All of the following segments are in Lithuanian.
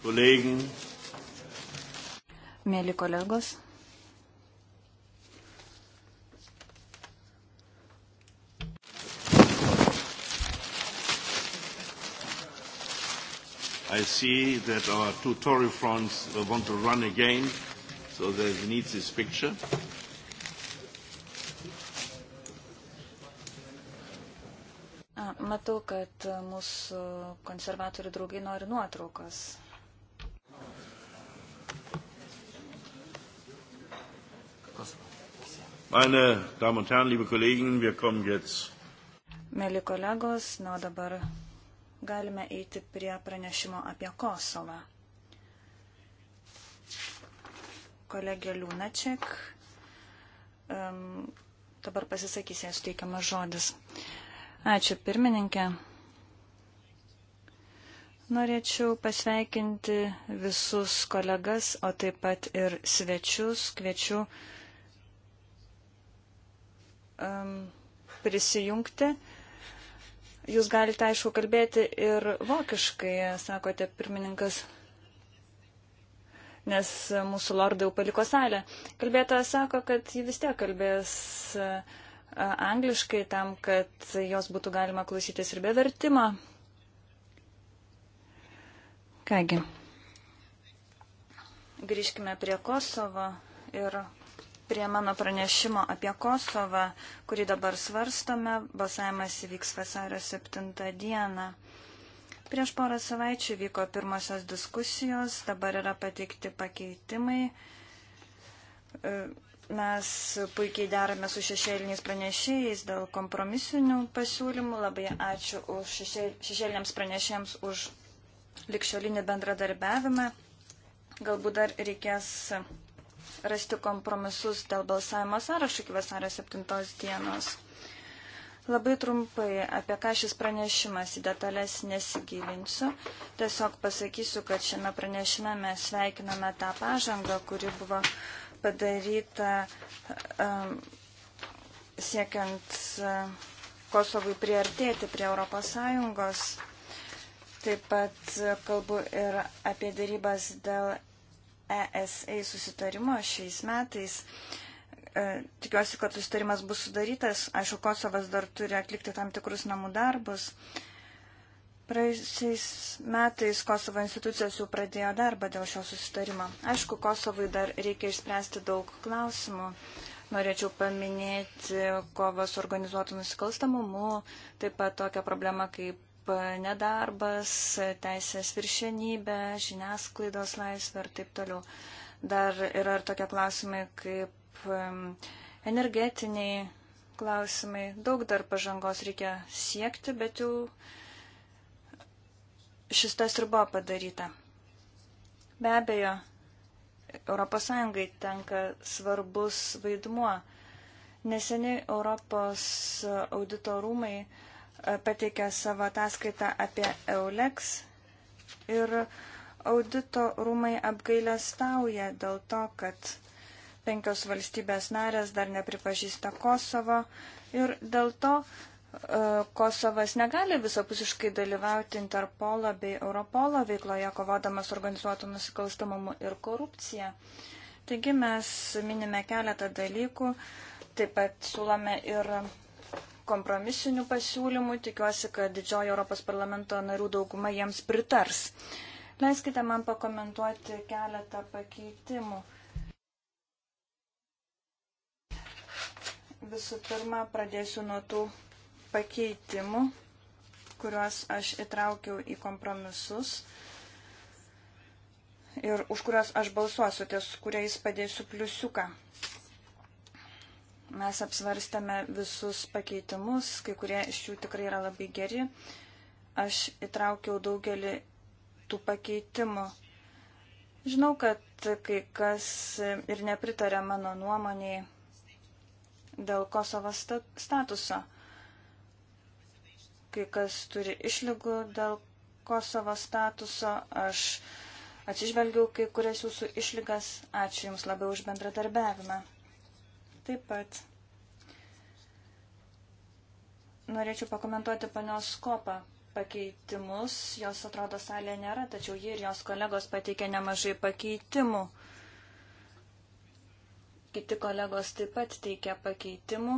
Kollegen. Mėly kolegos. I see that our two Tory fronts want to run again, so they need this picture. Matau, kad mūsų konservatorių draugai nori nuotraukos. Meine Damen und Herren, liebe Kollegen, wir kommen jetzt. Mėly kolegos, na dabar galime eiti prie pranešimo apie Kosovą. Kolegė Liūnaček, um, dabar pasisakys jai suteikiamas žodis. Ačiū pirmininkė. Norėčiau pasveikinti visus kolegas, o taip pat ir svečius. Kviečiu uh, um, prisijungti. Jūs galite, aišku, kalbėti ir vokiškai, sakote pirmininkas, nes mūsų lordai jau paliko salę. Kalbėtoja sako, kad ji vis tiek kalbės uh, angliškai tam, kad jos būtų galima klausytis ir be vertimo. Kągi, grįžkime prie Kosovo ir prie mano pranešimo apie Kosovą, kurį dabar svarstome. Balsavimas įvyks vasario 7 dieną. Prieš porą savaičių vyko pirmosios diskusijos, dabar yra pateikti pakeitimai. E, mes puikiai derame su šešėliniais pranešėjais dėl kompromisinių pasiūlymų. Labai ačiū už šešėl, šešėliniams pranešėjams už likščiolinį bendradarbiavimą. Galbūt dar reikės rasti kompromisus dėl balsavimo sąrašo iki vasario 7 dienos. Labai trumpai apie ką šis pranešimas į detalės nesigilinsiu. Tiesiog pasakysiu, kad šiame pranešime mes sveikiname tą pažangą, kuri buvo padaryta um, siekiant uh, Kosovui priartėti prie Europos Sąjungos. Taip pat uh, kalbu ir apie darybas dėl ESA susitarimo šiais metais. E, tikiuosi, kad susitarimas bus sudarytas. Aišku, Kosovas dar turi atlikti tam tikrus namų darbus. Praėjusiais metais Kosovo institucijos jau pradėjo darbą dėl šio susitarimo. Aišku, Kosovui dar reikia išspręsti daug klausimų. Norėčiau paminėti kovą su organizuotu nusikalstamumu, taip pat tokią problemą kaip kaip nedarbas, teisės viršenybė, žiniasklaidos laisvė ir taip toliau. Dar yra ir tokie klausimai kaip energetiniai klausimai. Daug dar pažangos reikia siekti, bet jau šis tas ir buvo padaryta. Be abejo, ES tenka svarbus vaidmuo. Neseniai Europos audito rūmai uh, pateikė savo ataskaitą apie EULEX ir audito rūmai apgailę stauja dėl to, kad penkios valstybės narės dar nepripažįsta Kosovo ir dėl to e, Kosovas negali visapusiškai dalyvauti Interpolo bei Europolo veikloje, kovodamas organizuotų nusikalstamumu ir korupcija. Taigi mes minime keletą dalykų, taip pat siūlome ir kompromisinių pasiūlymų, tikiuosi, kad didžioji Europos parlamento narių dauguma jiems pritars. Leiskite man pakomentuoti keletą pakeitimų. Visų pirma, pradėsiu nuo tų pakeitimų, kuriuos aš įtraukiau į kompromisus ir už kuriuos aš balsuosiu, ties kuriais padėsiu pliusiuką. Mes apsvarstame visus pakeitimus, kai kurie iš jų tikrai yra labai geri. Aš įtraukiau daugelį tų pakeitimų. Žinau, kad kai kas ir nepritarė mano nuomonėje dėl Kosovo statuso. Kai kas turi išlygų dėl Kosovo statuso, aš atsižvelgiau kai kurias jūsų išlygas. Ačiū Jums labai už bendradarbiavimą. Taip pat norėčiau pakomentuoti panios Skopą pakeitimus. Jos atrodo salėje nėra, tačiau ji ir jos kolegos pateikė nemažai pakeitimų. Kiti kolegos taip pat teikia pakeitimų,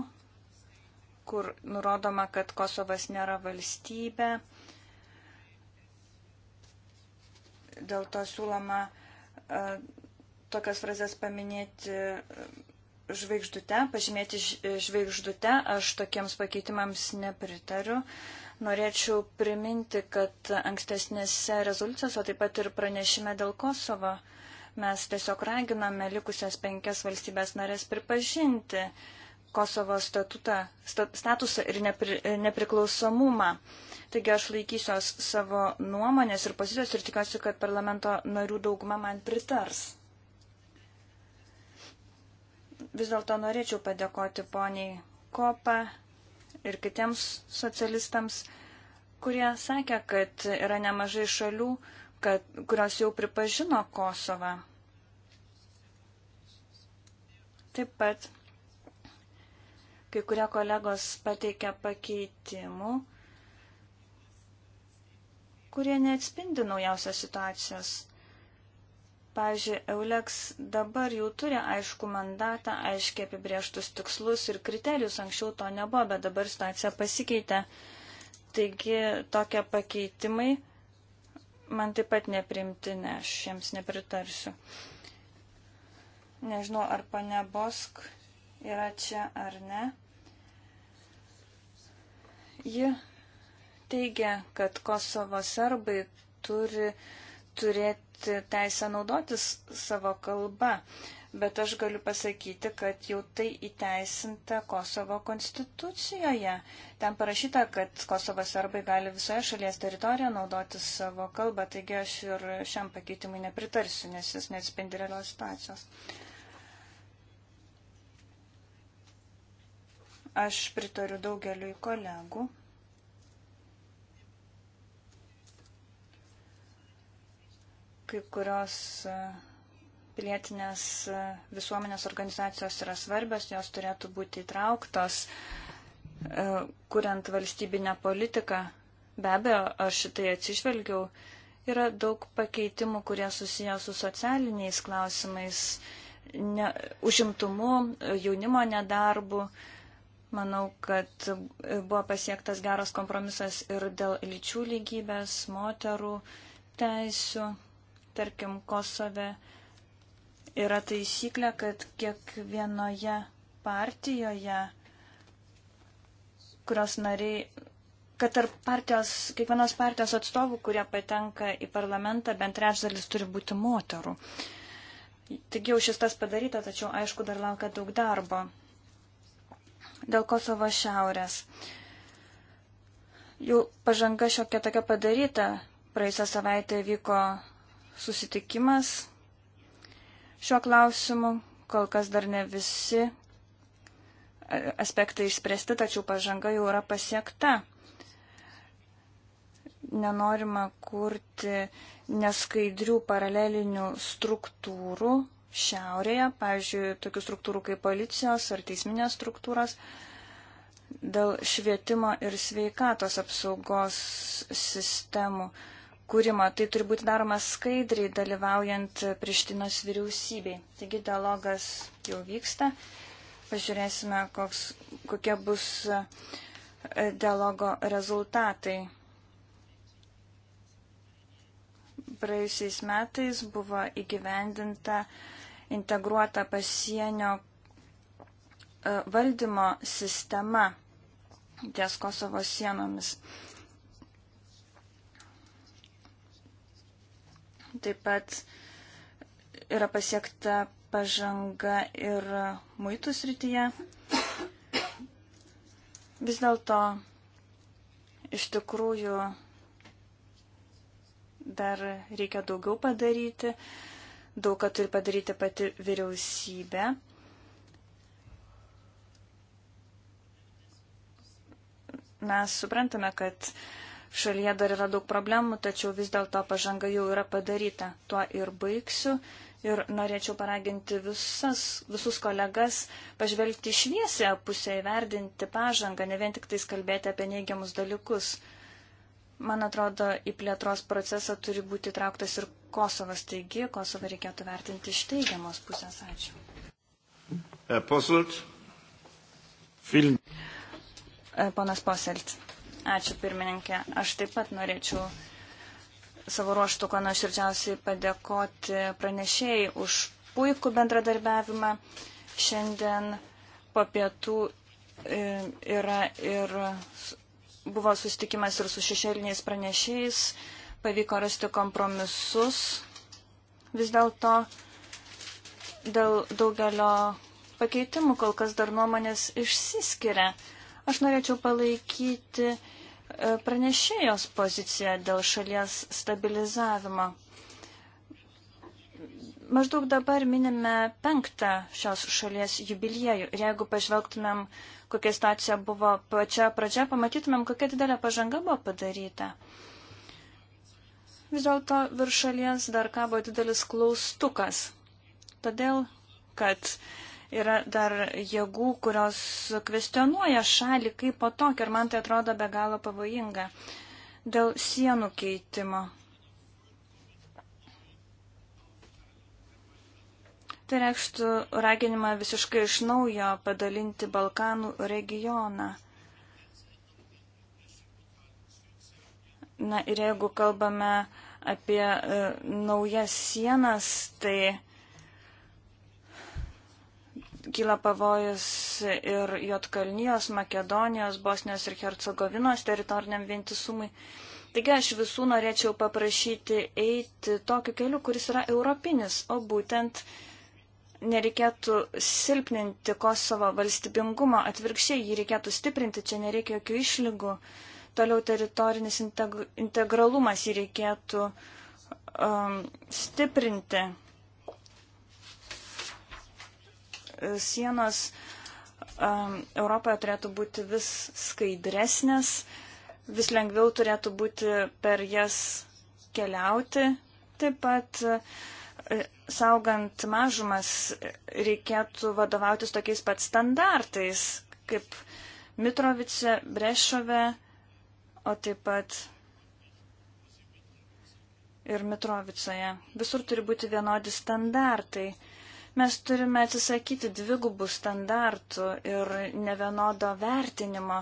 kur nurodoma, kad Kosovas nėra valstybė. Dėl to siūloma e, tokias frazes paminėti žvaigždute, pažymėti e, žvaigždute, aš tokiems pakeitimams nepritariu. Norėčiau priminti, kad ankstesnėse rezoliucijose, o taip pat ir pranešime dėl Kosovo, mes tiesiog raginame likusias penkias valstybės narės pripažinti Kosovo statutą, statusą ir nepri, nepriklausomumą. Taigi aš laikysiuos savo nuomonės ir pozicijos ir tikiuosi, kad parlamento narių dauguma man pritars. Vis dėlto norėčiau padėkoti poniai Kopa ir kitiems socialistams, kurie sakė, kad yra nemažai šalių, kad, kurios jau pripažino Kosovą. Taip pat kai kurie kolegos pateikia pakeitimų, kurie neatspindi naujausios situacijos. Pavyzdžiui, Euleks dabar jau turi aišku mandatą, aiškiai apibrieštus tikslus ir kriterijus, anksčiau to nebuvo, bet dabar situacija pasikeitė. Taigi tokie pakeitimai man taip pat neprimti, nes aš jiems nepritarsiu. Nežinau, ar pane Bosk yra čia ar ne. Ji teigia, kad Kosovo serbai turi uh, turėti teisę naudotis savo kalba, bet aš galiu pasakyti, kad jau tai įteisinta Kosovo konstitucijoje. Ten parašyta, kad Kosovo serbai gali visoje šalies teritorijoje naudotis savo kalbą, taigi aš ir šiam pakeitimui nepritarsiu, nes jis neatspindi realios situacijos. Aš pritariu daugeliu kolegų. kai kurios e, pilietinės e, visuomenės organizacijos yra svarbios, jos turėtų būti įtrauktos, e, kuriant valstybinę politiką. Be abejo, aš šitai atsižvelgiau. Yra daug pakeitimų, kurie susiję su socialiniais klausimais, ne, užimtumu, jaunimo nedarbu. Manau, kad buvo pasiektas geras kompromisas ir dėl lyčių lygybės, moterų teisų. Tarkim, Kosove yra taisyklė, kad kiekvienoje partijoje, kurios nariai, kad tarp partijos, kiekvienos partijos atstovų, kurie patenka į parlamentą, bent trečdalis turi būti moterų. Tik jau šis tas padaryta, tačiau aišku dar laukia daug darbo. Dėl Kosovo šiaurės. Jau pažanga šiokia tokia padaryta. Praėjusią savaitę vyko susitikimas šiuo klausimu. Kol kas dar ne visi e, aspektai išspręsti, tačiau pažanga jau yra pasiekta. Nenorima kurti neskaidrių paralelinių struktūrų šiaurėje, pavyzdžiui, tokių struktūrų kaip policijos ar teisminės struktūros dėl švietimo ir sveikatos apsaugos sistemų kūrimo. Tai turi būti daroma skaidriai dalyvaujant Prištinos vyriausybei. Taigi dialogas jau vyksta. Pažiūrėsime, koks, kokie bus e, dialogo rezultatai. Praėjusiais metais buvo įgyvendinta integruota pasienio e, valdymo sistema ties Kosovo sienomis. Taip pat yra pasiekta pažanga ir muitų srityje. Vis dėlto iš tikrųjų dar reikia daugiau padaryti, daug ką turi padaryti pati vyriausybė. Mes suprantame, kad uh, Šalyje dar yra daug problemų, tačiau vis dėlto pažanga jau yra padaryta. Tuo ir baigsiu. Ir norėčiau paraginti visas, visus kolegas pažvelgti šviesę pusę, įverdinti pažangą, ne vien tik tais kalbėti apie neigiamus dalykus. Man atrodo, į plėtros procesą turi būti trauktas ir Kosovas, taigi Kosovą reikėtų vertinti iš teigiamos pusės. Ačiū. Poselt. Film. Ponas Poselt. Ačiū pirmininkė. Aš taip pat norėčiau savo ruoštų, ko nuoširdžiausiai padėkoti pranešėjai už puikų bendradarbiavimą. Šiandien po pietų e, yra ir buvo susitikimas ir su šešėliniais pranešėjais, pavyko rasti kompromisus vis dėlto dėl daugelio pakeitimų kol kas dar nuomonės išsiskiria. Aš norėčiau palaikyti pranešėjos poziciją dėl šalies stabilizavimo. Maždaug dabar minime penktą šios šalies jubiliejų ir jeigu pažvelgtumėm, kokia situacija buvo pačia pradžia, pamatytumėm, kokia didelė pažanga buvo padaryta. Vis dėlto virš šalies dar kabo didelis klaustukas. Todėl, kad uh, Yra dar jėgų, kurios kvestionuoja šalį kaip po tokį ir man tai atrodo be galo pavojinga. Dėl sienų keitimo. Tai reikštų raginimą visiškai iš naujo padalinti Balkanų regioną. Na ir jeigu kalbame apie e, naujas sienas, tai kyla pavojus ir Jotkalnijos, Makedonijos, Bosnijos ir Hercegovinos teritoriniam vientisumui. Taigi aš visų norėčiau paprašyti eiti tokiu keliu, kuris yra europinis, o būtent nereikėtų silpninti Kosovo valstybingumo, atvirkščiai jį reikėtų stiprinti, čia nereikia jokių išlygų. Toliau teritorinis integralumas jį reikėtų um, stiprinti sienos um, Europoje turėtų būti vis skaidresnės, vis lengviau turėtų būti per jas keliauti. Taip pat e, saugant mažumas reikėtų vadovautis tokiais pat standartais, kaip Mitrovice, Brešove, o taip pat ir Mitrovicoje. Visur turi būti vienodi standartai. Mes turime atsisakyti dvigubų standartų ir nevienodo vertinimo.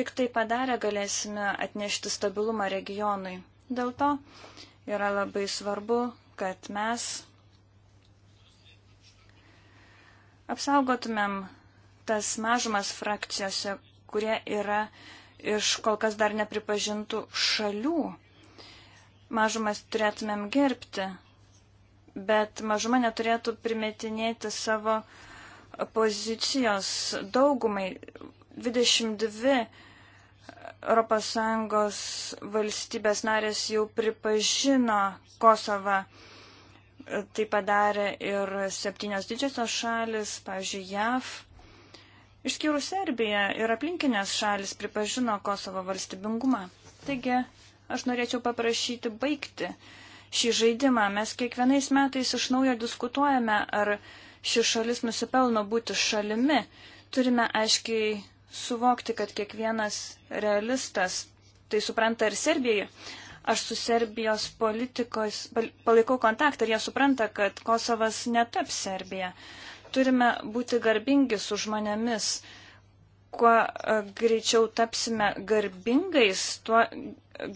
Tik tai padarę galėsime atnešti stabilumą regionui. Dėl to yra labai svarbu, kad mes apsaugotumėm tas mažumas frakcijose, kurie yra iš kol kas dar nepripažintų šalių. Mažumas turėtumėm gerbti bet mažuma neturėtų primetinėti savo pozicijos daugumai. 22 ES valstybės narės jau pripažino Kosovą. Tai padarė ir septynios didžiosios šalis, pavyzdžiui, JAV. Išskyrus Serbiją ir aplinkinės šalis pripažino Kosovo valstybingumą. Taigi, aš norėčiau paprašyti baigti uh, šį žaidimą. Mes kiekvienais metais iš naujo diskutuojame, ar ši šalis nusipelno būti šalimi. Turime aiškiai suvokti, kad kiekvienas realistas tai supranta ir Serbijoje. Aš su Serbijos politikos palaikau kontaktą ir jie supranta, kad Kosovas netaps Serbija. Turime būti garbingi su žmonėmis. Kuo e, greičiau tapsime garbingais, tuo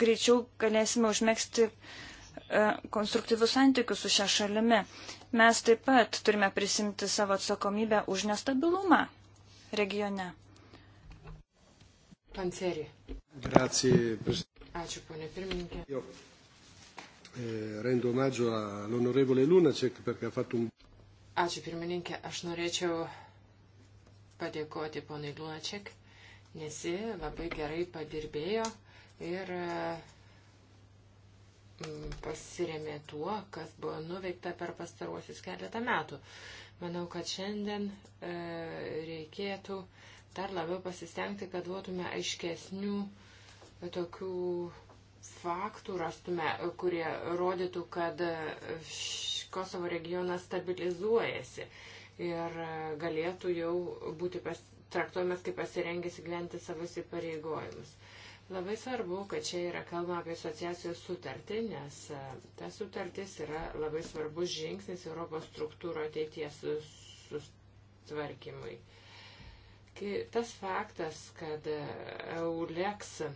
greičiau galėsime užmėgsti uh, E, konstruktyvius santykius su šia šalimi. Mes taip pat turime prisimti savo atsakomybę už nestabilumą regione. Panceri. Grazie, Ačiū, ponė pirmininkė. Jo. E, eh, rendo omaggio all'onorevole Lunacek perché ha fatto un... Ačiū pirmininkė, aš norėčiau padėkoti ponai Lunaček, nes ji labai gerai padirbėjo ir uh, pasiremė tuo, kas buvo nuveikta per pastaruosius keletą metų. Manau, kad šiandien e, reikėtų dar labiau pasistengti, kad duotume aiškesnių tokių faktų, rastume, kurie rodytų, kad e, Kosovo regionas stabilizuojasi ir e, galėtų jau būti pas, traktuojamas kaip pasirengęs gyventi savo įsipareigojimus. Labai svarbu, kad čia yra kalbama apie asociacijos sutartį, nes e, ta sutartis yra labai svarbus žingsnis Europos struktūro ateities sustvarkymui. Tas faktas, kad e, EULEX e,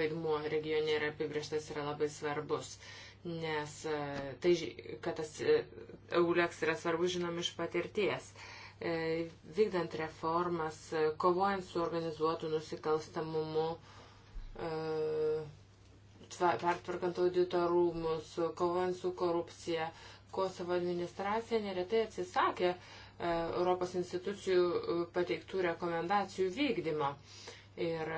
vaidmuo regione yra apibrieštas, yra labai svarbus nes tai, kad tas EULEX yra svarbu žinom iš patirties. E, vykdant reformas, e, kovojant su organizuotu nusikalstamumu, e, pertvarkant auditorumus, kovojant su korupcija, Kosovo administracija neretai atsisakė Europos institucijų pateiktų rekomendacijų vykdymo. Ir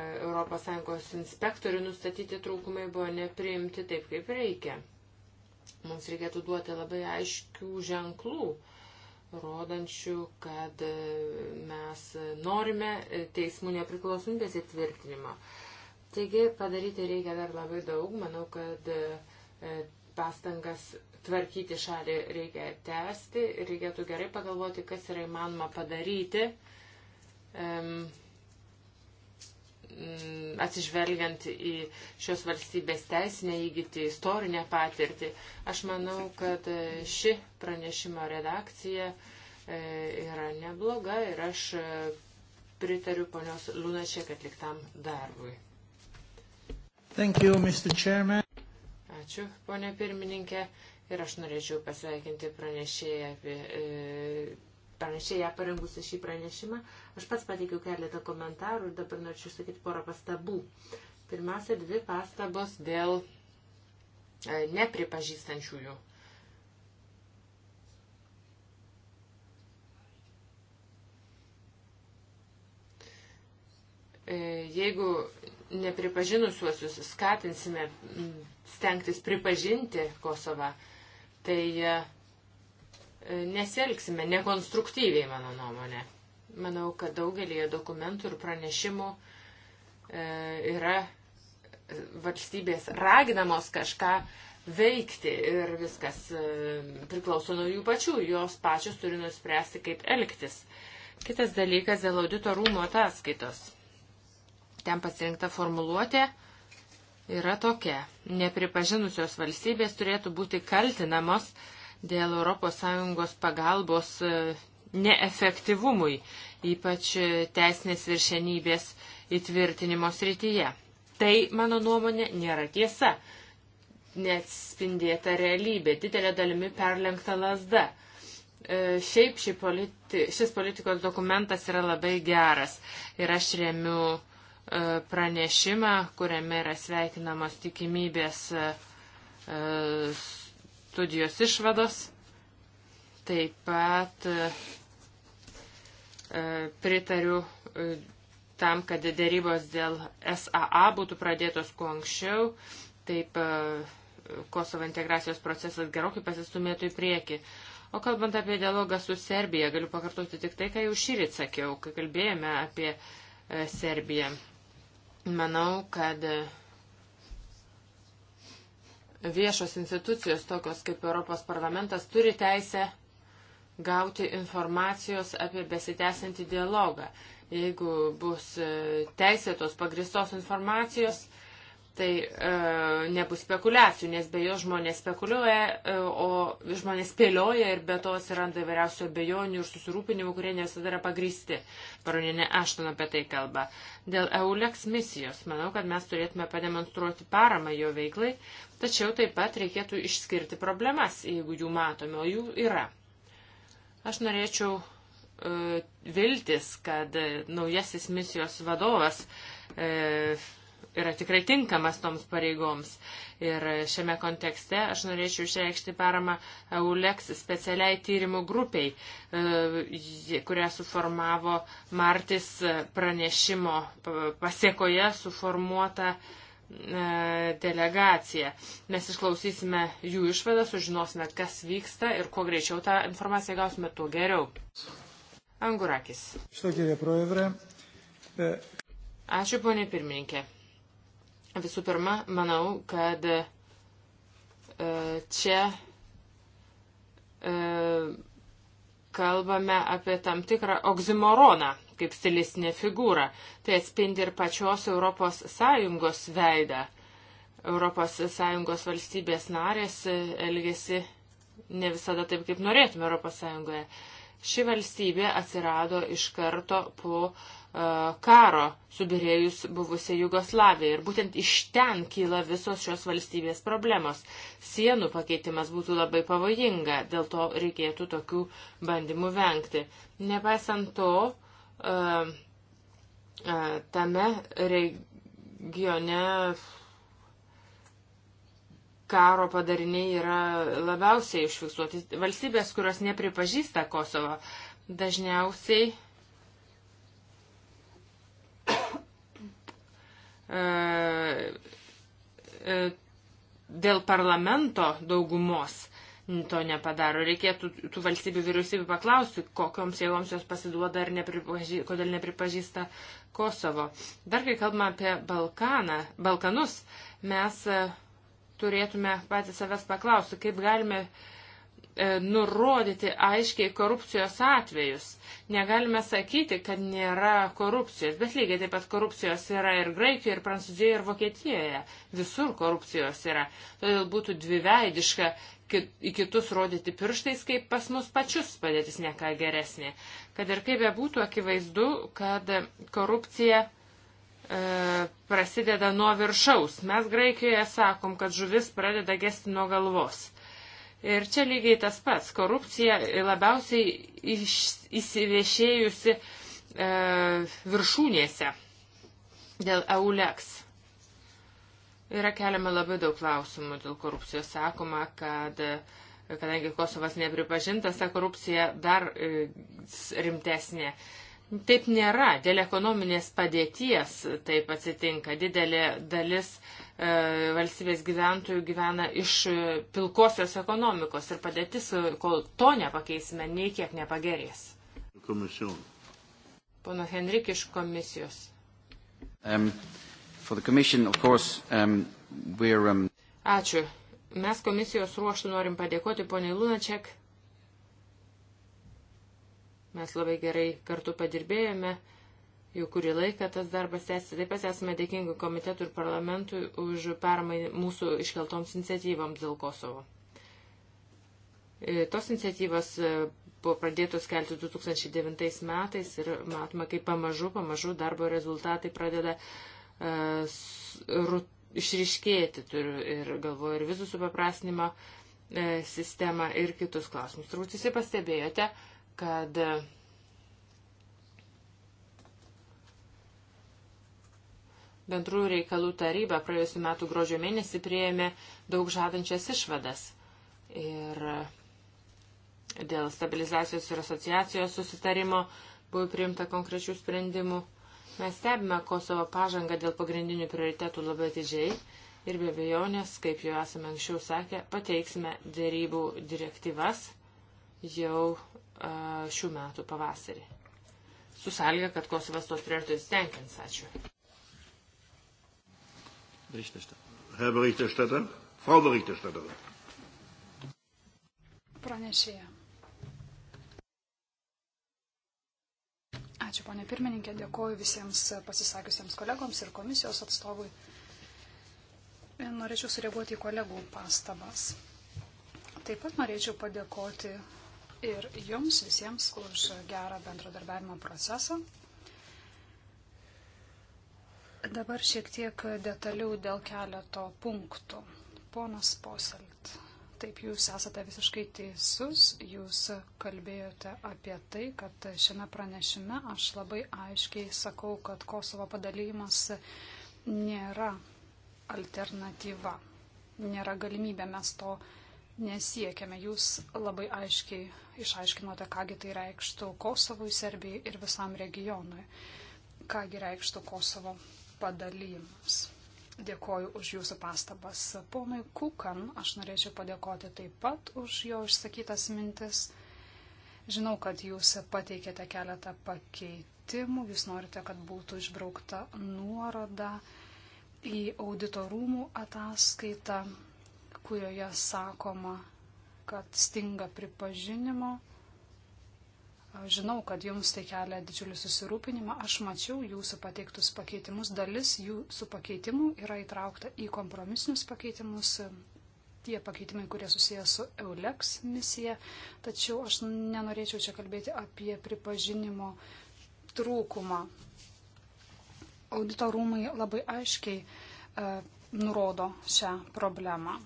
ES inspektorių nustatyti trūkumai buvo nepriimti taip, kaip reikia. Mums reikėtų duoti labai aiškių ženklų, uh, rodančių, kad e, mes norime teismų nepriklausomybės įtvirtinimo. Taigi padaryti reikia dar labai daug. Manau, kad e, pastangas tvarkyti šalį reikia tęsti ir reikėtų gerai pagalvoti, kas yra įmanoma padaryti. Um, Mm, atsižvelgiant į šios valstybės teisinę įgyti, istorinę patirtį. Aš manau, kad e, ši pranešimo redakcija e, yra nebloga ir aš e, pritariu ponios Lunačiek atliktam darbui. Thank you, Mr. Chairman. Ačiū, ponė pirmininkė. Ir aš norėčiau pasveikinti pranešėją apie e, pranešėją parengusi šį pranešimą. Aš pats pateikiau keletą komentarų ir dabar norėčiau išsakyti porą pastabų. Pirmiausia, dvi pastabos dėl e, nepripažįstančiųjų. E, jeigu nepripažinusiuosius skatinsime stengtis pripažinti Kosovą, tai e, nesielgsime nekonstruktyviai, mano nuomonė. Manau, kad daugelį dokumentų ir pranešimų e, yra e, valstybės raginamos kažką veikti ir viskas e, priklauso nuo jų pačių, jos pačios turi nuspręsti, kaip elgtis. Kitas dalykas dėl audito rūmo ataskaitos. Ten pasirinkta formuluotė yra tokia. Nepripažinusios valstybės turėtų būti kaltinamos dėl ES pagalbos e, neefektyvumui, ypač e, teisinės viršenybės įtvirtinimo srityje. Tai, mano nuomonė, nėra tiesa, neatspindėta realybė, didelė dalimi perlenkta lasda. E, šiaip ši politi šis politikos dokumentas yra labai geras ir aš remiu pranešimą, kuriame yra sveikinamos tikimybės studijos išvados, taip pat e, e, pritariu e, tam, kad dėrybos dėl SAA būtų pradėtos kuo anksčiau, taip Kosovo integracijos procesas gerokai pasistumėtų į priekį. O kalbant apie dialogą su Serbija, galiu pakartoti tik tai, ką jau šyrit sakiau, kai kalbėjome apie Serbiją. Manau, kad viešos institucijos, tokios kaip Europos parlamentas, turi teisę gauti informacijos apie besitęsiantį dialogą. Jeigu bus e, teisėtos pagristos informacijos, tai e, nebus spekulacijų, nes be jo žmonės spekuliuoja, e, o žmonės spėlioja ir be to atsiranda įvairiausių abejonių ir susirūpinimų, kurie ne visada yra pagristi. Baroninė Ašton apie tai kalba. Dėl EULEX misijos manau, kad mes turėtume pademonstruoti paramą jo veiklai, tačiau taip pat reikėtų išskirti problemas, jeigu jų matome, o jų yra. Aš norėčiau e, viltis, kad e, naujasis misijos vadovas e, yra tikrai tinkamas toms pareigoms. Ir šiame kontekste aš norėčiau išreikšti paramą EULEX specialiai tyrimų grupiai, e, kurią suformavo Martis pranešimo pasiekoje suformuota e, delegacija. Mes išklausysime jų išvadą, sužinosime, kas vyksta ir kuo greičiau tą informaciją gausime, tuo geriau. Angurakis. Ačiū, ponė pirmininkė. Visų pirma, manau, kad e, čia e, kalbame apie tam tikrą oksimoroną kaip stilistinė figūra. Tai atspindi ir pačios ES veidą. ES valstybės narės e, elgesi ne visada taip, kaip norėtume ES. Ši valstybė atsirado iš karto po uh, karo subirėjus buvusią Jugoslaviją ir būtent iš ten kyla visos šios valstybės problemos. Sienų pakeitimas būtų labai pavojinga, dėl to reikėtų tokių bandymų vengti. Nepaisant to, uh, uh, tame regione karo padariniai yra labiausiai užfiksuoti. Valstybės, kurios nepripažįsta Kosovo, dažniausiai e, e, dėl parlamento daugumos to nepadaro. Reikėtų tų valstybių vyriausybių paklausti, kokioms jėgoms jos pasiduoda ir nepripažį, kodėl nepripažįsta Kosovo. Dar kai kalbame apie Balkaną, Balkanus, mes uh, turėtume patys savęs paklausti, kaip galime e, nurodyti aiškiai korupcijos atvejus. Negalime sakyti, kad nėra korupcijos, bet lygiai taip pat korupcijos yra ir Graikijoje, ir Prancūzijoje, ir Vokietijoje. Visur korupcijos yra. Todėl būtų dviveidiška kit, į kitus rodyti pirštais, kaip pas mus pačius padėtis neką geresnė. Kad ir kaip bebūtų, akivaizdu, kad korupcija E, prasideda nuo viršaus. Mes Graikijoje sakom, kad žuvis pradeda gesti nuo galvos. Ir čia lygiai tas pats. Korupcija labiausiai iš, įsivešėjusi e, viršūnėse dėl EULEX. Yra keliama labai daug klausimų dėl korupcijos. Sakoma, kad e, kadangi Kosovas nepripažintas, ta korupcija dar e, rimtesnė. E, Taip nėra. Dėl ekonominės padėties taip atsitinka. Didelė dalis e, valstybės gyventojų gyvena iš e, pilkosios ekonomikos ir padėtis, e, kol to nepakeisime, nei kiek nepagerės. Komisijon. Pono Henrik iš komisijos. Um, course, um, um... Ačiū. Mes komisijos ruoštų norim padėkoti poniai Lunačiak Mes labai gerai kartu padirbėjome, jau kurį laiką tas darbas tęsiasi. Taip pat esame dėkingi komitetui ir parlamentui už paramą mūsų iškeltoms iniciatyvams dėl Kosovo. E, tos iniciatyvos e, buvo pradėtos kelti 2009 metais ir matome, kaip pamažu, pamažu darbo rezultatai pradeda e, uh, išriškėti turiu, ir galvoju ir vizų supaprasnimo uh, sistemą ir kitus klausimus. Turbūt visi pastebėjote, uh, kad Bendrųjų reikalų taryba praėjusiu metu gruodžio mėnesį prieėmė daug žadančias išvadas. Ir dėl stabilizacijos ir asociacijos susitarimo buvo priimta konkrečių sprendimų. Mes stebime Kosovo pažangą dėl pagrindinių prioritetų labai atidžiai ir be abejonės, kaip jau esame anksčiau sakę, pateiksime dėrybų direktyvas jau šių metų pavasarį. Susalgia, kad Kosovas tos prioritetus tenkins. Ačiū. Herr Berichterstatter, Frau Berichterstatterin. Pranešėja. Ačiū, ponė pirmininkė, dėkoju visiems pasisakiusiems kolegoms ir komisijos atstovui. E, norėčiau sureaguoti į kolegų pastabas. Taip pat norėčiau padėkoti ir jums visiems už gerą bendradarbiavimo procesą. Dabar šiek tiek detaliau dėl keleto punktų. Ponas Poselt, taip jūs esate visiškai teisus, jūs kalbėjote apie tai, kad šiame pranešime aš labai aiškiai sakau, kad Kosovo padalymas nėra alternatyva, nėra galimybė, mes to negalime nesiekiame. Jūs labai aiškiai išaiškinote, kągi tai reikštų Kosovui, Serbijai ir visam regionui, kągi reikštų Kosovo padalymas. Dėkoju už jūsų pastabas. Ponui Kukan aš norėčiau padėkoti taip pat už jo išsakytas mintis. Žinau, kad jūs pateikėte keletą pakeitimų, jūs norite, kad būtų išbraukta nuoroda į auditorumų ataskaitą kurioje sakoma, kad stinga pripažinimo. Žinau, kad jums tai kelia didžiulį susirūpinimą. Aš mačiau jūsų pateiktus pakeitimus. Dalis jūsų pakeitimų yra įtraukta į kompromisinius pakeitimus. Tie pakeitimai, kurie susijęs su EULEX misija. Tačiau aš nenorėčiau čia kalbėti apie pripažinimo trūkumą. Audito rūmai labai aiškiai e, nurodo šią problemą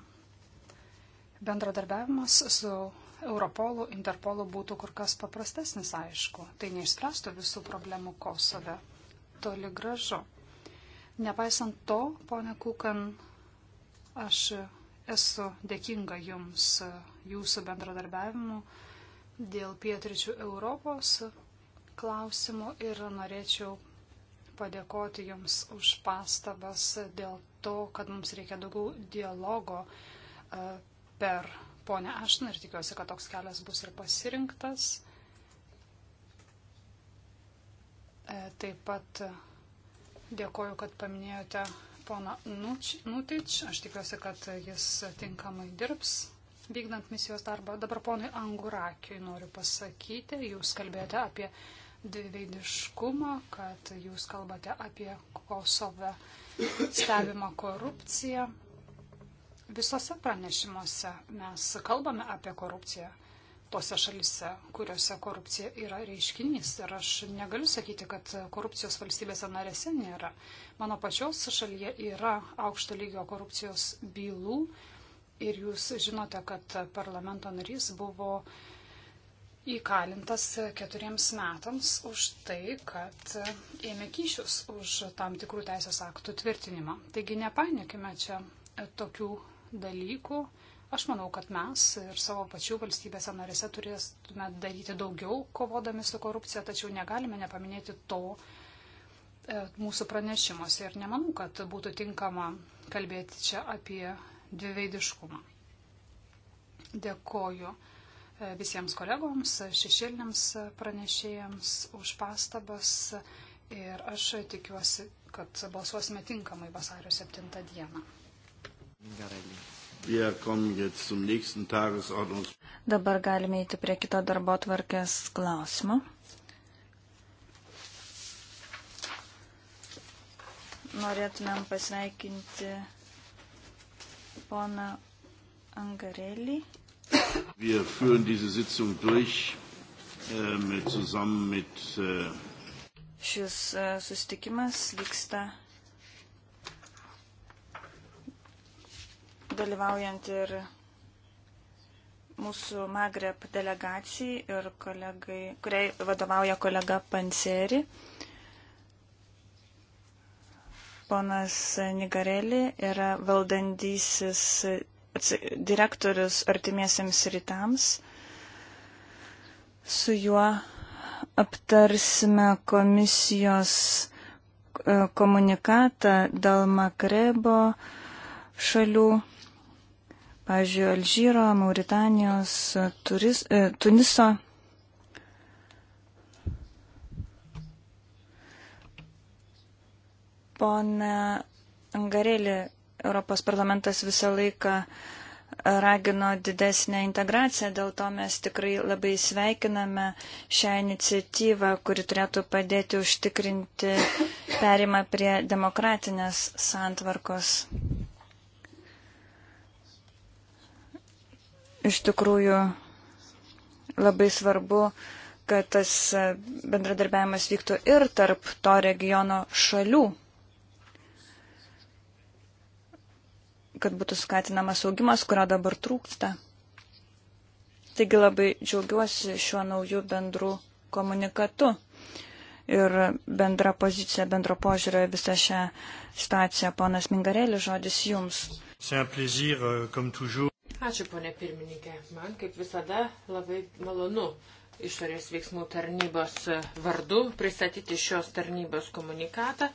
bendradarbiavimas su Europolu, Interpolu būtų kur kas paprastesnis, aišku. Tai neišspręstų visų problemų Kosove. Toli gražu. Nepaisant to, ponia Kukan, aš esu dėkinga Jums Jūsų bendradarbiavimu dėl pietričių Europos klausimų ir norėčiau padėkoti Jums už pastabas dėl to, kad mums reikia daugiau dialogo per ponę Ašną ir tikiuosi, kad toks kelias bus ir pasirinktas. E, taip pat dėkoju, kad paminėjote poną Nutič. Aš tikiuosi, kad jis tinkamai dirbs vykdant misijos darbą. Dabar ponui Angurakiui noriu pasakyti, jūs kalbėjote apie dviveidiškumą, kad jūs kalbate apie Kosove stebimą korupciją. Visose pranešimuose mes kalbame apie korupciją tose šalise, kuriuose korupcija yra reiškinys. Ir aš negaliu sakyti, kad korupcijos valstybėse narėse nėra. Mano pačios šalyje yra aukšto lygio korupcijos bylų. Ir jūs žinote, kad parlamento narys buvo įkalintas keturiems metams už tai, kad ėmė kyšius už tam tikrų teisės aktų tvirtinimą. Taigi nepainiokime čia tokių dalykų. Aš manau, kad mes ir savo pačių valstybėse narėse turėsime daryti daugiau kovodami su korupcija, tačiau negalime nepaminėti to e, mūsų pranešimuose. Ir nemanau, kad būtų tinkama kalbėti čia apie dviveidiškumą. Dėkoju e, visiems kolegoms, šešėliniams pranešėjams už pastabas ir aš tikiuosi, kad balsuosime tinkamai vasario 7 dieną. Dabar galime įti prie kito darbo tvarkės klausimo. Norėtumėm pasveikinti poną Angarelį. Wir führen diese Sitzung durch äh, zusammen mit. Äh Šis äh, susitikimas vyksta dalyvaujant ir mūsų Magreb delegacijai ir kolegai, kuriai vadovauja kolega Panseri, ponas Nigareli yra valdandysis direktorius artimiesiams rytams. Su juo aptarsime komisijos e, komunikatą dėl Magrebo šalių Pavyzdžiui, Alžyro, Mauritanijos, turis, e, Tuniso. Pone Angarėlį, Europos parlamentas visą laiką ragino didesnę integraciją, dėl to mes tikrai labai sveikiname šią iniciatyvą, kuri turėtų padėti užtikrinti perimą prie demokratinės santvarkos. Iš tikrųjų, labai svarbu, kad tas bendradarbiavimas vyktų ir tarp to regiono šalių, kad būtų skatinamas augimas, kurio dabar trūksta. Taigi labai džiaugiuosi šiuo nauju bendru komunikatu ir bendra pozicija, bendro požiūrio į visą šią situaciją. Ponas Mingarelį, žodis jums. Ačiū, ponė pirmininkė. Man, kaip visada, labai malonu išorės veiksmų tarnybos vardu pristatyti šios tarnybos komunikatą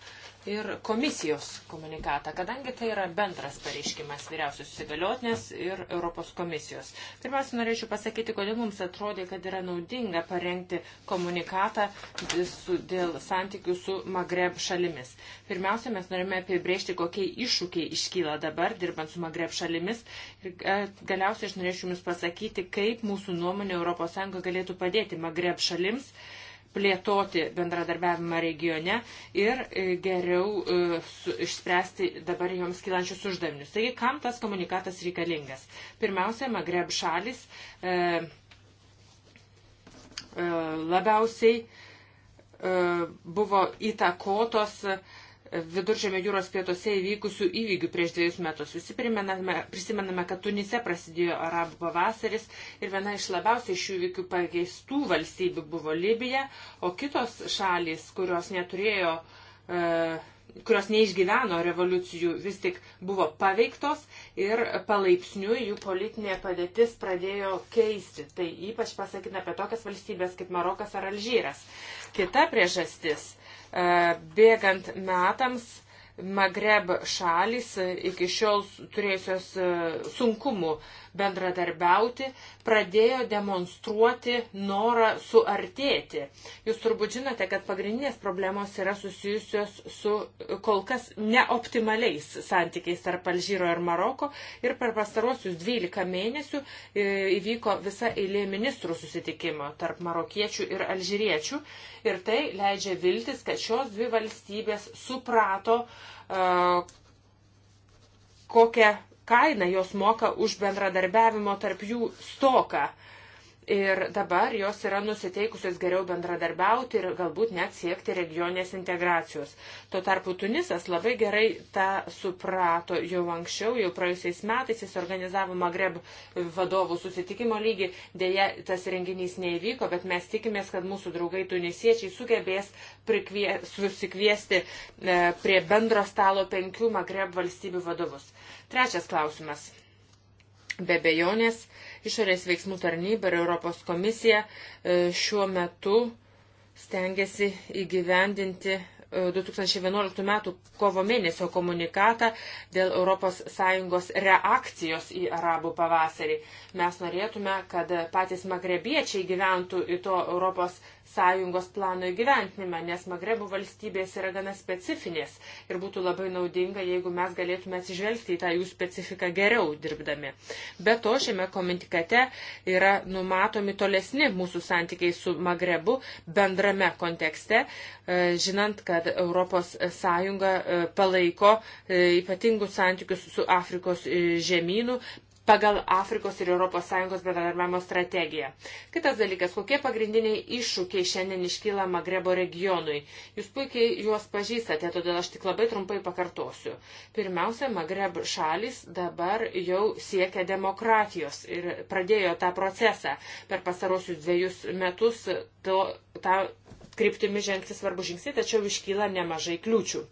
ir komisijos komunikatą, kadangi tai yra bendras pareiškimas vyriausios įsigaliotinės ir Europos komisijos. Pirmiausia, norėčiau pasakyti, kodėl mums atrodė, kad yra naudinga parengti komunikatą su, dėl santykių su Magreb šalimis. Pirmiausia, mes norime apibrėžti, kokie iššūkiai iškyla dabar, dirbant su Magreb šalimis. Ir e, galiausiai aš norėčiau Jums pasakyti, kaip mūsų nuomonė ES galėtų padėti Magreb šalims plėtoti bendradarbiavimą regione ir e, geriau e, išspręsti dabar joms kilančius uždavinius. Taigi, kam tas komunikatas reikalingas? Pirmiausia, Magreb šalis e, labiausiai buvo įtakotos uh, viduržėmio jūros pietuose įvykusių įvykių prieš dviejus metus. Visi prisimename, kad Tunise prasidėjo arabų pavasaris ir viena iš labiausiai šių įvykių pakeistų valstybių buvo Libija, o kitos šalys, kurios neturėjo. E, kurios neišgyveno revoliucijų, vis tik buvo paveiktos ir palaipsniui jų politinė padėtis pradėjo keisti. Tai ypač pasakytina apie tokias valstybės kaip Marokas ar Alžyras. Kita priežastis E, bėgant metams Magreb šalis iki šiol turėjusios e, sunkumų bendradarbiauti, pradėjo demonstruoti norą suartėti. Jūs turbūt žinote, kad pagrindinės problemos yra susijusios su kol kas neoptimaliais santykiais tarp Alžyro ir Maroko ir per pastaruosius 12 mėnesių e, įvyko visa eilė ministrų susitikimo tarp marokiečių ir alžyriečių ir tai leidžia viltis, kad šios dvi valstybės suprato, e, kokią kainą jos moka už bendradarbiavimo tarp jų stoką. Ir dabar jos yra nusiteikusios geriau bendradarbiauti ir galbūt net siekti regionės integracijos. Tuo tarpu Tunisas labai gerai tą suprato jau anksčiau, jau praėjusiais metais jis organizavo Magreb vadovų susitikimo lygį. Deja, tas renginys neįvyko, bet mes tikimės, kad mūsų draugai tunisiečiai sugebės prikvie, susikviesti e, prie bendro stalo penkių Magreb valstybių vadovus. Trečias klausimas. Be bejonės, išorės veiksmų tarnyba ir Europos komisija e, šiuo metu stengiasi įgyvendinti 2011 e, m. kovo mėnesio komunikatą dėl ES reakcijos į arabų pavasarį. Mes norėtume, kad patys magrebiečiai gyventų į to sąjungos plano įgyventinimą, nes Magrebų valstybės yra gana specifinės ir būtų labai naudinga, jeigu mes galėtume atsižvelgti į tą jų specifiką geriau dirbdami. Be to, šiame komitikate yra numatomi tolesni mūsų santykiai su Magrebu bendrame kontekste, e, žinant, kad Europos sąjunga e, palaiko e, ypatingus santykius su Afrikos žemynu, pagal Afrikos ir ES bendradarbiavimo strategiją. Kitas dalykas, kokie pagrindiniai iššūkiai šiandien iškyla Magrebo regionui. Jūs puikiai juos pažįstate, todėl aš tik labai trumpai pakartosiu. Pirmiausia, Magreb šalis dabar jau siekia demokratijos ir pradėjo tą procesą. Per pasarosius dviejus metus to, tą kryptimi žengti svarbu žingsnį, tačiau iškyla nemažai kliūčių.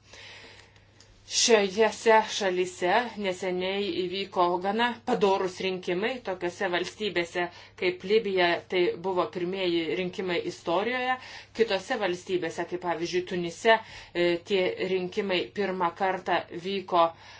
Šiose šalise neseniai įvyko gana padorus rinkimai, tokiose valstybėse kaip Libija tai buvo pirmieji rinkimai istorijoje, kitose valstybėse kaip pavyzdžiui Tunise e, tie rinkimai pirmą kartą vyko uh,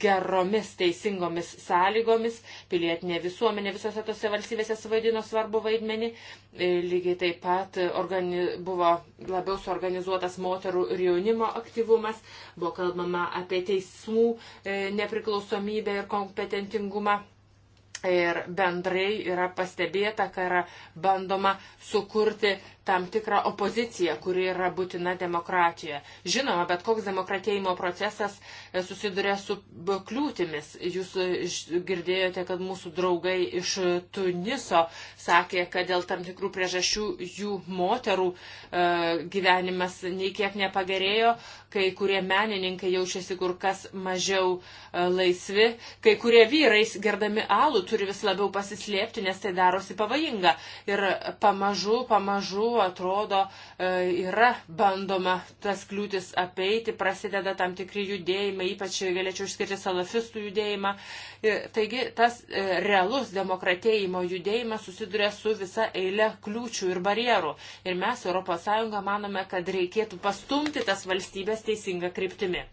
geromis teisingomis sąlygomis. Pilietinė visuomenė visose tose valstybėse suvaidino svarbu vaidmenį. E, lygiai taip pat organi, buvo labiau suorganizuotas moterų ir jaunimo aktyvumas. Buvo kalbama apie teismų e, nepriklausomybę ir kompetentingumą. Ir bendrai yra pastebėta, kad yra bandoma sukurti tam tikrą opoziciją, kuri yra būtina demokratijoje. Žinoma, bet koks demokratėjimo procesas e, susiduria su kliūtimis. Jūs e, girdėjote, kad mūsų draugai iš Tuniso sakė, kad dėl tam tikrų priežasčių jų moterų e, gyvenimas nei kiek nepagerėjo, kai kurie menininkai jaučiasi kur kas mažiau laisvi, kai kurie vyrai gerdami alų turi vis labiau pasislėpti, nes tai darosi pavojinga. Ir pamažu, pamažu metu, atrodo, e, yra bandoma tas kliūtis apeiti, prasideda tam tikri judėjimai, ypač galėčiau išskirti salafistų judėjimą. E, taigi tas e, realus demokratėjimo judėjimas susiduria su visa eile kliūčių ir barjerų. Ir mes, ES, manome, kad reikėtų pastumti tas valstybės teisinga kryptimi.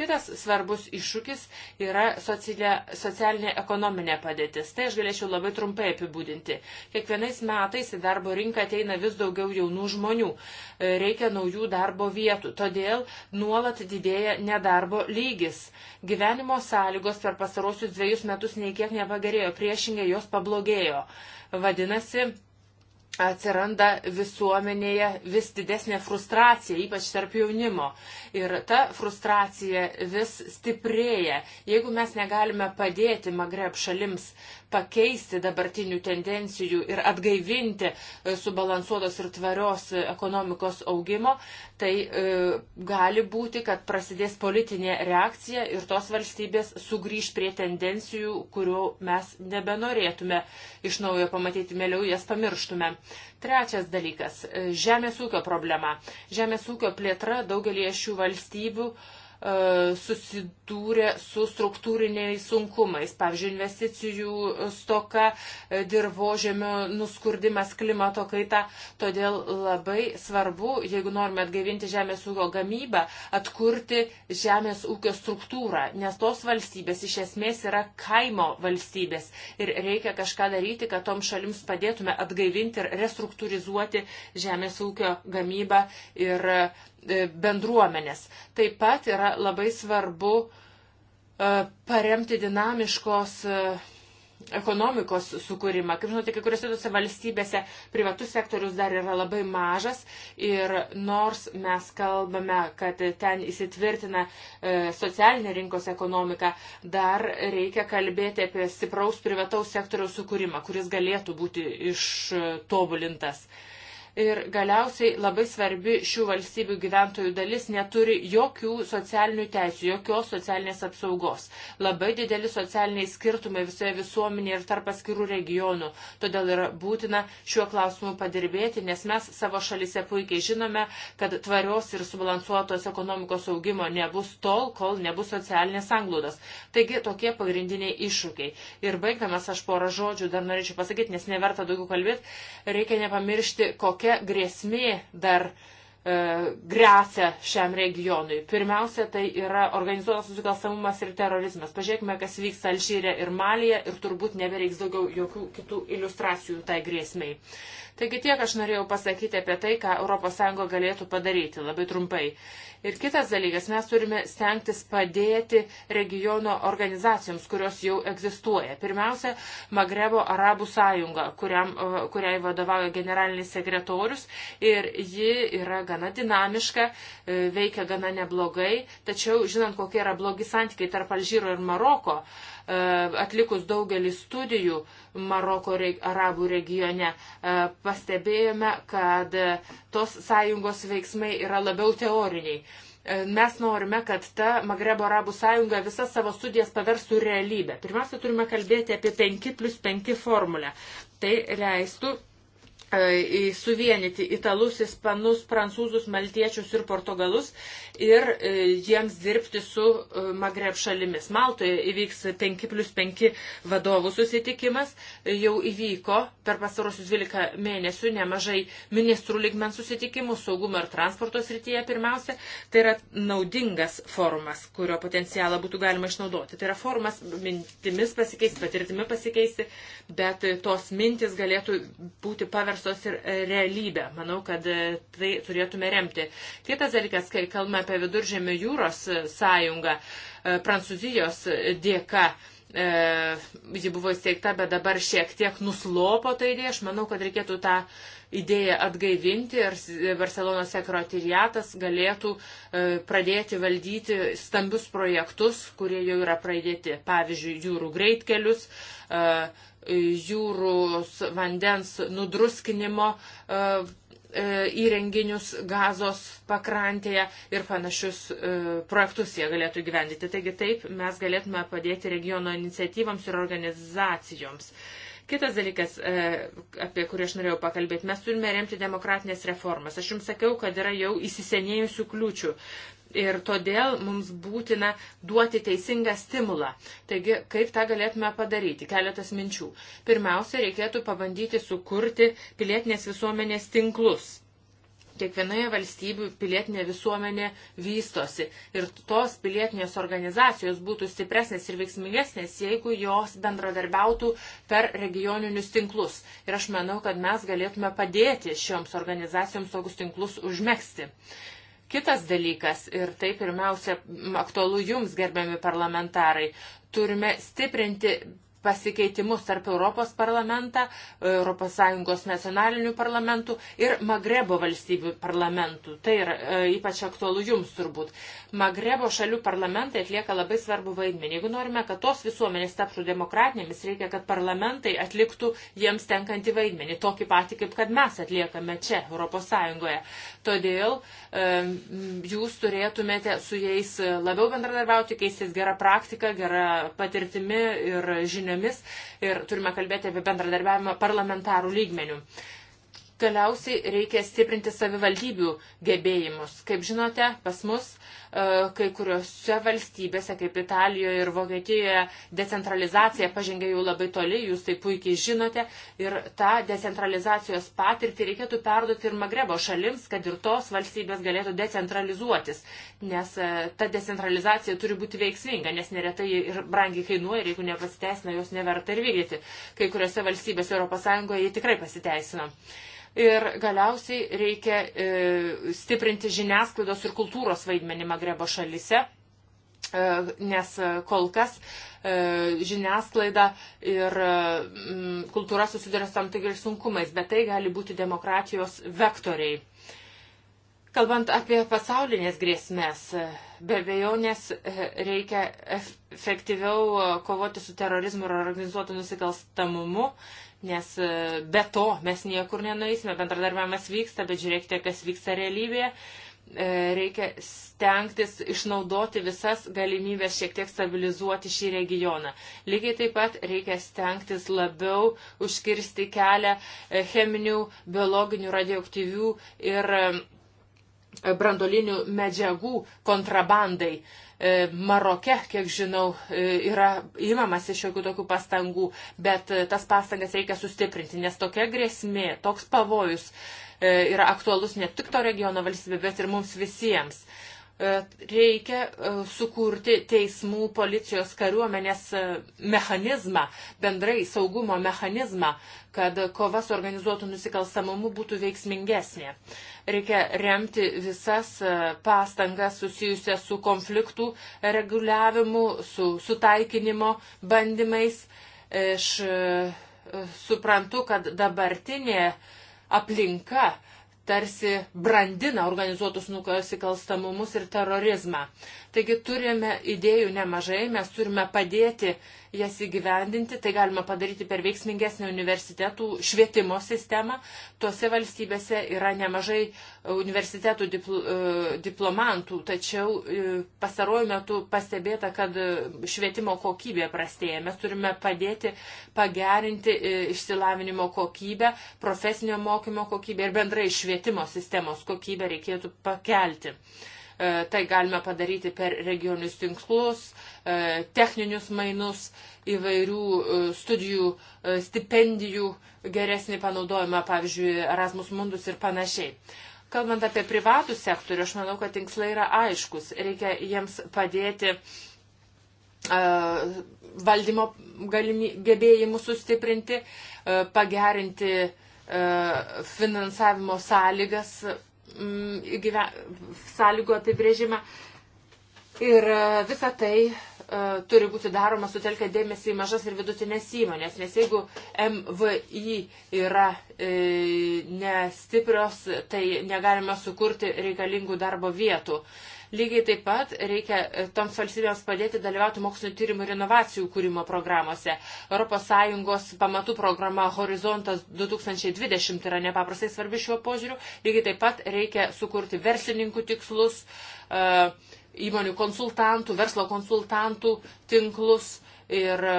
Kitas svarbus iššūkis yra socialia, socialinė ekonominė padėtis. Tai aš galėčiau labai trumpai apibūdinti. Kiekvienais metais į darbo rinką ateina vis daugiau daugiau jaunų žmonių, e, reikia naujų darbo vietų, todėl nuolat didėja nedarbo lygis. Gyvenimo sąlygos per pastarosius dviejus metus neikiek nepagerėjo, priešingai jos pablogėjo. Vadinasi, atsiranda visuomenėje vis didesnė frustracija, ypač tarp jaunimo. Ir ta frustracija vis stiprėja. Jeigu mes negalime padėti Magreb šalims pakeisti dabartinių tendencijų ir atgaivinti e, subalansuotos ir tvarios e, ekonomikos augimo, tai e, gali būti, kad prasidės politinė reakcija ir tos valstybės sugrįž prie tendencijų, kurių mes nebenorėtume iš naujo pamatyti, mėliau jas pamirštume. Trečias dalykas e, - žemės ūkio problema. Žemės ūkio plėtra daugelie šių valstybių uh, E, susidūrė su struktūriniais sunkumais, pavyzdžiui, investicijų stoka, e, dirbožėmio nuskurdimas, klimato kaita. Todėl labai svarbu, jeigu norime atgaivinti žemės ūkio gamybą, atkurti žemės ūkio struktūrą, nes tos valstybės iš esmės yra kaimo valstybės ir reikia kažką daryti, kad tom šalims padėtume atgaivinti ir restruktūrizuoti žemės ūkio gamybą ir E, bendruomenės. Taip pat yra labai svarbu e, paremti dinamiškos e, ekonomikos sukūrimą. Kaip žinote, kai kuriuose tose valstybėse privatus sektorius dar yra labai mažas ir nors mes kalbame, kad ten įsitvirtina socialinė rinkos ekonomika, dar reikia kalbėti apie stipraus privataus sektoriaus sukūrimą, kuris galėtų būti ištobulintas. Uh, Ir galiausiai labai svarbi šių valstybių gyventojų dalis neturi jokių socialinių teisų, jokios socialinės apsaugos. Labai dideli socialiniai skirtumai visoje visuomenėje ir tarp atskirų regionų. Todėl yra būtina šiuo klausimu padirbėti, nes mes savo šalise puikiai žinome, kad tvarios ir subalansuotos ekonomikos augimo nebus tol, kol nebus socialinės anglūdos. Taigi tokie pagrindiniai iššūkiai. Ir baigdamas aš porą žodžių dar norėčiau pasakyti, nes neverta daugiau kalbėti, reikia nepamiršti, kokia kokia grėsmė dar e, grėsia šiam regionui. Pirmiausia, tai yra organizuotas nusikalstamumas ir terorizmas. Pažiūrėkime, kas vyksta Alžyre ir Malija ir turbūt nebereiks daugiau jokių kitų iliustracijų tai grėsmiai. Taigi tiek aš norėjau pasakyti apie tai, ką ES galėtų padaryti labai trumpai. Ir kitas dalykas, mes turime stengtis padėti regiono organizacijoms, kurios jau egzistuoja. Pirmiausia, Magrebo Arabų sąjunga, kuriam, kuriai vadovauja generalinis sekretorius ir ji yra gana dinamiška, e, veikia gana neblogai, tačiau žinant, kokie yra blogi santykiai tarp Alžyro ir Maroko, uh, E, atlikus daugelį studijų Maroko arabų regione, e, pastebėjome, kad e, tos sąjungos veiksmai yra labiau teoriniai. Mes norime, kad ta Magrebo arabų sąjunga visas savo studijas paversų realybę. Pirmiausia, turime kalbėti apie 5 plus 5 formulę. Tai leistų E, suvienyti italus, ispanus, prancūzus, maltiečius ir portugalus ir e, jiems dirbti su e, Magreb šalimis. Maltoje įvyks 5 plus 5 vadovų susitikimas, jau įvyko per pastarosius 12 mėnesių nemažai ministrų ligmens susitikimų saugumo ir transporto srityje pirmiausia. Tai yra naudingas forumas, kurio potencialą būtų galima išnaudoti. Tai yra forumas mintimis pasikeisti, patirtimi pasikeisti, bet tos mintis galėtų būti paverstos nuostatos ir e, realybę. Manau, kad e, tai turėtume remti. Kitas dalykas, kai kalbame apie viduržėmio jūros e, sąjungą, Prancūzijos dėka e, ji buvo įsteigta, bet dabar šiek tiek nuslopo ta idėja. Aš manau, kad reikėtų tą idėją atgaivinti ir Barcelonos sekretariatas galėtų e, pradėti valdyti stambius projektus, kurie jau yra pradėti. Pavyzdžiui, jūrų greitkelius, e, jūros vandens nudruskinimo e, E, įrenginius gazos pakrantėje ir panašius e, projektus jie galėtų gyvendyti. Taigi taip mes galėtume padėti regiono iniciatyvams ir organizacijoms. Kitas dalykas, e, apie kurį aš norėjau pakalbėti, mes turime remti demokratinės reformas. Aš jums sakiau, kad yra jau įsisenėjusių kliūčių. Ir todėl mums būtina duoti teisingą stimulą. Taigi, kaip tą galėtume padaryti? Keletas minčių. Pirmiausia, reikėtų pabandyti sukurti pilietinės visuomenės tinklus. Kiekvienoje valstybių pilietinė visuomenė vystosi ir tos pilietinės organizacijos būtų stipresnės ir veiksmingesnės, jeigu jos bendradarbiautų per regioninius tinklus. Ir aš manau, kad mes galėtume padėti šioms organizacijoms tokius tinklus užmėgsti. Uh, Kitas dalykas, ir tai pirmiausia aktualu jums, gerbiami parlamentarai, turime stiprinti pasikeitimus tarp Europos parlamentą, ES nacionalinių parlamentų ir Magrebo valstybių parlamentų. Tai yra e, ypač aktualu jums turbūt. Magrebo šalių parlamentai atlieka labai svarbu vaidmenį. Jeigu norime, kad tos visuomenės taptų demokratinėmis, reikia, kad parlamentai atliktų jiems tenkantį vaidmenį, tokį patį, kaip kad mes atliekame čia, ES. Todėl jūs turėtumėte su jais labiau bendradarbiauti, keistis gerą praktiką, gerą patirtimi ir žiniomis ir turime kalbėti apie bendradarbiavimą parlamentarų lygmenių galiausiai reikia stiprinti savivaldybių gebėjimus. Kaip žinote, pas mus E, kai kuriuose valstybėse, kaip Italijoje ir Vokietijoje, decentralizacija pažengė jau labai toli, jūs tai puikiai žinote, ir tą decentralizacijos patirtį reikėtų perduoti ir Magrebo šalims, kad ir tos valstybės galėtų decentralizuotis, nes e, ta decentralizacija turi būti veiksminga, nes neretai ir brangiai kainuoja ir jeigu nepasiteisina, jos neverta ir vykdyti. Kai kuriuose valstybėse ES jie tikrai pasiteisino. Ir galiausiai reikia e, stiprinti žiniasklaidos ir kultūros vaidmenį Magrebo šalise, e, nes kol kas e, žiniasklaida ir e, m, kultūra susiduria su tam tikrais sunkumais, bet tai gali būti demokratijos vektoriai. Kalbant apie pasaulinės grėsmės, e, be abejonės e, reikia efektyviau kovoti su terorizmu ir organizuotu nusikalstamumu nes e, be to mes niekur nenueisime. Bendradarbiavimas vyksta, bet žiūrėkite, kas vyksta realybėje. E, reikia stengtis išnaudoti visas galimybės šiek tiek stabilizuoti šį regioną. Lygiai taip pat reikia stengtis labiau užkirsti kelią e, cheminių, biologinių, radioaktyvių ir brandolinių medžiagų kontrabandai. Uh, E, Maroke, kiek žinau, e, yra įmamasi šiokių tokių pastangų, bet e, tas pastangas reikia sustiprinti, nes tokia grėsmė, toks pavojus yra aktualus ne tik to regiono valstybė, bet ir mums visiems. E, reikia e, sukurti teismų, policijos, kariuomenės e, mechanizmą, bendrai saugumo mechanizmą, kad kova su organizuotu nusikalstamumu būtų veiksmingesnė. Reikia remti visas pastangas susijusias su konfliktų reguliavimu, su sutaikinimo bandymais. Aš suprantu, kad dabartinė aplinka, tarsi brandina organizuotus nusikalstamumus ir terorizmą. Taigi turime idėjų nemažai, mes turime padėti jas įgyvendinti. Tai galima padaryti per veiksmingesnį universitetų švietimo sistemą. Tuose valstybėse yra nemažai e, universitetų dipl e, diplomantų, tačiau e, pasaruoju metu pastebėta, kad švietimo kokybė prastėja. Mes turime padėti pagerinti išsilavinimo kokybę, profesinio mokymo kokybę ir bendrai švietimo sistemos kokybę reikėtų pakelti. Uh, E, tai galime padaryti per regionius tinklus, e, techninius mainus, įvairių e, studijų, stipendijų geresnį panaudojimą, pavyzdžiui, Erasmus Mundus ir panašiai. Kalbant apie privatų sektorių, aš manau, kad tinklai yra aiškus. Reikia jiems padėti valdymo galimy, gebėjimus sustiprinti, pagerinti finansavimo sąlygas Mm, sąlygų apibrėžimą. Ir e, visa tai uh, turi būti daroma sutelkę dėmesį į mažas ir vidutinės įmonės, nes jeigu MVI yra e, nestiprios, tai negalima sukurti reikalingų darbo vietų. E, Lygiai taip pat reikia e, toms valstybėms padėti dalyvauti mokslinio tyrimų ir inovacijų kūrimo programuose. ES pamatų programa Horizontas 2020 yra nepaprastai svarbi šiuo požiūriu. Lygiai taip pat reikia sukurti verslininkų tikslus, e, įmonių konsultantų, verslo konsultantų tinklus ir e,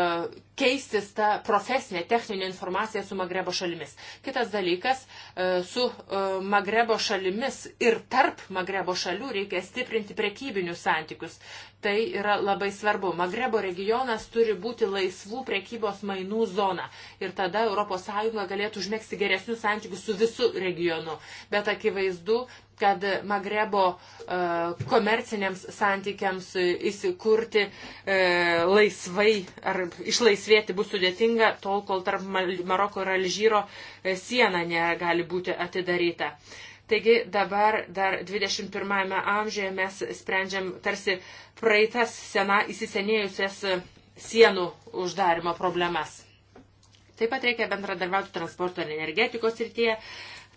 keistis tą profesinę, techninę informaciją su Magrebo šalimis. Kitas dalykas, e, su e, Magrebo šalimis ir tarp Magrebo šalių reikia stiprinti prekybinius santykius. Tai yra labai svarbu. Magrebo regionas turi būti laisvų prekybos mainų zona. Ir tada ES galėtų užmėgsti geresnius santykius su visu regionu. Bet akivaizdu, kad Magrebo e, komerciniams santykiams įsikurti laisvai ar išlaisvai laisvėti bus sudėtinga, tol kol tarp Maroko ir Alžyro e, siena negali būti atidaryta. Taigi dabar dar 21 amžiuje mes sprendžiam tarsi praeitas sena įsisenėjusias e, sienų uždarimo problemas. Taip pat reikia bendradarbiauti transporto ir energetikos rytyje.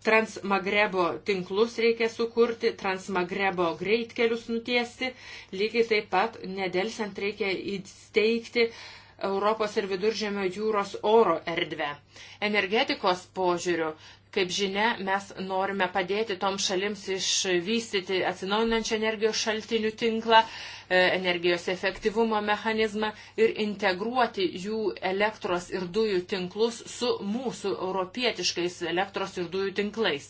Transmagrebo tinklus reikia sukurti, transmagrebo greitkelius nutiesti, lygiai taip pat nedelsiant reikia įsteigti Europos ir viduržėmio jūros oro erdvę. Energetikos požiūriu, kaip žinia, mes norime padėti tom šalims išvystyti atsinaujinančią energijos šaltinių tinklą, e, energijos efektyvumo mechanizmą ir integruoti jų elektros ir dujų tinklus su mūsų europietiškais elektros ir dujų tinklais.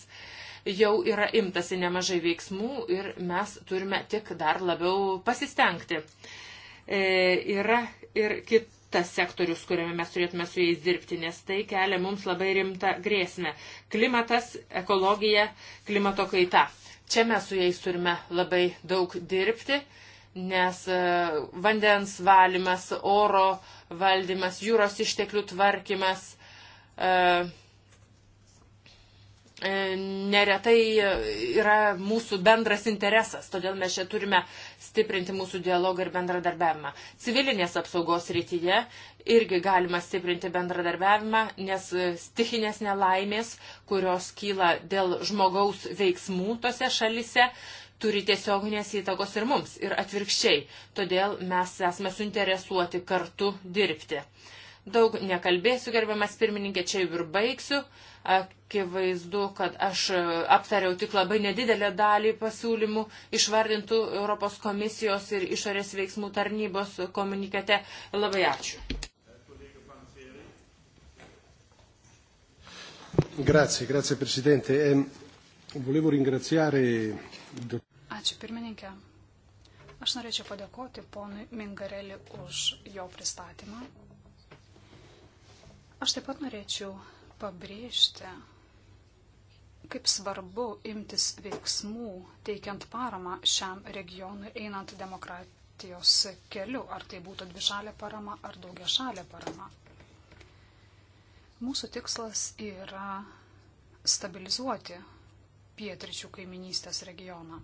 Jau yra imtasi nemažai veiksmų ir mes turime tik dar labiau pasistengti. E, yra ir kitas sektorius, kuriame mes turėtume su jais dirbti, nes tai kelia mums labai rimtą grėsmę. Klimatas, ekologija, klimato kaita. Čia mes su jais turime labai daug dirbti nes e, vandens valymas, oro valdymas, jūros išteklių tvarkymas, e, E, neretai yra mūsų bendras interesas, todėl mes čia turime stiprinti mūsų dialogą ir bendradarbiavimą. Civilinės apsaugos rytyje irgi galima stiprinti bendradarbiavimą, nes stichinės nelaimės, kurios kyla dėl žmogaus veiksmų tose šalise, turi tiesioginės įtakos ir mums, ir atvirkščiai. Todėl mes esame suinteresuoti kartu dirbti. Uh, Daug nekalbėsiu, gerbiamas pirmininkė, čia ir baigsiu. Akivaizdu, kad aš e, aptariau tik labai nedidelę dalį pasiūlymų išvardintų Europos komisijos ir išorės veiksmų tarnybos komunikate. Labai ačiū. Grazie, grazie Presidente. Volevo ringraziare. Ačiū pirmininkė. Aš norėčiau padėkoti ponui Mingarelį už jo pristatymą. Aš taip pat norėčiau pabrėžti, kaip svarbu imtis veiksmų, teikiant paramą šiam regionui einant demokratijos keliu, ar tai būtų dvišalė parama ar daugia šalė parama. Mūsų tikslas yra stabilizuoti pietričių kaiminystės regioną.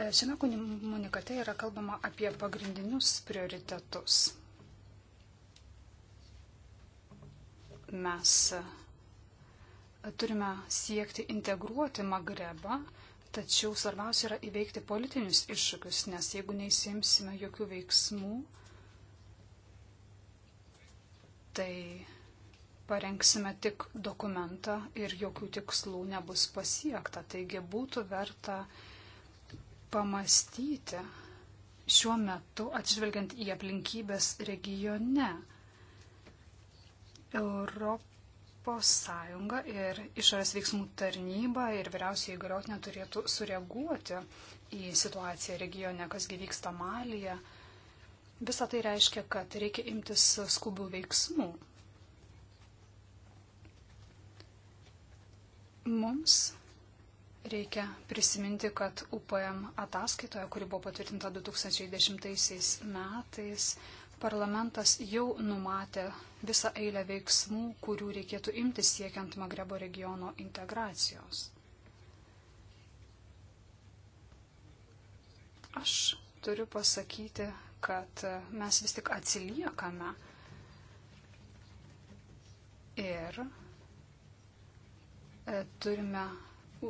Šiame komunikate yra kalbama apie pagrindinius prioritetus mes turime siekti integruoti Magrebą, tačiau svarbiausia yra įveikti politinius iššūkius, nes jeigu neįsimsime jokių veiksmų, tai parengsime tik dokumentą ir jokių tikslų nebus pasiekta. Taigi būtų verta pamastyti šiuo metu, atžvelgiant į aplinkybės regione Europos Sąjunga ir išorės veiksmų tarnyba ir vyriausiai įgaliotinė turėtų sureaguoti į situaciją regione, kasgi vyksta Malyje. Visą tai reiškia, kad reikia imtis skubių veiksmų. Mums reikia prisiminti, kad UPM ataskaitoje, kuri buvo patvirtinta 2010 metais, Parlamentas jau numatė visą eilę veiksmų, kurių reikėtų imti siekiant Magrebo regiono integracijos. Aš turiu pasakyti, kad mes vis tik atsiliekame ir e, turime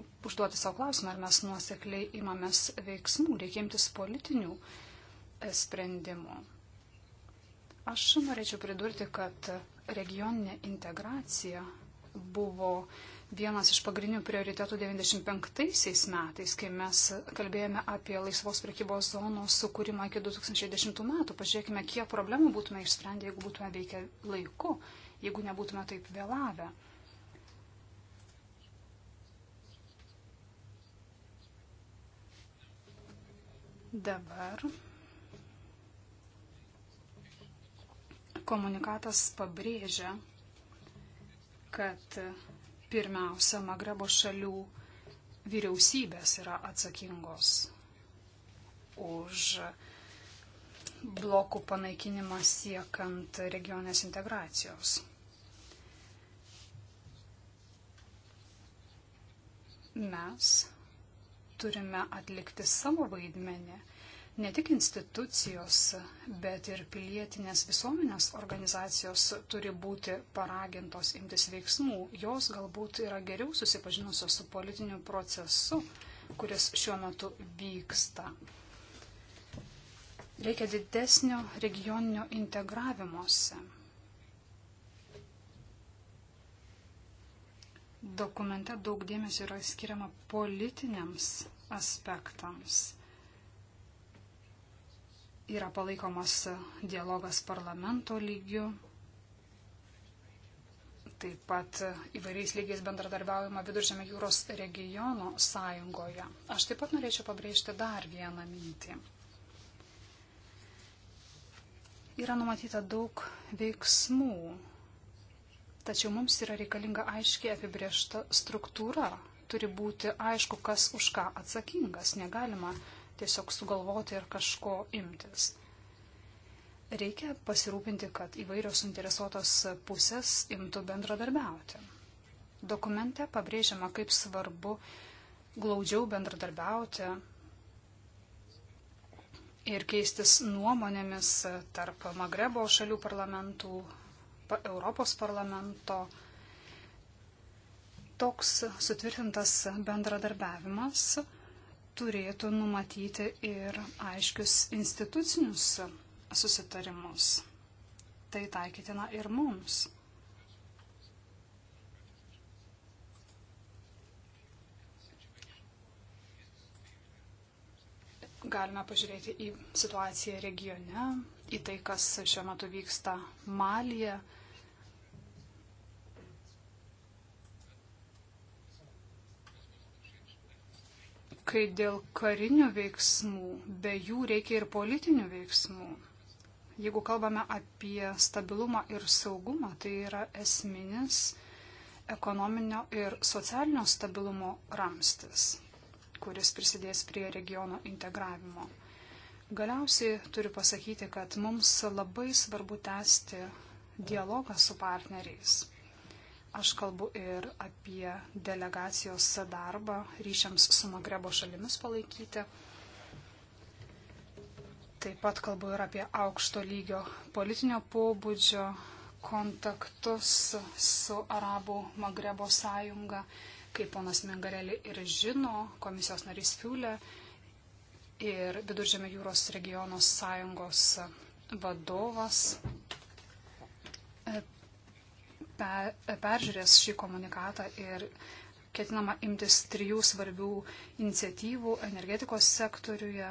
užduoti savo klausimą, ar mes nuosekliai imamės veiksmų, reikia imtis politinių e, sprendimų. Aš norėčiau pridurti, kad regioninė integracija buvo vienas iš pagrindinių prioritetų 95 metais, kai mes kalbėjome apie laisvos prekybos zonos sukūrimą iki 2010 metų. Pažiūrėkime, kiek problemų būtume išsprendę, jeigu būtume veikę laiku, jeigu nebūtume taip vėlavę. Dabar komunikatas pabrėžia, kad pirmiausia Magrebo šalių vyriausybės yra atsakingos už blokų panaikinimą siekant regionės integracijos. Mes turime atlikti savo vaidmenį Ne tik institucijos, bet ir pilietinės visuomenės organizacijos turi būti paragintos imtis veiksmų. Jos galbūt yra geriau susipažinusios su politiniu procesu, kuris šiuo metu vyksta. Reikia didesnio regioninio integravimuose. Dokumente daug dėmesio yra skiriama politiniams aspektams yra palaikomas dialogas parlamento lygiu, taip pat įvairiais lygiais bendradarbiaujama Viduržėmio jūros regiono sąjungoje. Aš taip pat norėčiau pabrėžti dar vieną mintį. Yra numatyta daug veiksmų, tačiau mums yra reikalinga aiškiai apibriešta struktūra. Turi būti aišku, kas už ką atsakingas. Negalima tiesiog sugalvoti ir kažko imtis. Reikia pasirūpinti, kad įvairios suinteresuotos pusės imtų bendradarbiauti. Dokumente pabrėžiama, kaip svarbu glaudžiau bendradarbiauti ir keistis nuomonėmis tarp Magrebo šalių parlamentų, Europos parlamento. Toks sutvirtintas bendradarbiavimas turėtų numatyti ir aiškius institucinius susitarimus. Tai taikytina ir mums. Galime pažiūrėti į situaciją regione, į tai, kas šiuo metu vyksta Malyje. kai dėl karinių veiksmų, be jų reikia ir politinių veiksmų. Jeigu kalbame apie stabilumą ir saugumą, tai yra esminis ekonominio ir socialinio stabilumo ramstis, kuris prisidės prie regiono integravimo. Galiausiai turiu pasakyti, kad mums labai svarbu tęsti dialogą su partneriais. Aš kalbu ir apie delegacijos darbą ryšiams su Magrebo šalimis palaikyti. Taip pat kalbu ir apie aukšto lygio politinio pobūdžio kontaktus su Arabų Magrebo sąjunga. Kaip ponas Mengarelį ir žino, komisijos narys Fiulė ir Viduržėmio jūros regionos sąjungos vadovas peržiūrės šį komunikatą ir ketinama imtis trijų svarbių iniciatyvų energetikos sektoriuje,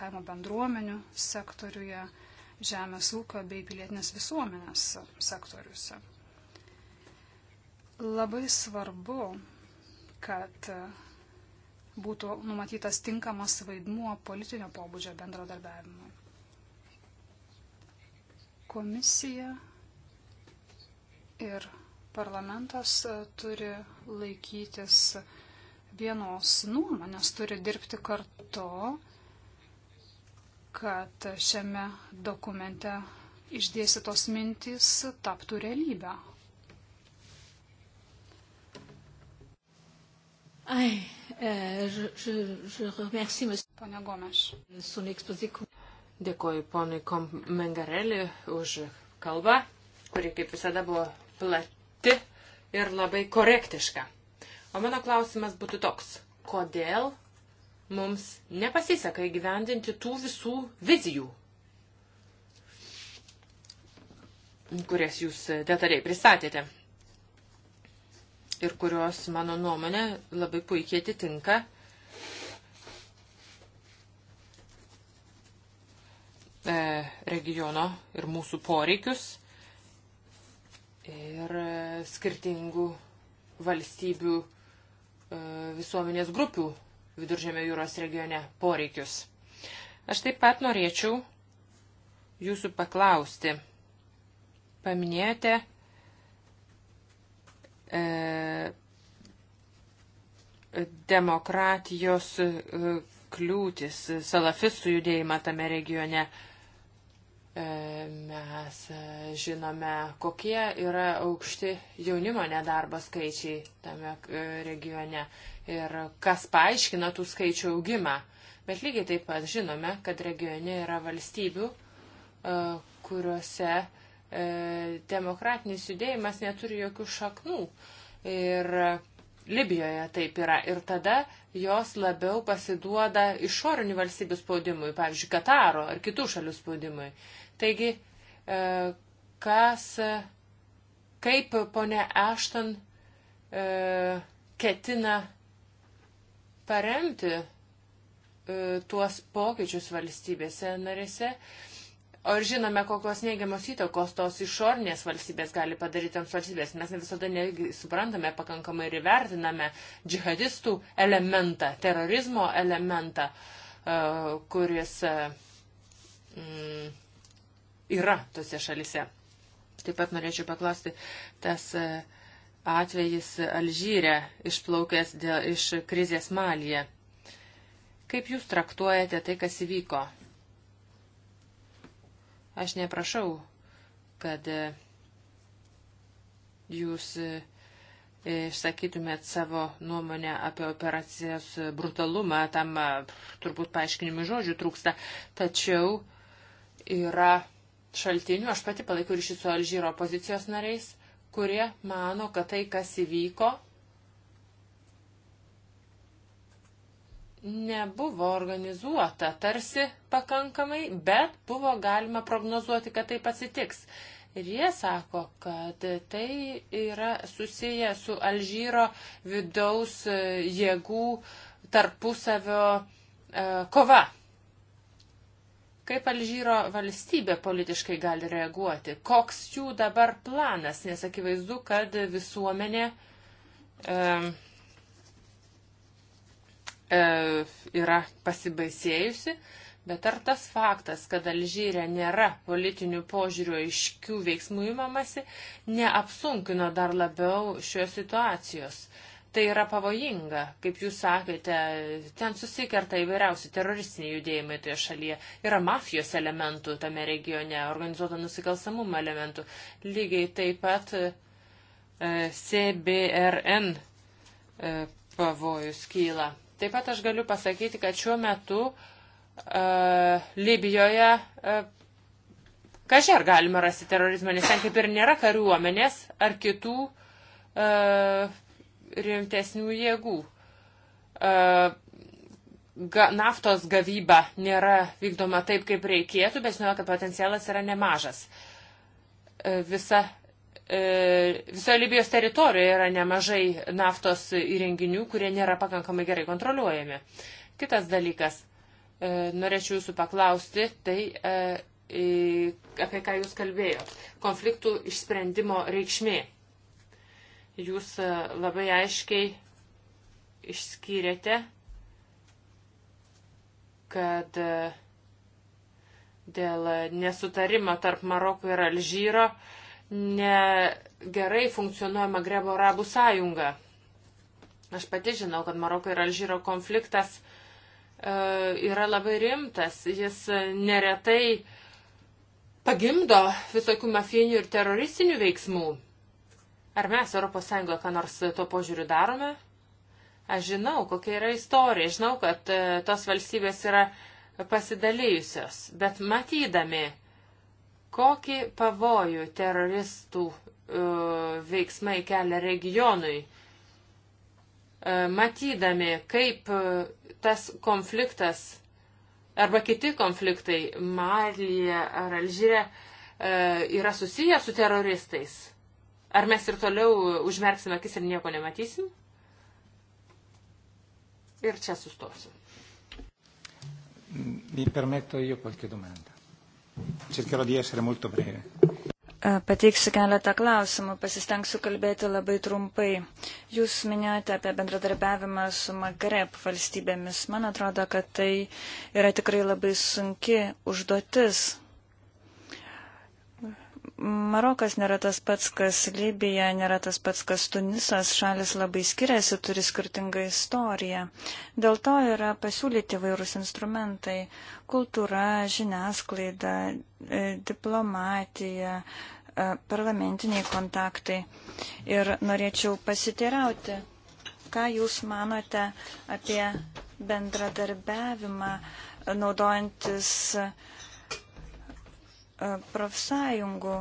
kaimo bendruomenių sektoriuje, žemės ūkio bei pilietinės visuomenės sektoriuose. Labai svarbu, kad būtų numatytas tinkamas vaidmuo politinio pobūdžio bendradarbiavimui. Komisija ir parlamentas e, turi laikytis vienos nuomonės, turi dirbti kartu, kad šiame dokumente išdėstytos mintys taptų realybę. Ai, e, je, je, je remercie, Pane Gomes. Dėkoju ponui Mengarelį už kalbą, kuri kaip visada buvo plati ir labai korektiška. O mano klausimas būtų toks, kodėl mums nepasiseka įgyvendinti tų visų vizijų, kurias jūs detaliai pristatėte ir kurios, mano nuomonė, labai puikiai atitinka e, regiono ir mūsų poreikius ir e, skirtingų valstybių e, visuomenės grupių viduržėmio jūros regione poreikius. Aš taip pat norėčiau jūsų paklausti. Paminėjote e, demokratijos e, kliūtis, salafistų judėjimą tame regione. E, E, mes žinome, kokie yra aukšti jaunimo nedarbo skaičiai tame e, regione ir kas paaiškina tų skaičių augimą. Bet lygiai taip pat žinome, kad regione yra valstybių, e, kuriuose demokratinis judėjimas neturi jokių šaknų. Ir Libijoje taip yra. Ir tada jos labiau pasiduoda išorinių valstybių spaudimui, pavyzdžiui, Kataro ar kitų šalių spaudimui. Taigi, e, kas, kaip ponė Ešton e, ketina paremti e, tuos pokyčius valstybėse narėse. O ir žinome, kokios neigiamos įtakos tos išornės valstybės gali padaryti toms valstybės. Mes ne visada negi suprantame pakankamai ir vertiname džihadistų elementą, terorizmo elementą, kuris mm, yra tose šalise. Taip pat norėčiau paklausti, tas e, atvejis Alžyre išplaukęs dėl, iš krizės Malyje. Kaip jūs traktuojate tai, kas įvyko? Aš neprašau, kad e, jūs e, išsakytumėt savo nuomonę apie operacijos brutalumą, tam turbūt paaiškinimų žodžių trūksta, tačiau yra šaltinių. Aš pati palaikau ryšį su Alžyro opozicijos nariais, kurie mano, kad tai, kas įvyko, nebuvo organizuota tarsi pakankamai, bet buvo galima prognozuoti, kad taip atsitiks. Ir jie sako, kad tai yra susiję su Alžyro vidaus e, jėgų tarpusavio e, kova. Kaip Alžyro valstybė politiškai gali reaguoti? Koks jų dabar planas? Nes akivaizdu, kad visuomenė e, e, yra pasibaisėjusi, bet ar tas faktas, kad Alžyre nėra politinių požiūrių aiškių veiksmų įmamasi, neapsunkino dar labiau šios situacijos? E, tai yra pavojinga. Kaip jūs sakėte, ten susikerta įvairiausi teroristiniai judėjimai toje šalyje. Yra mafijos elementų tame regione, organizuoto nusikalstamumo elementų. Lygiai taip pat e, CBRN e, pavojus kyla. Taip pat aš galiu pasakyti, kad šiuo metu e, Libijoje e, kažkai ar galima rasti terorizmą, nes ten kaip ir nėra kariuomenės ar kitų uh, rimtesnių jėgų. E, naftos gavyba nėra vykdoma taip, kaip reikėtų, bet žinoma, kad potencialas yra nemažas. E, visa, e, viso Libijos teritorijoje yra nemažai naftos įrenginių, kurie nėra pakankamai gerai kontroliuojami. Kitas dalykas, norėčiau jūsų paklausti, tai apie ką jūs kalbėjot. Konfliktų išsprendimo reikšmė. Jūs e, labai aiškiai išskyrėte, kad e, dėl nesutarimo tarp Maroko ir Alžyro negerai funkcionuoja Magrebo Arabų sąjunga. Aš pati žinau, kad Maroko ir Alžyro konfliktas e, yra labai rimtas. Jis neretai pagimdo visokių mafijinių ir teroristinių veiksmų. Ar mes ES ką nors tuo požiūriu darome? Aš žinau, kokia yra istorija, žinau, kad e, tos valstybės yra pasidalijusios, bet matydami, kokį pavojų teroristų e, veiksmai kelia regionui, e, matydami, kaip tas konfliktas arba kiti konfliktai Malyje ar Alžyre yra susiję su teroristais Ar mes ir toliau užmerksime akis ir nieko nematysim? Ir čia sustosiu. Mi permetto io qualche domanda. Cercherò di essere molto breve. E, pateiksiu keletą klausimų, pasistengsiu kalbėti labai trumpai. Jūs minėjote apie bendradarbiavimą su Magreb valstybėmis. Man atrodo, kad tai yra tikrai labai sunki užduotis, Marokas nėra tas pats, kas Libija, nėra tas pats, kas Tunisas, šalis labai skiriasi, turi skirtingą istoriją. Dėl to yra pasiūlyti vairūs instrumentai - kultūra, žiniasklaida, e, diplomatija, e, parlamentiniai kontaktai. Ir norėčiau pasiteirauti, ką Jūs manote apie bendradarbiavimą naudojantis uh, E, profsąjungų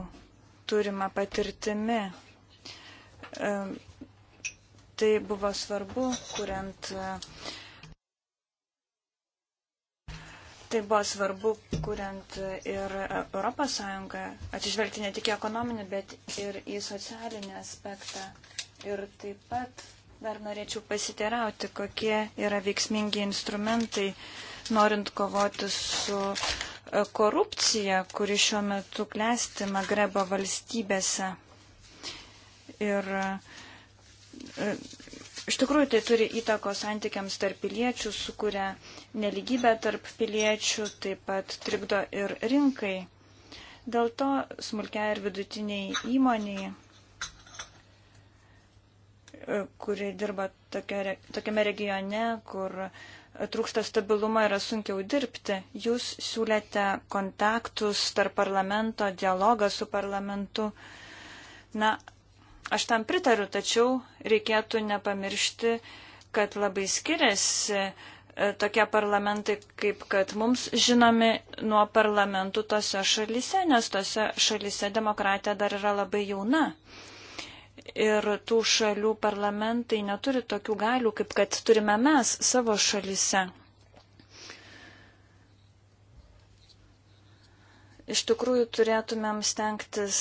turima patirtimi. E, tai buvo svarbu, kuriant e, Tai buvo svarbu, kuriant ir Europos Sąjungą, atsižvelgti ne tik į ekonominį, bet ir į socialinį aspektą. Ir taip pat dar norėčiau pasiterauti, kokie yra veiksmingi instrumentai, norint kovoti su korupcija, kuri šiuo metu klesti Magrebo valstybėse. Ir e, iš tikrųjų tai turi įtakos santykiams tarp piliečių, sukuria neligybę tarp piliečių, taip pat trikdo ir rinkai. Dėl to smulkiai ir vidutiniai įmoniai, e, kuri dirba tokia, tokiame regione, kur uh, trūksta stabilumo, yra sunkiau dirbti. Jūs siūlėte kontaktus tarp parlamento, dialogą su parlamentu. Na, aš tam pritariu, tačiau reikėtų nepamiršti, kad labai skiriasi e, tokie parlamentai, kaip kad mums žinomi nuo parlamentų tose šalise, nes tose šalise demokratija dar yra labai jauna. Uh, ir tų šalių parlamentai neturi tokių galių, kaip kad turime mes savo šalise. Iš tikrųjų turėtumėm stengtis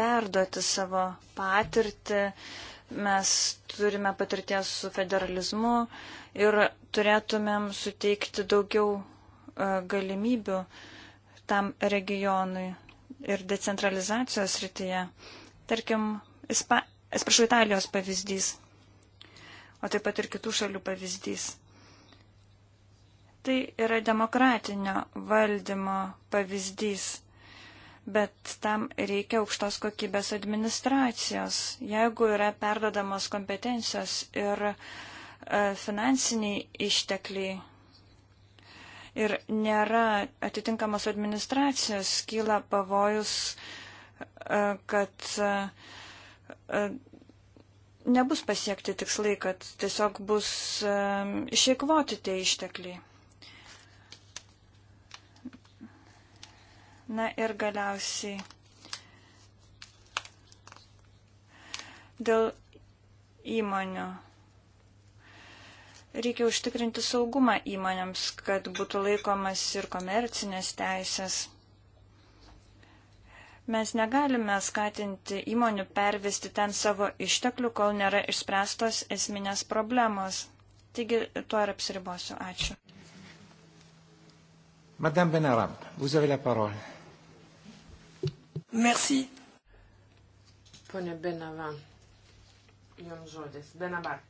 perduoti savo patirtį, mes turime patirties su federalizmu ir turėtumėm suteikti daugiau e, galimybių tam regionui ir decentralizacijos rytyje. Tarkim, Ispa atsiprašau, Italijos pavyzdys, o taip pat ir kitų šalių pavyzdys. Tai yra demokratinio valdymo pavyzdys, bet tam reikia aukštos kokybės administracijos. Jeigu yra perdodamos kompetencijos ir e, finansiniai ištekliai ir nėra atitinkamos administracijos, kyla pavojus, e, kad e, E, nebus pasiekti tikslai, kad tiesiog bus e, išeikvoti tie ištekliai. Na ir galiausiai dėl įmonių. Reikia užtikrinti saugumą įmonėms, kad būtų laikomas ir komercinės teisės. Mes negalime skatinti įmonių pervesti ten savo išteklių, kol nėra išspręstos esminės problemos. Taigi tuo ir apsiribosiu. Ačiū. Madame Benarab, vous avez la parole. Merci. Pone Benava, jums žodis. Benabar.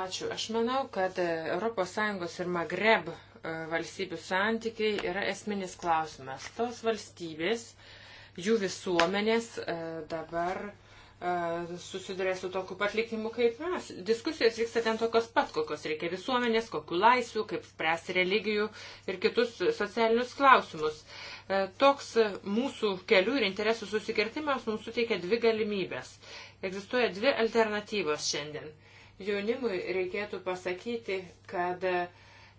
Ačiū. Aš manau, kad ES ir Magreb e, valstybių santykiai yra esminis klausimas. Tos valstybės jų visuomenės e, dabar e, susiduria su tokiu pat likimu kaip mes. Diskusijos vyksta ten tokios pat, kokios reikia visuomenės, kokiu laisvių, kaip spręsti religijų ir kitus socialinius klausimus. E, toks mūsų kelių ir interesų susikirtimas mums suteikia dvi galimybės. Egzistuoja dvi alternatyvos šiandien. Jaunimui reikėtų pasakyti, kad uh,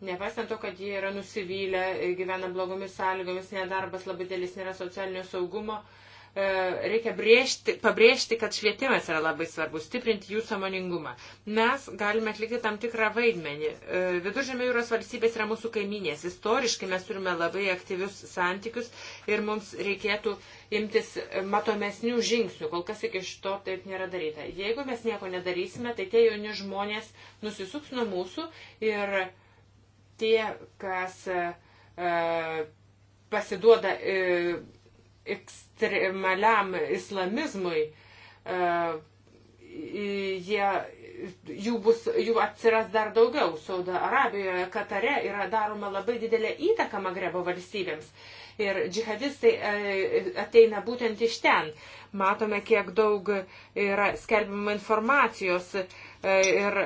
Nepaisant to, kad jie yra nusivylę, gyvena blogomis sąlygomis, nedarbas labai dėlis nėra socialinio saugumo, e, reikia brėžti, pabrėžti, kad švietimas yra labai svarbus, stiprinti jų samoningumą. Mes galime atlikti tam tikrą vaidmenį. E, Viduržėmio jūros valstybės yra mūsų kaiminės. Istoriškai mes turime labai aktyvius santykius ir mums reikėtų imtis matomesnių žingsnių. Kol kas iki šito taip nėra daryta. Jeigu mes nieko nedarysime, tai tie jauni žmonės nusisuks nuo mūsų ir tie, kas e, pasiduoda e, ekstremaliam islamizmui, e, jie, jų, bus, jų atsiras dar daugiau. Saudo Arabijoje, Katare yra daroma labai didelė įtaka Magrebo valstybėms. Ir džihadistai ateina būtent iš ten. Matome, kiek daug yra skelbima informacijos ir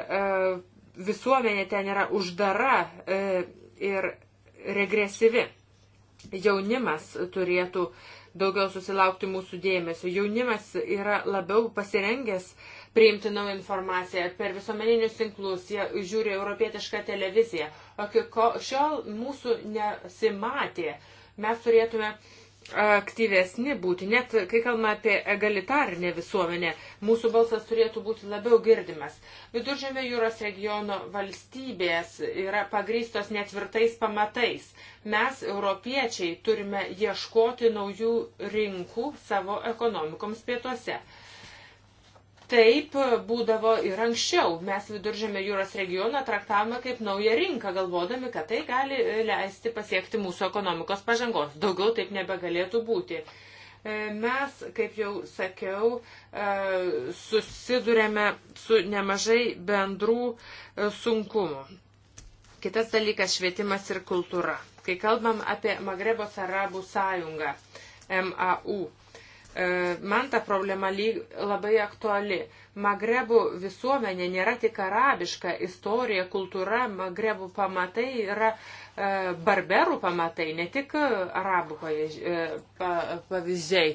visuomenė ten yra uždara e, ir regresyvi. Jaunimas turėtų daugiau susilaukti mūsų dėmesio. Jaunimas yra labiau pasirengęs priimti naują informaciją per visuomeninius tinklus, jie žiūri europietišką televiziją. O iki šiol mūsų nesimatė. Mes turėtume uh, aktyvesni būti. Net kai kalbame apie egalitarinę visuomenę, mūsų balsas turėtų būti labiau girdimas. Viduržėmio jūros regiono valstybės yra pagrystos netvirtais pamatais. Mes, europiečiai, turime ieškoti naujų rinkų savo ekonomikoms pietuose. Taip būdavo ir anksčiau. Mes viduržėme jūros regioną traktavome kaip naują rinką, galvodami, kad tai gali leisti pasiekti mūsų ekonomikos pažangos. Daugiau taip nebegalėtų būti. E, mes, kaip jau sakiau, e, susidurėme su nemažai bendrų e, sunkumų. Kitas dalykas - švietimas ir kultūra. Kai kalbam apie Magrebos arabų sąjungą, MAU, E, man ta problema labai aktuali. Magrebų visuomenė nėra tik arabiška istorija, kultūra, magrebų pamatai yra e, barberų pamatai, ne tik e, arabų pavyzdžiai.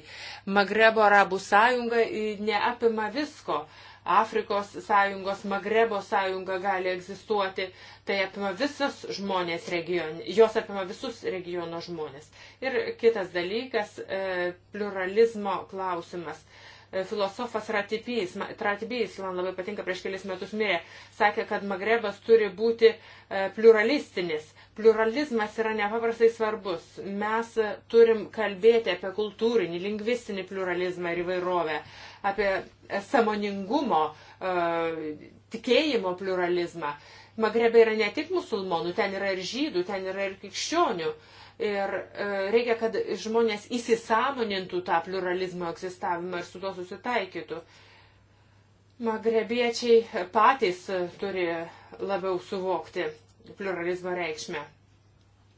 Magrebo arabų sąjunga neapima visko. Afrikos sąjungos, Magrebo sąjunga gali egzistuoti. Tai apima visus žmonės regione, jos apima visus regiono žmonės. Ir kitas dalykas e, - pluralizmo klausimas e, filosofas Ratibijas, Ratibijas, man labai patinka, prieš kelis metus mirė, sakė, kad Magrebas turi būti e, pluralistinis. Pluralizmas yra nepaprastai svarbus. Mes turim kalbėti apie kultūrinį, lingvistinį pluralizmą ir įvairovę, apie e, samoningumo, e, tikėjimo pluralizmą. Magrebe yra ne tik musulmonų, ten yra ir žydų, ten yra ir krikščionių. Ir e, reikia, kad žmonės įsisamonintų tą pluralizmo egzistavimą ir su to susitaikytų. Magrebiečiai patys turi labiau suvokti pluralizmo reikšmę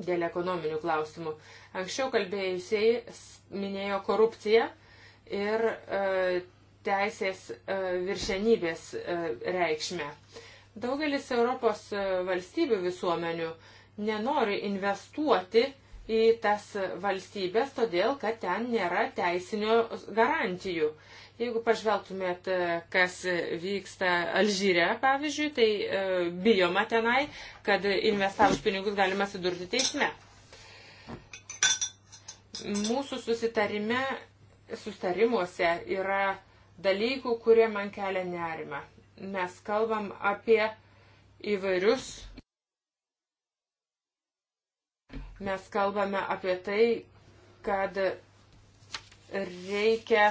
dėl ekonominių klausimų. Anksčiau kalbėjusiai minėjo korupciją ir e, teisės e, viršenybės e, reikšmę. Daugelis Europos e, valstybių visuomenių nenori investuoti į tas valstybės, todėl kad ten nėra teisinio garantijų. E, Jeigu pažvelgtumėt, e, kas vyksta Alžyre, pavyzdžiui, tai e, bijoma tenai, kad investavus pinigus galima atsidurti teisme. Mūsų susitarime, susitarimuose yra dalykų, kurie man kelia nerimą. Mes kalbam apie įvairius mes kalbame apie tai, kad reikia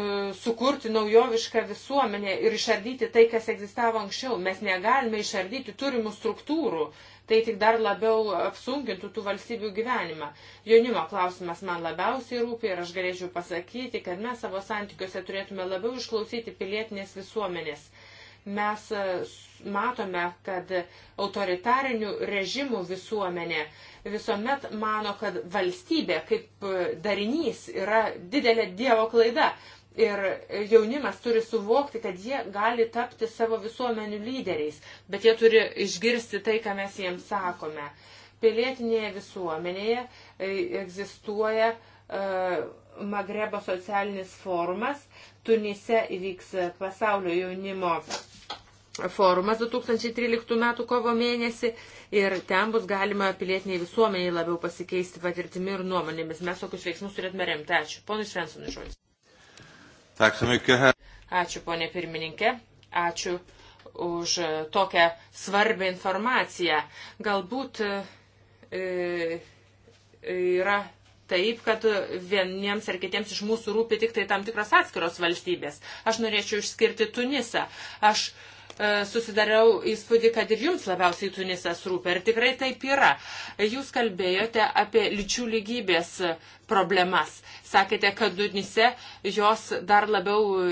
E, sukurti naujovišką visuomenę ir išardyti tai, kas egzistavo anksčiau. Mes negalime išardyti turimų struktūrų. Tai tik dar labiau apsunkintų tų valstybių gyvenimą. Jaunimo klausimas man labiausiai rūpi ir aš galėčiau pasakyti, kad mes savo santykiuose turėtume labiau išklausyti pilietinės visuomenės. Uh, Mes e, matome, kad autoritarinių režimų visuomenė visuomet mano, kad valstybė kaip e, darinys yra didelė Dievo klaida. Ir jaunimas turi suvokti, kad jie gali tapti savo visuomenių lyderiais, bet jie turi išgirsti tai, ką mes jiems sakome. Pilietinėje visuomenėje e, egzistuoja uh, Magrebo socialinis forumas, Tunise įvyks pasaulio jaunimo forumas 2013 m. kovo mėnesį ir ten bus galima pilietiniai visuomeniai labiau pasikeisti patirtimi ir nuomonėmis. Mes tokius veiksmus turėtume remti. Ačiū. Ponai Svensonai žodis. Ačiū, ponė pirmininkė. Ačiū už tokią svarbę informaciją. Galbūt e, e yra taip, kad vieniems ar kitiems iš mūsų rūpi tik tai tam tikros atskiros valstybės. Aš norėčiau išskirti Tunisą. Aš e, susidariau įspūdį, kad ir jums labiausiai Tunisas rūpi. Ir tikrai taip yra. Jūs kalbėjote apie lyčių lygybės problemas. Sakėte, kad Tunise jos dar labiau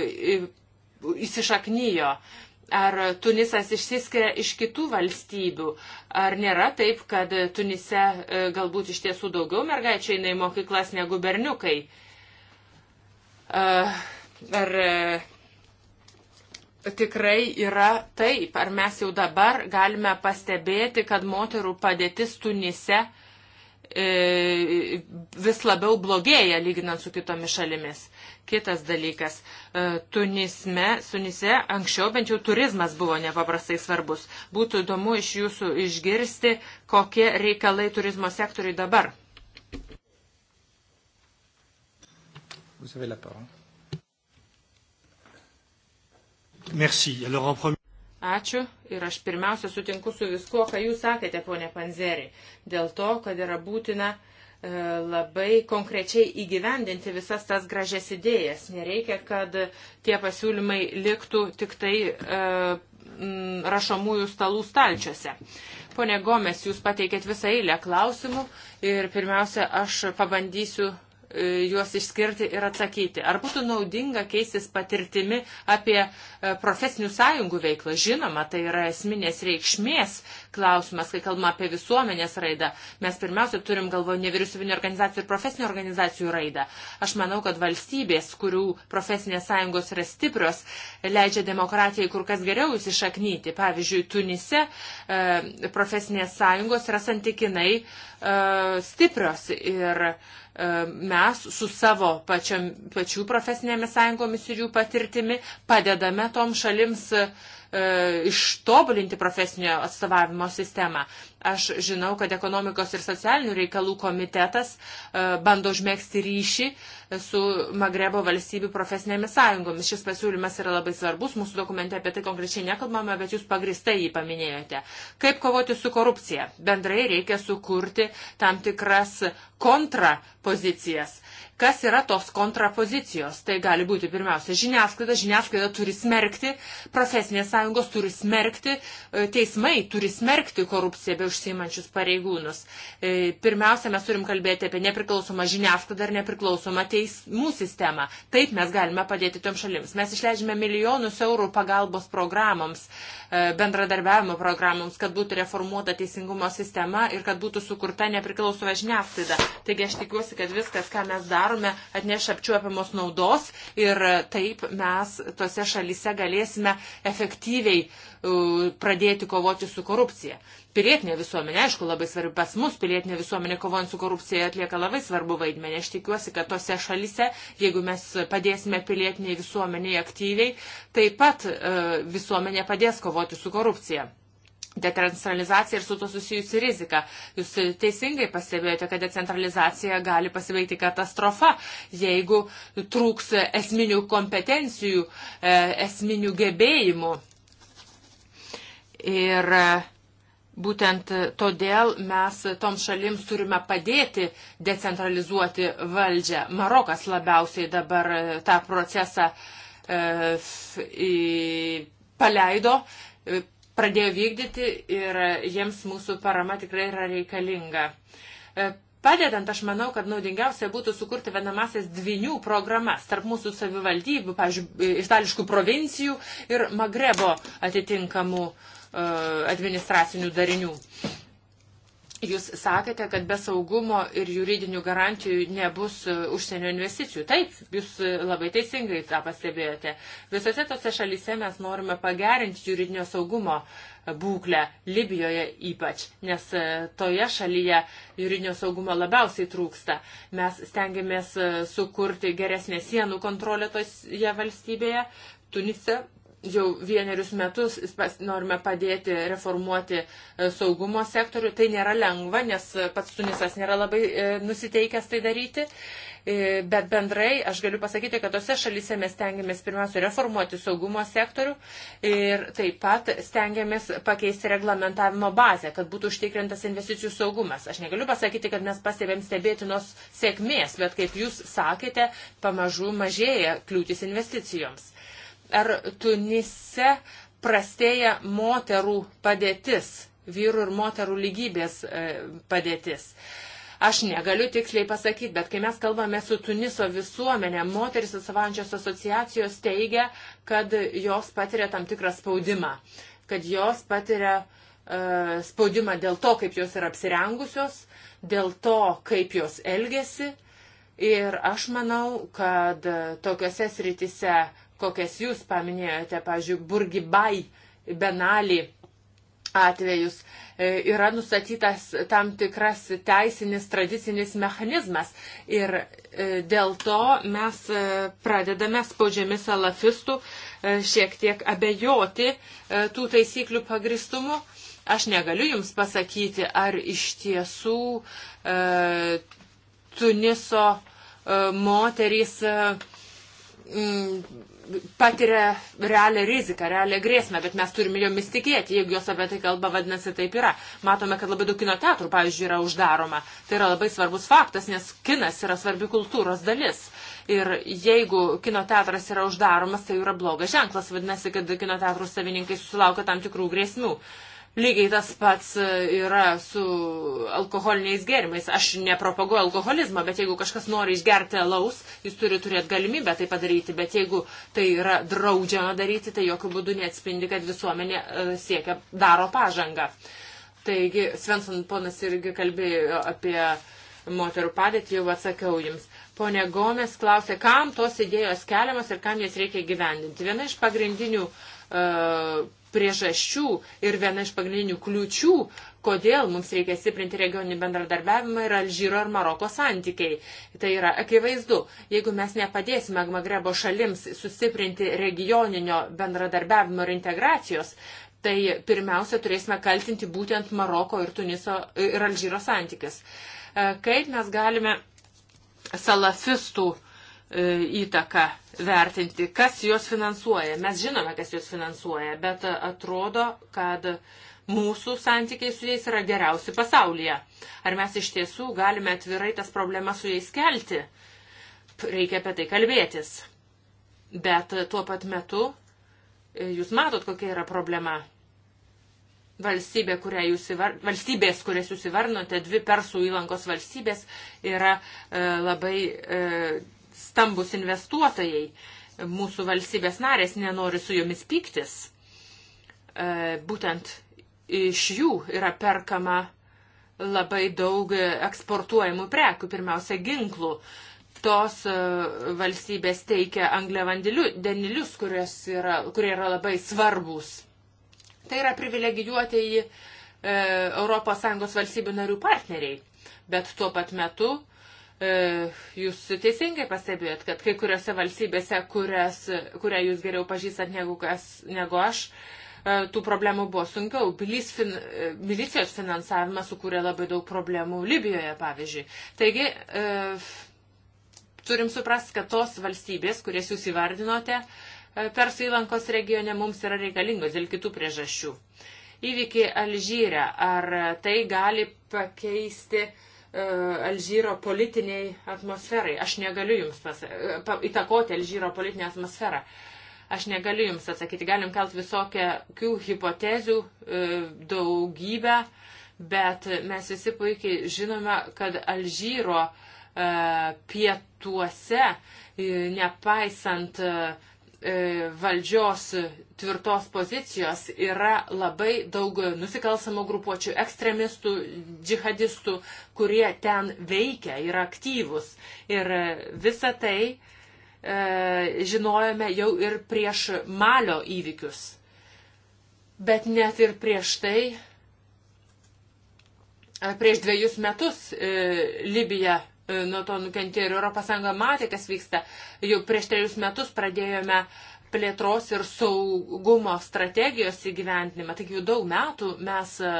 įsišaknyjo. E, Ar Tunisas išsiskiria iš kitų valstybių? Ar nėra taip, kad Tunise e, galbūt iš tiesų daugiau mergaičiai eina į mokyklas negu berniukai? E, ar e, tikrai yra taip? Ar mes jau dabar galime pastebėti, kad moterų padėtis Tunise uh, E, vis labiau blogėja lyginant su kitomis šalimis. Kitas dalykas, e, Tunisme, Sunise anksčiau bent jau turizmas buvo nepaprastai svarbus. Būtų įdomu iš jūsų išgirsti, kokie reikalai turizmo sektoriui dabar. Vous avez la parole. Merci. Alors en premier Ačiū ir aš pirmiausia sutinku su viskuo, ką jūs sakėte, ponė Panzerį, dėl to, kad yra būtina e, labai konkrečiai įgyvendinti visas tas gražias idėjas. Nereikia, kad tie pasiūlymai liktų tik tai e, rašomųjų stalų stalčiuose. Pone Gomes, jūs pateikėt visą eilę klausimų ir pirmiausia, aš pabandysiu E, juos išskirti ir atsakyti. Ar būtų naudinga keistis patirtimi apie e, profesinių sąjungų veiklą? Žinoma, tai yra esminės reikšmės klausimas, kai kalbame apie visuomenės raidą. Mes pirmiausia turim galvoje nevyriausybinio organizacijų ir profesinių organizacijų raidą. Aš manau, kad valstybės, kurių profesinės sąjungos yra stiprios, leidžia demokratijai kur kas geriau įsišaknyti. Pavyzdžiui, Tunise e, profesinės sąjungos yra santykinai stiprios ir mes su savo pačiam, pačių profesinėmis sąjungomis ir jų patirtimi padedame tom šalims e, ištobulinti profesinio atstovavimo sistemą. Aš žinau, kad ekonomikos ir socialinių reikalų komitetas e, bando užmėgsti ryšį su Magrebo valstybių profesinėmis sąjungomis. Šis pasiūlymas yra labai svarbus, mūsų dokumente apie tai konkrečiai nekalbame, bet jūs pagristai jį paminėjote. Kaip kovoti su korupcija? Bendrai reikia sukurti tam tikras kontrapozicijas Kas yra tos kontrapozicijos? Tai gali būti pirmiausia žiniasklaida, žiniasklaida turi smerkti, profesinės sąjungos turi smerkti, e, teismai turi smerkti korupciją be užsiimančius pareigūnus. E, pirmiausia, mes turim kalbėti apie nepriklausomą žiniasklaidą ir nepriklausomą teismų sistemą. Taip mes galime padėti tom šalims. Mes išleidžiame milijonus eurų pagalbos programoms. Uh, E, bendradarbiavimo programoms, kad būtų reformuota teisingumo sistema ir kad būtų sukurta nepriklausoma žiniasklaida. Taigi aš tikiuosi, kad viskas, ką mes darome, atneš apčiuopiamos naudos ir taip mes tose šalyse galėsime efektyviai pradėti kovoti su korupcija pilietinė visuomenė, aišku, labai svarbi pas mus, pilietinė visuomenė kovojant su korupcija atlieka labai svarbu vaidmenį. Aš tikiuosi, kad tose šalise, jeigu mes padėsime pilietiniai visuomeniai aktyviai, taip pat e, visuomenė padės kovoti su korupcija. Decentralizacija ir su to susijusi rizika. Jūs teisingai pastebėjote, kad decentralizacija gali pasibaigti katastrofa, jeigu trūks esminių kompetencijų, e, esminių gebėjimų. Ir e, Būtent todėl mes toms šalims turime padėti decentralizuoti valdžią. Marokas labiausiai dabar e, tą procesą e, f, e, paleido, pradėjo vykdyti ir jiems mūsų parama tikrai yra reikalinga. E, padedant, aš manau, kad naudingiausia būtų sukurti vienamasias dvinių programas tarp mūsų savivaldybių, pavyzdžiui, itališkų provincijų ir Magrebo atitinkamų uh, E, administracinių darinių. Jūs sakėte, kad be saugumo ir juridinių garantijų nebus e, užsienio investicijų. Taip, jūs e, labai teisingai tą pastebėjote. Visose tose šalyse mes norime pagerinti juridinio saugumo būklę, Libijoje ypač, nes toje šalyje juridinio saugumo labiausiai trūksta. Mes stengiamės sukurti geresnę sienų kontrolę toje valstybėje, Tunise, jau vienerius metus norime padėti reformuoti e, saugumo sektorių. Tai nėra lengva, nes pats Tunisas nėra labai e, nusiteikęs tai daryti. E, bet bendrai aš galiu pasakyti, kad tose šalyse mes stengiamės pirmiausia reformuoti saugumo sektorių ir taip pat stengiamės pakeisti reglamentavimo bazę, kad būtų užtikrintas investicijų saugumas. Aš negaliu pasakyti, kad mes pasiebėm stebėtinos sėkmės, bet kaip jūs sakėte, pamažu mažėja kliūtis investicijoms ar Tunise prastėja moterų padėtis, vyrų ir moterų lygybės e, padėtis. Aš negaliu tiksliai pasakyti, bet kai mes kalbame su Tuniso visuomenė, moteris atstovaujančios asociacijos teigia, kad jos patiria tam tikrą spaudimą, kad jos patiria uh, spaudimą dėl to, kaip jos yra apsirengusios, dėl to, kaip jos elgesi. Ir aš manau, kad tokiuose sritise uh, kokias jūs paminėjote, pavyzdžiui, Burgibai Benalį atvejus, e, yra nustatytas tam tikras teisinis tradicinis mechanizmas. Ir e, dėl to mes e, pradedame spaudžiami salafistų šiek tiek abejoti tų taisyklių pagristumu. Aš negaliu Jums pasakyti, ar iš tiesų e, Tuniso e, moterys e, m, patiria realią riziką, realią grėsmę, bet mes turime jomis tikėti. Jeigu jos apie tai kalba, vadinasi, taip yra. Matome, kad labai daug kino teatrų, pavyzdžiui, yra uždaroma. Tai yra labai svarbus faktas, nes kinas yra svarbi kultūros dalis. Ir jeigu kino teatras yra uždaromas, tai yra blogas ženklas, vadinasi, kad kino teatrų savininkai susilaukia tam tikrų grėsmių. Uh, Lygiai tas pats e, yra su alkoholiniais gėrimais. Aš nepropaguoju alkoholizmą, bet jeigu kažkas nori išgerti alaus, jis turi turėti galimybę tai padaryti. Bet jeigu tai yra draudžiama daryti, tai jokių būdų neatspindi, kad visuomenė e, siekia, daro pažangą. Taigi, Svensson ponas irgi kalbėjo apie moterų padėtį, jau atsakiau jums. Pone Gomes klausė, kam tos idėjos keliamas ir kam jas reikia gyvendinti. Viena iš pagrindinių uh, priežasčių ir viena iš pagrindinių kliučių, kodėl mums reikia stiprinti regioninį bendradarbiavimą ir Alžyro ir Maroko santykiai. Tai yra akivaizdu, jeigu mes nepadėsime Magrebo šalims sustiprinti regioninio bendradarbiavimo ir integracijos, tai pirmiausia turėsime kaltinti būtent Maroko ir, Tuniso, ir Alžyro santykius. E, kaip mes galime salafistų uh, E, įtaką vertinti, kas juos finansuoja. Mes žinome, kas juos finansuoja, bet e, atrodo, kad mūsų santykiai su jais yra geriausi pasaulyje. Ar mes iš tiesų galime atvirai tas problemas su jais kelti? Reikia apie tai kalbėtis. Bet e, tuo pat metu jūs matot, kokia yra problema. Valstybė, kurią jūs įvar... Valstybės, kurias jūs įvarnote, dvi Persų įlankos valstybės yra e, labai e, stambus investuotojai, mūsų valstybės narės nenori su jomis pyktis. E, būtent iš jų yra perkama labai daug eksportuojamų prekių, pirmiausia ginklų. Tos e, valstybės teikia angliavandenilius, yra, kurie yra labai svarbus. Tai yra privilegijuotieji ES valstybių narių partneriai. Bet tuo pat metu E, jūs teisingai pastebėjot, kad kai kuriuose valstybėse, kurias, kurią jūs geriau pažįstat negu, kas, negu aš, e, tų problemų buvo sunkiau. Bilis fin, e, milicijos finansavimas sukūrė labai daug problemų Libijoje, pavyzdžiui. Taigi, turim suprasti, kad tos valstybės, kurias jūs įvardinote, Persų įlankos regione mums yra reikalingos dėl kitų priežasčių. Įvykiai Alžyre, ar tai gali pakeisti uh, E, Alžyro politiniai atmosferai. Aš negaliu jums pas, e, pa, įtakoti Alžyro politinę atmosferą. Aš negaliu jums atsakyti. Galim kelt visokių hipotezių, e, daugybę, bet mes visi puikiai žinome, kad Alžyro pietuose, nepaisant uh, E, valdžios tvirtos pozicijos yra labai daug nusikalstamų grupuočių, ekstremistų, džihadistų, kurie ten veikia, yra aktyvus. Ir visą tai e, žinojome jau ir prieš Malio įvykius. Bet net ir prieš tai, e, prieš dviejus metus e, Libija E, nuo to nukentėjo ir ES matė, kas vyksta. Jau prieš trejus metus pradėjome plėtros ir saugumo strategijos įgyvendinimą. Taigi jau daug metų mes, e,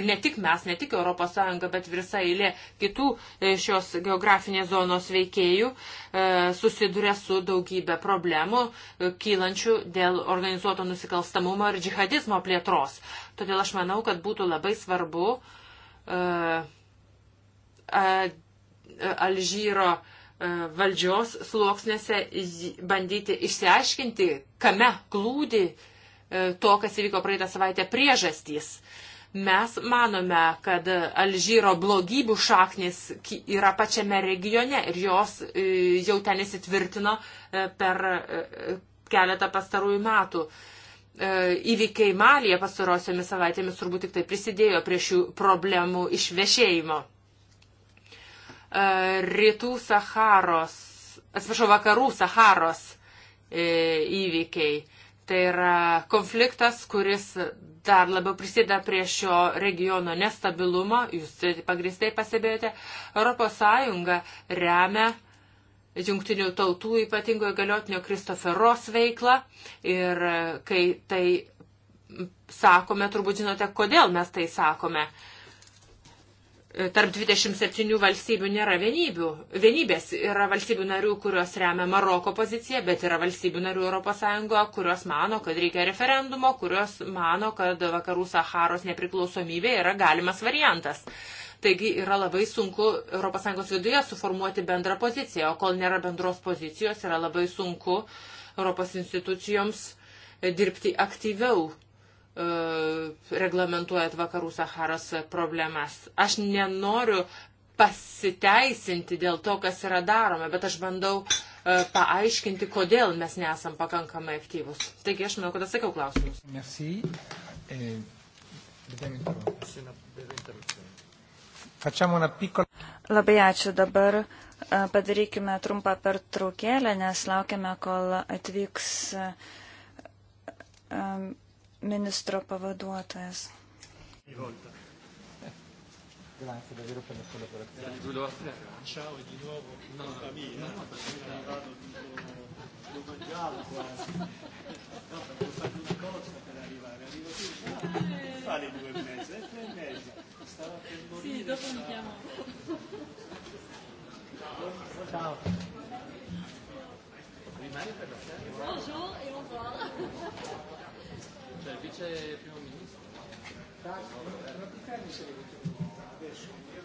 ir ne tik mes, ne tik ES, bet visa eilė kitų e, šios geografinės zonos veikėjų susiduria su daugybė problemų, kylančių dėl organizuoto nusikalstamumo ir džihadizmo plėtros. Todėl aš manau, kad būtų labai svarbu. Uh, uh, Alžyro e, valdžios sluoksnėse bandyti išsiaiškinti, kame glūdi e, to, kas įvyko praeitą savaitę priežastys. Mes manome, kad Alžyro blogybių šaknis yra pačiame regione ir jos e, jau ten įsitvirtino per keletą pastarųjų metų įvykiai Malija pastarosiomis savaitėmis turbūt tik tai prisidėjo prie šių problemų išvešėjimo rytų Saharos, atsiprašau, vakarų Saharos e, įvykiai. Tai yra konfliktas, kuris dar labiau prisideda prie šio regiono nestabilumo, jūs tai pagristai pastebėjote, ES remia jungtinių tautų ypatingojo galiotinio Kristoferos veiklą ir kai tai sakome, turbūt žinote, kodėl mes tai sakome tarp 27 valstybių nėra vienybių. vienybės. Yra valstybių narių, kurios remia Maroko poziciją, bet yra valstybių narių ES, kurios mano, kad reikia referendumo, kurios mano, kad vakarų Saharos nepriklausomybė yra galimas variantas. Taigi yra labai sunku ES viduje suformuoti bendrą poziciją, o kol nėra bendros pozicijos, yra labai sunku ES institucijoms dirbti aktyviau E, reglamentuojat vakarų Saharos problemas. Aš nenoriu pasiteisinti dėl to, kas yra daroma, bet aš bandau e, paaiškinti, kodėl mes nesam pakankamai aktyvus. Taigi aš manau, kad atsakiau klausimus. Merci. E, Labai ačiū dabar. Padarykime trumpą pertraukėlę, nes laukiame, kol atvyks um, ministro pavaduotojas. Grazie davvero per la collaborazione. Volevo Ciao e di nuovo no, no, mia, no, perché era andato tipo lo mangiavo quasi. No, perché ho fatto una corsa per arrivare, arrivo qui, ah, fare due e mezza, e tre e mezza. Stava per morire. Sì, dopo mi chiamo. Ciao. Ciao. Rimani per la sera? Bonjour et bonsoir. Cioè il vice primo ministro. Da, non ti fermi se devi adesso. Io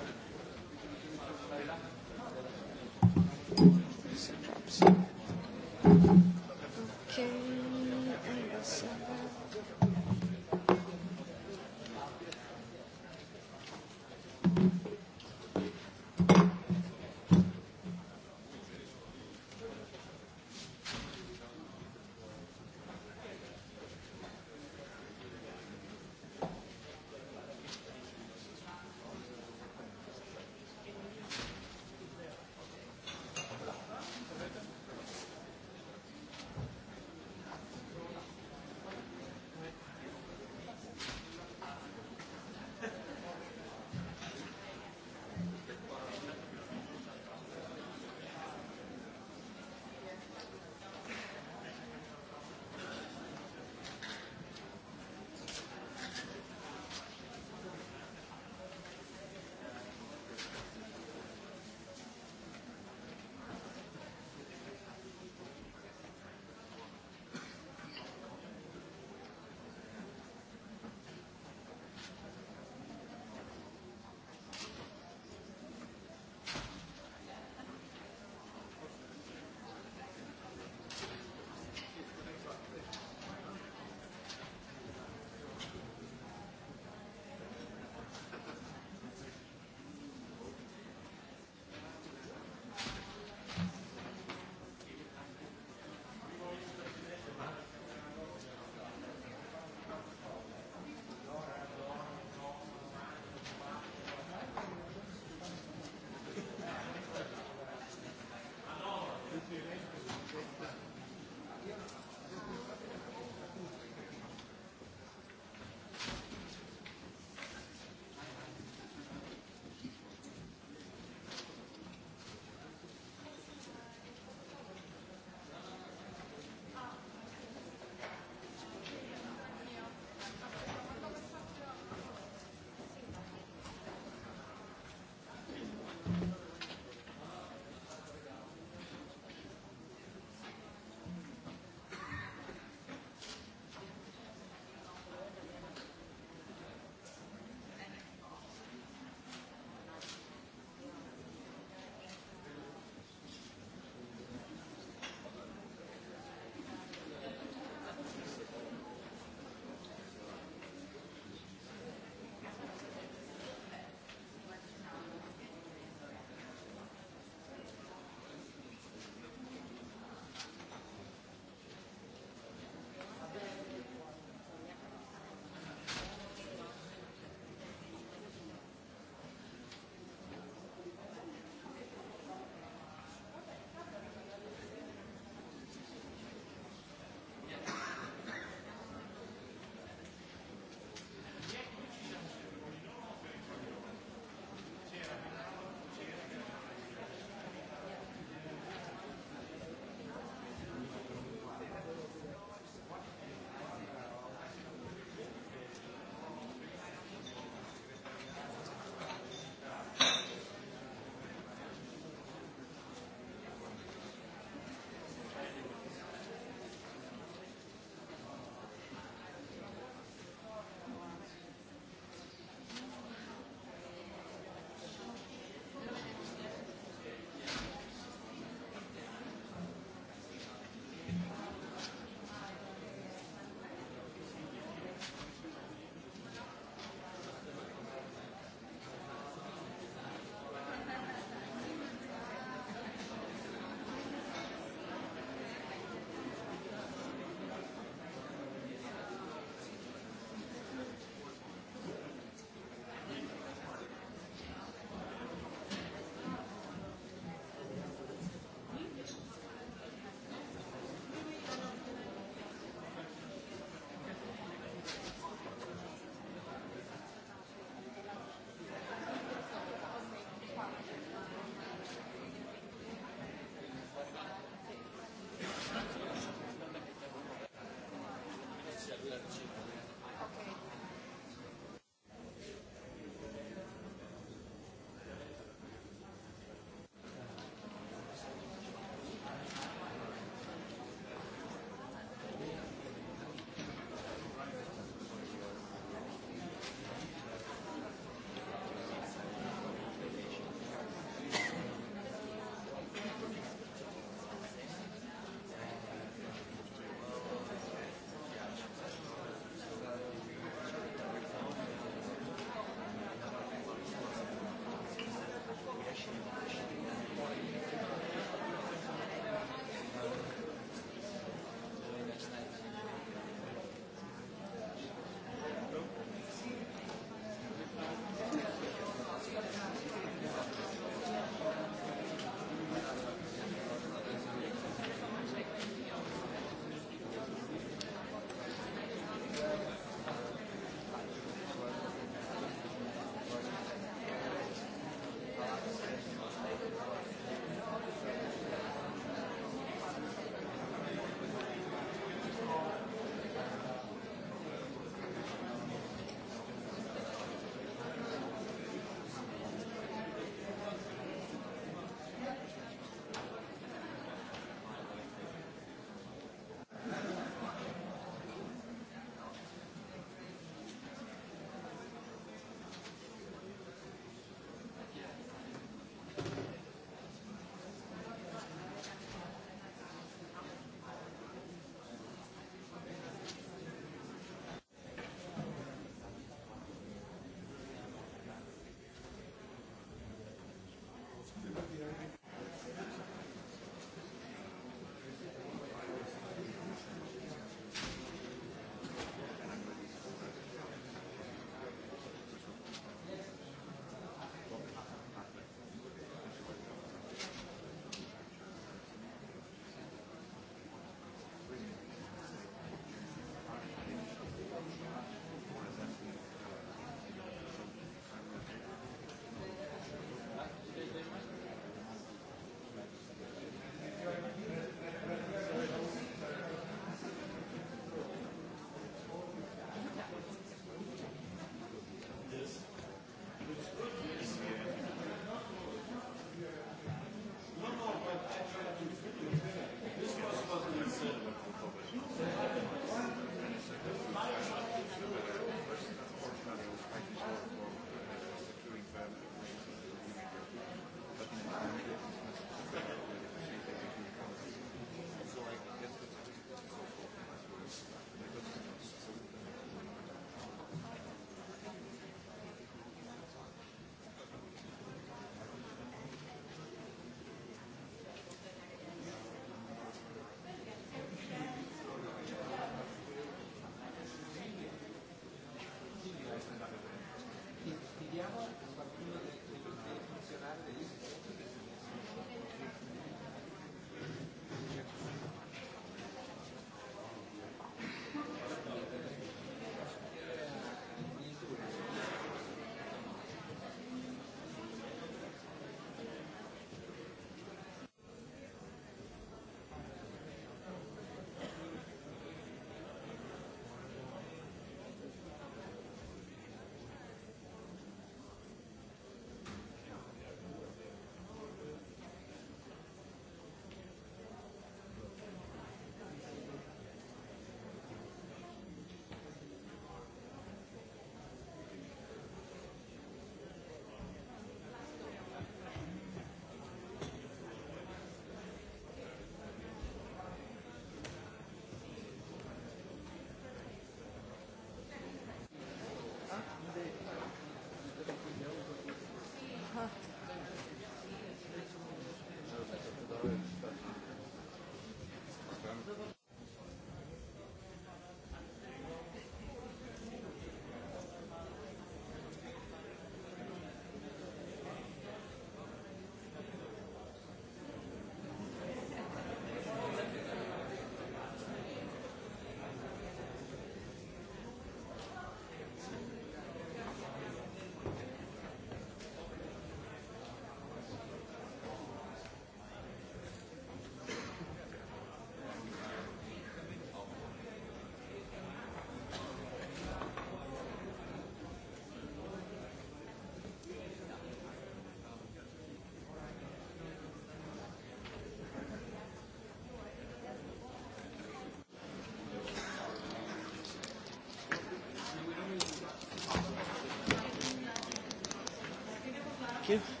thank you.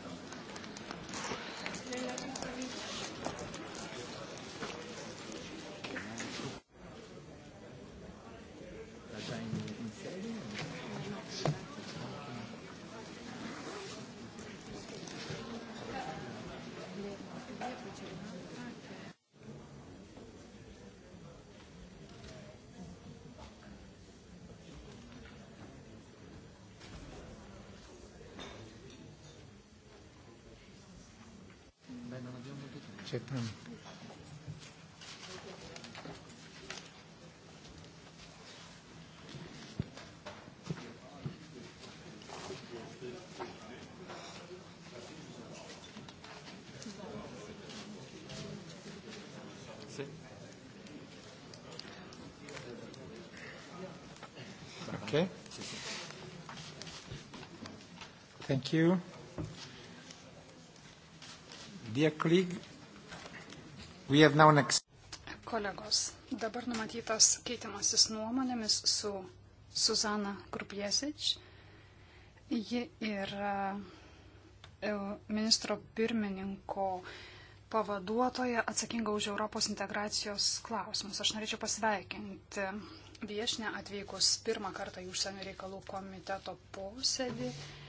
Vietnam. Okay. Thank you. Dear colleague, Next... Kolegos, dabar numatytas keitimasis nuomonėmis su Suzana Grupiesič. Ji yra e, ministro pirmininko pavaduotoja atsakinga už Europos integracijos klausimus. Aš norėčiau pasveikinti viešinę atvykus pirmą kartą į užsienio reikalų komiteto posėdį. Mm.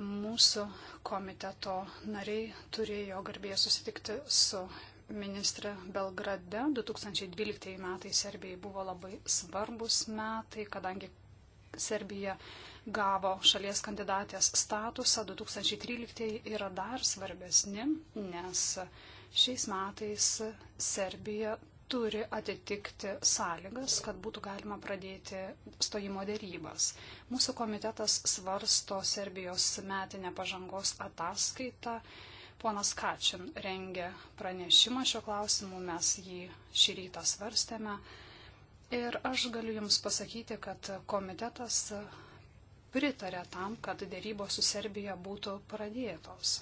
Mūsų komiteto nariai turėjo garbėje susitikti su ministrė Belgrade. 2012 metai Serbijai buvo labai svarbus metai, kadangi Serbija gavo šalies kandidatės statusą, 2013 yra dar svarbesni, nes šiais metais Serbija turi atitikti sąlygas, kad būtų galima pradėti stojimo dėrybas. Mūsų komitetas svarsto Serbijos metinę pažangos ataskaitą. Ponas Kačin rengia pranešimą šio klausimu, mes jį šį rytą svarstėme. Ir aš galiu Jums pasakyti, kad komitetas pritarė tam, kad dėrybos su Serbija būtų pradėtos.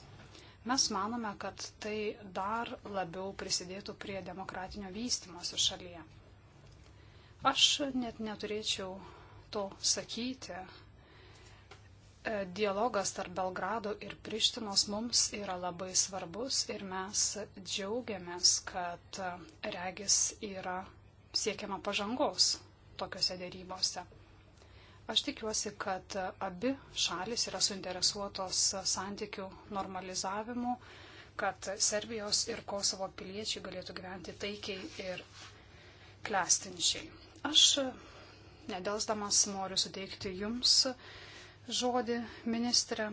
Mes manome, kad tai dar labiau prisidėtų prie demokratinio vystimosi šalyje. Aš net neturėčiau to sakyti. E, dialogas tarp Belgrado ir Prištinos mums yra labai svarbus ir mes džiaugiamės, kad e, regis yra siekiama pažangos tokiuose dėrybose. Aš tikiuosi, kad abi šalis yra suinteresuotos santykių normalizavimu, kad Serbijos ir Kosovo piliečiai galėtų gyventi taikiai ir klestinčiai. Aš nedelsdamas noriu suteikti Jums žodį, ministrė,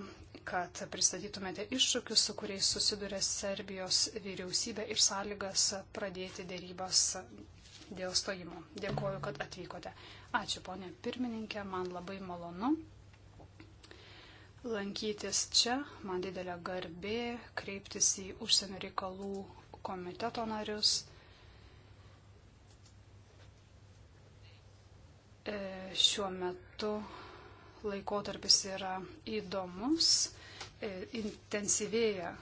kad pristatytumėte iššūkius, su kuriais susiduria Serbijos vyriausybė ir sąlygas pradėti dėrybas dėl stojimo. Dėkoju, kad atvykote. Ačiū, ponė pirmininkė, man labai malonu lankytis čia, man didelė garbė kreiptis į užsienio reikalų komiteto narius. E, šiuo metu laikotarpis yra įdomus, e, intensyvėja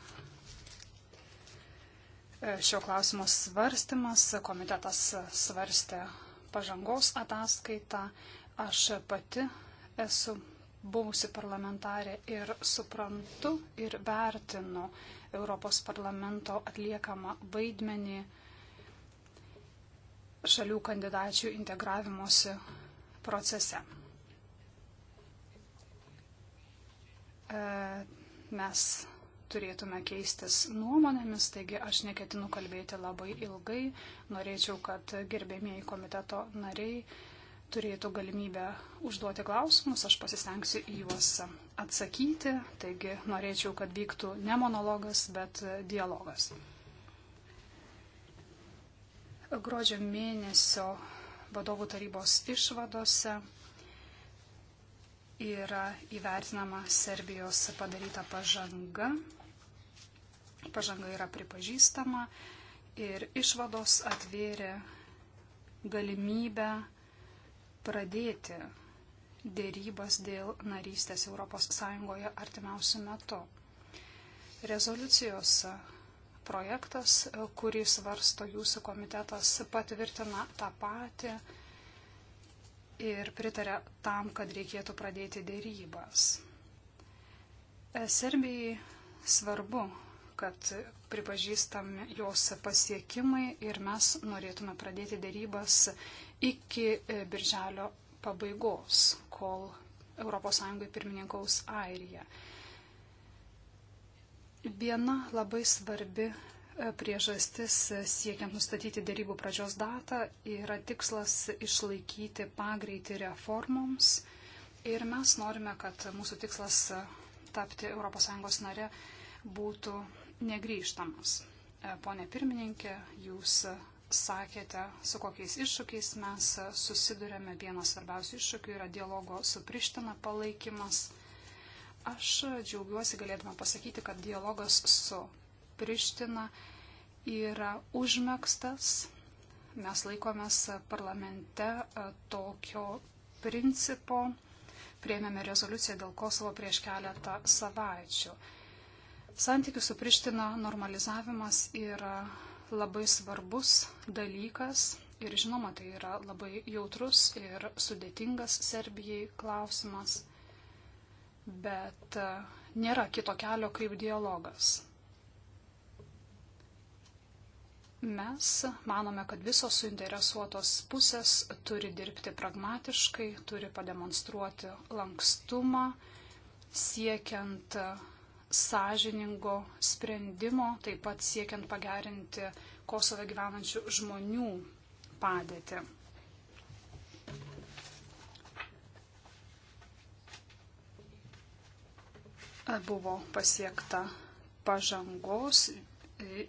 šio klausimo svarstymas. Komitetas svarstė pažangos ataskaitą. Aš pati esu buvusi parlamentarė ir suprantu ir vertinu Europos parlamento atliekamą vaidmenį šalių kandidačių integravimuose procese. E, mes turėtume keistis nuomonėmis, taigi aš neketinu kalbėti labai ilgai. Norėčiau, kad gerbėmieji komiteto nariai turėtų galimybę užduoti klausimus, aš pasistengsiu į juos atsakyti, taigi norėčiau, kad vyktų ne monologas, bet dialogas. Gruodžio mėnesio vadovų tarybos išvadose yra įvertinama Serbijos padaryta pažanga. Pažanga yra pripažįstama ir išvados atvėrė galimybę pradėti dėrybas dėl narystės ES artimiausių metų. Rezoliucijos projektas, kurį svarsto jūsų komitetas, patvirtina tą patį ir pritarė tam, kad reikėtų pradėti dėrybas. E, Serbijai svarbu, kad pripažįstami jos pasiekimai ir mes norėtume pradėti dėrybas iki e, birželio pabaigos, kol ES pirmininkaus Airija. Viena labai svarbi priežastis siekiant nustatyti dėrybų pradžios datą yra tikslas išlaikyti pagreitį reformoms ir mes norime, kad mūsų tikslas tapti ES nare būtų negryžtamas. Pone pirmininkė, jūs sakėte, su kokiais iššūkiais mes susidurėme. Vienas svarbiausių iššūkių yra dialogo su Priština palaikymas. Aš džiaugiuosi galėdama pasakyti, kad dialogas su Priština yra užmėgstas. Mes laikomės parlamente e, tokio principo. Priemėme rezoliuciją dėl Kosovo prieš keletą savaičių. Santykių su Priština normalizavimas yra labai svarbus dalykas ir žinoma, tai yra labai jautrus ir sudėtingas Serbijai klausimas, bet e, nėra kito kelio kaip dialogas. Mes manome, kad visos suinteresuotos pusės turi dirbti pragmatiškai, turi pademonstruoti lankstumą, siekiant sąžiningo sprendimo, taip pat siekiant pagerinti Kosove gyvenančių žmonių padėtį. Buvo pasiekta pažangos,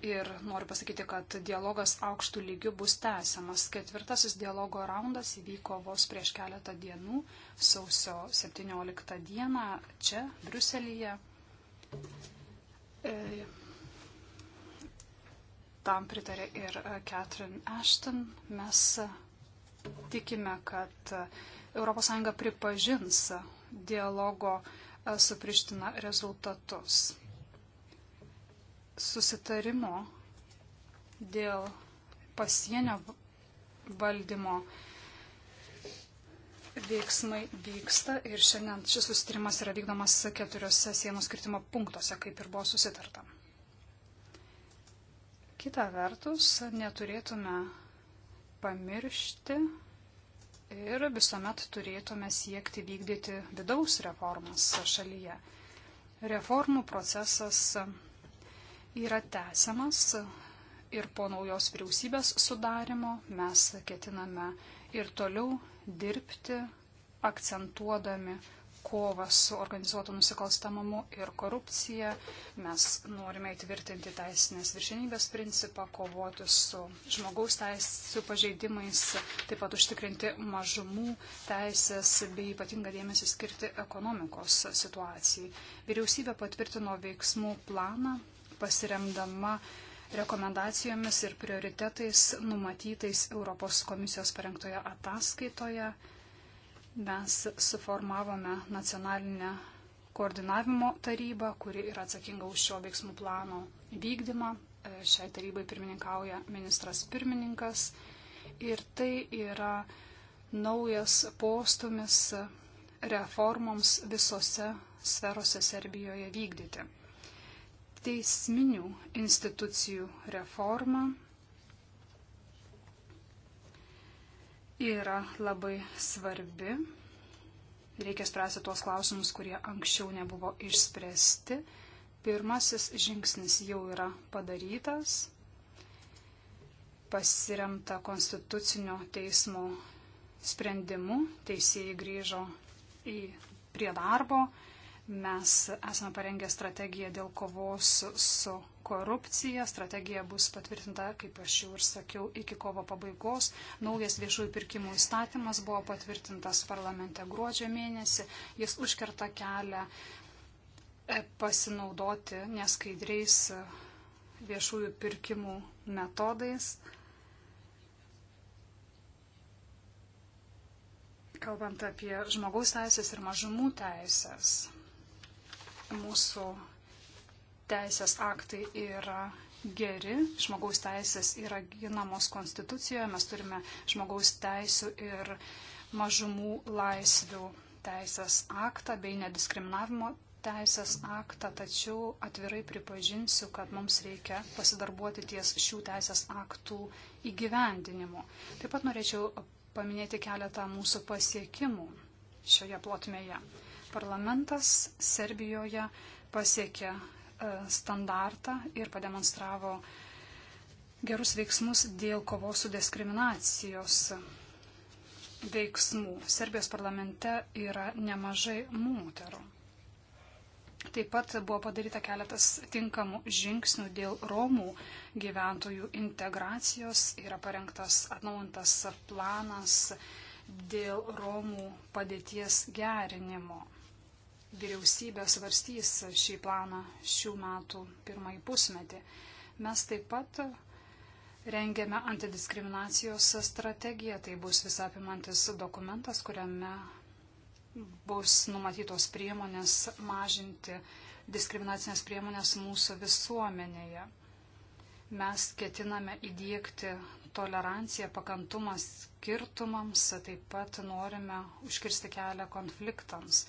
Ir noriu pasakyti, kad dialogas aukštų lygių bus tęsiamas. Ketvirtasis dialogo raundas įvyko vos prieš keletą dienų, sausio 17 dieną, čia, Bruselėje. E, tam pritarė ir e, Catherine Ashton. Mes e, tikime, kad ES pripažins dialogo su Priština rezultatus susitarimo dėl pasienio valdymo veiksmai vyksta ir šiandien šis susitarimas yra vykdomas keturiose sienos skirtimo punktuose, kaip ir buvo susitarta. Kita vertus, neturėtume pamiršti ir visuomet turėtume siekti vykdyti vidaus reformas šalyje. Reformų procesas yra tęsiamas ir po naujos vyriausybės sudarimo mes ketiname ir toliau dirbti, akcentuodami kovą su organizuotu nusikalstamumu ir korupcija. Mes norime įtvirtinti teisinės viršinybės principą, kovoti su žmogaus teisų pažeidimais, taip pat užtikrinti mažumų teisės bei ypatingą dėmesį skirti ekonomikos situacijai. Vyriausybė patvirtino veiksmų planą pasiremdama rekomendacijomis ir prioritetais numatytais Europos komisijos parengtoje ataskaitoje. Mes suformavome nacionalinę koordinavimo tarybą, kuri yra atsakinga už šio veiksmų plano vykdymą. E, šiai tarybai pirmininkauja ministras pirmininkas. Ir tai yra naujas postumis reformoms visose sferose Serbijoje vykdyti teisminių institucijų reforma yra labai svarbi. Reikia spręsti tuos klausimus, kurie anksčiau nebuvo išspręsti. Pirmasis žingsnis jau yra padarytas. Pasiremta konstitucinio teismo sprendimu teisėjai grįžo į, prie darbo Mes esame parengę strategiją dėl kovos su korupcija. Strategija bus patvirtinta, kaip aš jau ir sakiau, iki kovo pabaigos. Naujas viešųjų pirkimų įstatymas buvo patvirtintas parlamente gruodžio mėnesį. Jis užkerta kelią e, pasinaudoti neskaidriais e, viešųjų pirkimų metodais. Kalbant apie žmogaus teisės ir mažumų teisės, mūsų teisės aktai yra geri, žmogaus teisės yra ginamos konstitucijoje, mes turime žmogaus teisų ir mažumų laisvių teisės aktą bei nediskriminavimo teisės aktą, tačiau atvirai pripažinsiu, kad mums reikia pasidarbuoti ties šių teisės aktų įgyvendinimu. Taip pat norėčiau paminėti keletą mūsų pasiekimų šioje plotmėje parlamentas Serbijoje pasiekė e, standartą ir pademonstravo gerus veiksmus dėl kovos su diskriminacijos veiksmų. Serbijos parlamente yra nemažai moterų. Taip pat buvo padaryta keletas tinkamų žingsnių dėl Romų gyventojų integracijos. Yra parengtas atnaujintas planas dėl Romų padėties gerinimo vyriausybė svarstys šį planą šių metų pirmąjį pusmetį. Mes taip pat rengiame antidiskriminacijos strategiją, tai bus visapimantis dokumentas, kuriame bus numatytos priemonės mažinti diskriminacinės priemonės mūsų visuomenėje. Mes ketiname įdėkti toleranciją, pakantumą skirtumams, taip pat norime užkirsti kelią konfliktams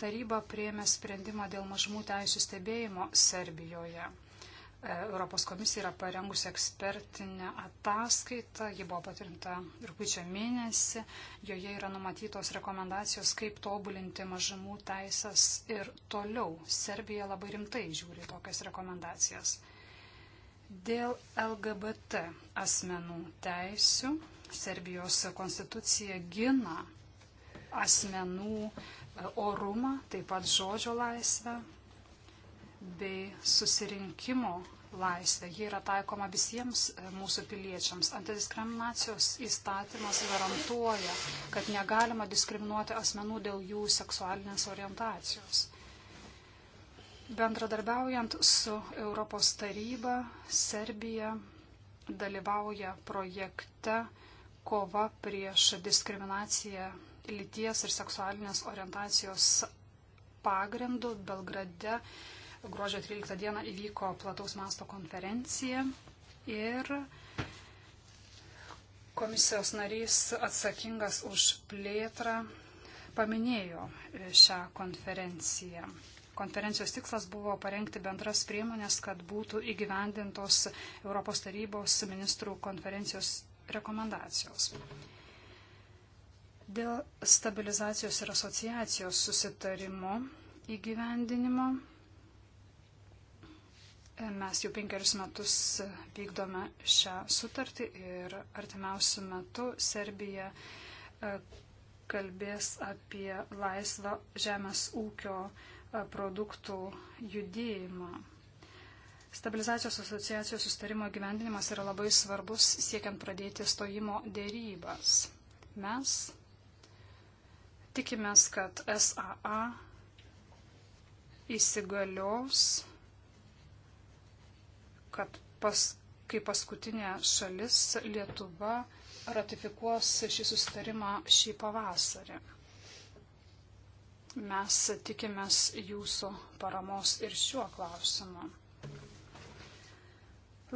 taryba prieėmė sprendimą dėl mažumų teisų stebėjimo Serbijoje. E, Europos komisija yra parengusi ekspertinę ataskaitą, ji buvo patrinta rūpiučio mėnesį, joje yra numatytos rekomendacijos, kaip tobulinti mažumų teisės ir toliau. Serbija labai rimtai žiūri tokias rekomendacijas. Dėl LGBT asmenų teisių Serbijos konstitucija gina asmenų orumą, taip pat žodžio laisvę bei susirinkimo laisvę. Ji yra taikoma visiems e, mūsų piliečiams. Antidiskriminacijos įstatymas garantuoja, kad negalima diskriminuoti asmenų dėl jų seksualinės orientacijos. Bendradarbiaujant su Europos taryba, Serbija dalyvauja projekte kova prieš diskriminaciją lyties ir seksualinės orientacijos pagrindu Belgrade gruodžio 13 dieną įvyko plataus masto konferencija ir komisijos narys atsakingas už plėtrą paminėjo šią konferenciją. Konferencijos tikslas buvo parengti bendras priemonės, kad būtų įgyvendintos Europos tarybos ministrų konferencijos rekomendacijos. Dėl stabilizacijos ir asociacijos susitarimo įgyvendinimo e, mes jau penkerius metus vykdome šią sutartį ir artimiausių metų Serbija e, kalbės apie laisvą žemės ūkio e, produktų judėjimą. Stabilizacijos asociacijos sustarimo gyvendinimas yra labai svarbus siekiant pradėti stojimo dėrybas. Mes Tikimės, kad SAA įsigalios, kad pas, kai paskutinė šalis Lietuva ratifikuos šį susitarimą šį pavasarį. Mes tikimės jūsų paramos ir šiuo klausimu.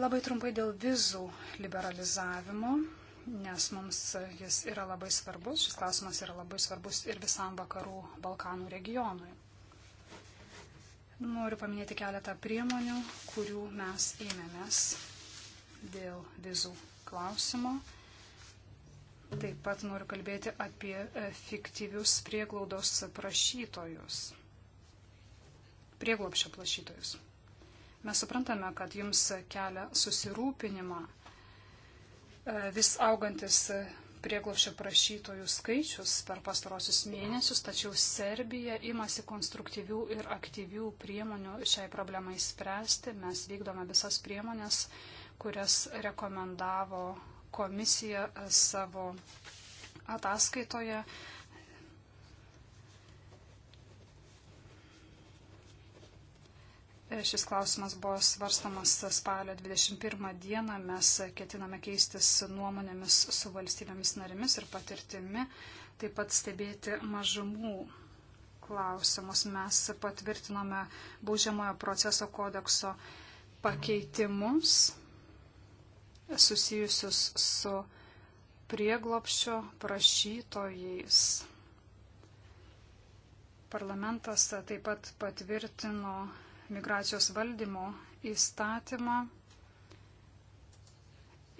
Labai trumpai dėl vizų liberalizavimo nes mums jis yra labai svarbus, šis klausimas yra labai svarbus ir visam vakarų Balkanų regionui. Noriu paminėti keletą priemonių, kurių mes ėmėmės dėl vizų klausimo. Taip pat noriu kalbėti apie e, fiktyvius prieglaudos prašytojus. Prieglopšio prašytojus. Mes suprantame, kad jums kelia susirūpinimą vis augantis prieglopšio prašytojų skaičius per pastarosius mėnesius, tačiau Serbija imasi konstruktyvių ir aktyvių priemonių šiai problemai spręsti. Mes vykdome visas priemonės, kurias rekomendavo komisija savo ataskaitoje. Šis klausimas buvo svarstamas spalio 21 dieną. Mes ketiname keistis nuomonėmis su valstybėmis narimis ir patirtimi, taip pat stebėti mažumų klausimus. Mes patvirtinome baudžiamojo proceso kodekso pakeitimus susijusius su prieglopščio prašytojais. Parlamentas taip pat patvirtino migracijos valdymo įstatymą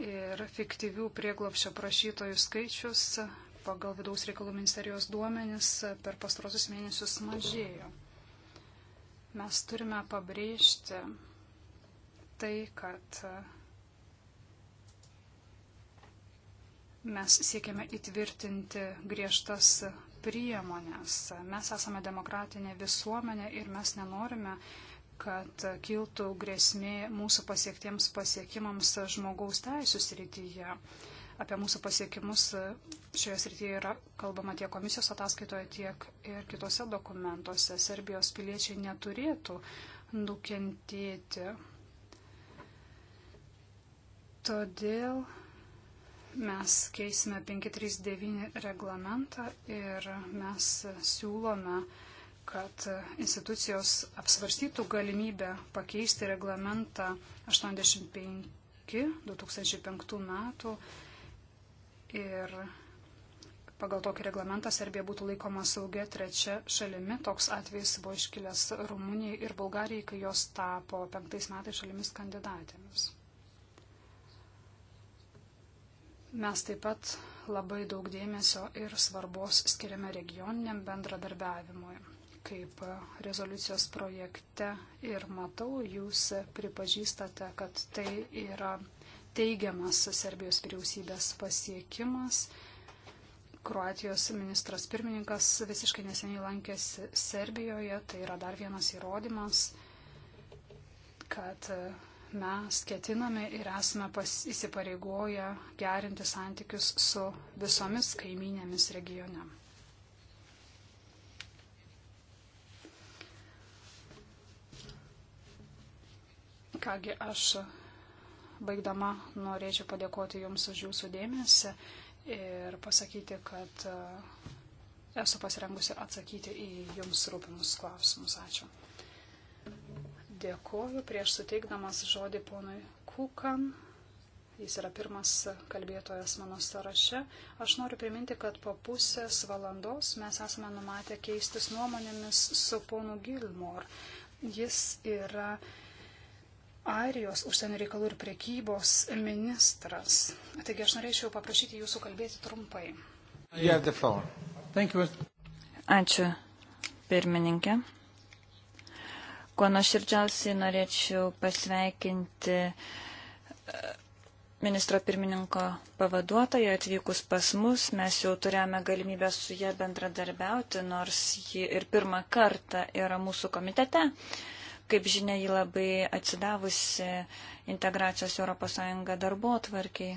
ir fiktyvių prieglopščio prašytojų skaičius pagal vidaus reikalų ministerijos duomenis per pastarosius mėnesius mažėjo. Mes turime pabrėžti tai, kad mes siekiame įtvirtinti griežtas priemonės. Mes esame demokratinė visuomenė ir mes nenorime kad kiltų grėsmė mūsų pasiektiems pasiekimams žmogaus teisų srityje. Apie mūsų pasiekimus šioje srityje yra kalbama tiek komisijos ataskaitoje, tiek ir kitose dokumentuose. Serbijos piliečiai neturėtų nukentėti. Todėl mes keisime 539 reglamentą ir mes siūlome kad institucijos apsvarstytų galimybę pakeisti reglamentą 85-2005 metų ir pagal tokį reglamentą Serbija būtų laikoma saugia trečia šalimi. Toks atvejis buvo iškilęs Rumunijai ir Bulgarijai, kai jos tapo penktais metais šalimis kandidatėmis. Mes taip pat labai daug dėmesio ir svarbos skiriame regioniniam bendradarbiavimui kaip rezoliucijos projekte ir matau, jūs pripažįstate, kad tai yra teigiamas Serbijos vyriausybės pasiekimas. Kroatijos ministras pirmininkas visiškai neseniai lankėsi Serbijoje, tai yra dar vienas įrodymas, kad mes ketiname ir esame pas, įsipareigoję gerinti santykius su visomis kaiminėmis regione. Kągi aš baigdama norėčiau padėkoti Jums už Jūsų dėmesį ir pasakyti, kad e, esu pasirengusi atsakyti į Jums rūpimus klausimus. Ačiū. Dėkoju prieš suteikdamas žodį ponui Kukan. Jis yra pirmas kalbėtojas mano sąraše. Aš noriu priminti, kad po pusės valandos mes esame numatę keistis nuomonėmis su ponu Gilmore. Jis yra uh, Airijos užsienio reikalų ir priekybos ministras. Taigi aš norėčiau paprašyti jūsų kalbėti trumpai. Ačiū, pirmininkė. Kuo nuoširdžiausiai norėčiau pasveikinti e, ministro pirmininko pavaduotoją atvykus pas mus. Mes jau turėjome galimybę su jie bendradarbiauti, nors ji ir pirmą kartą yra mūsų komitete. Uh, Kaip žinia, ji labai atsidavusi integracijos ES darbo tvarkiai.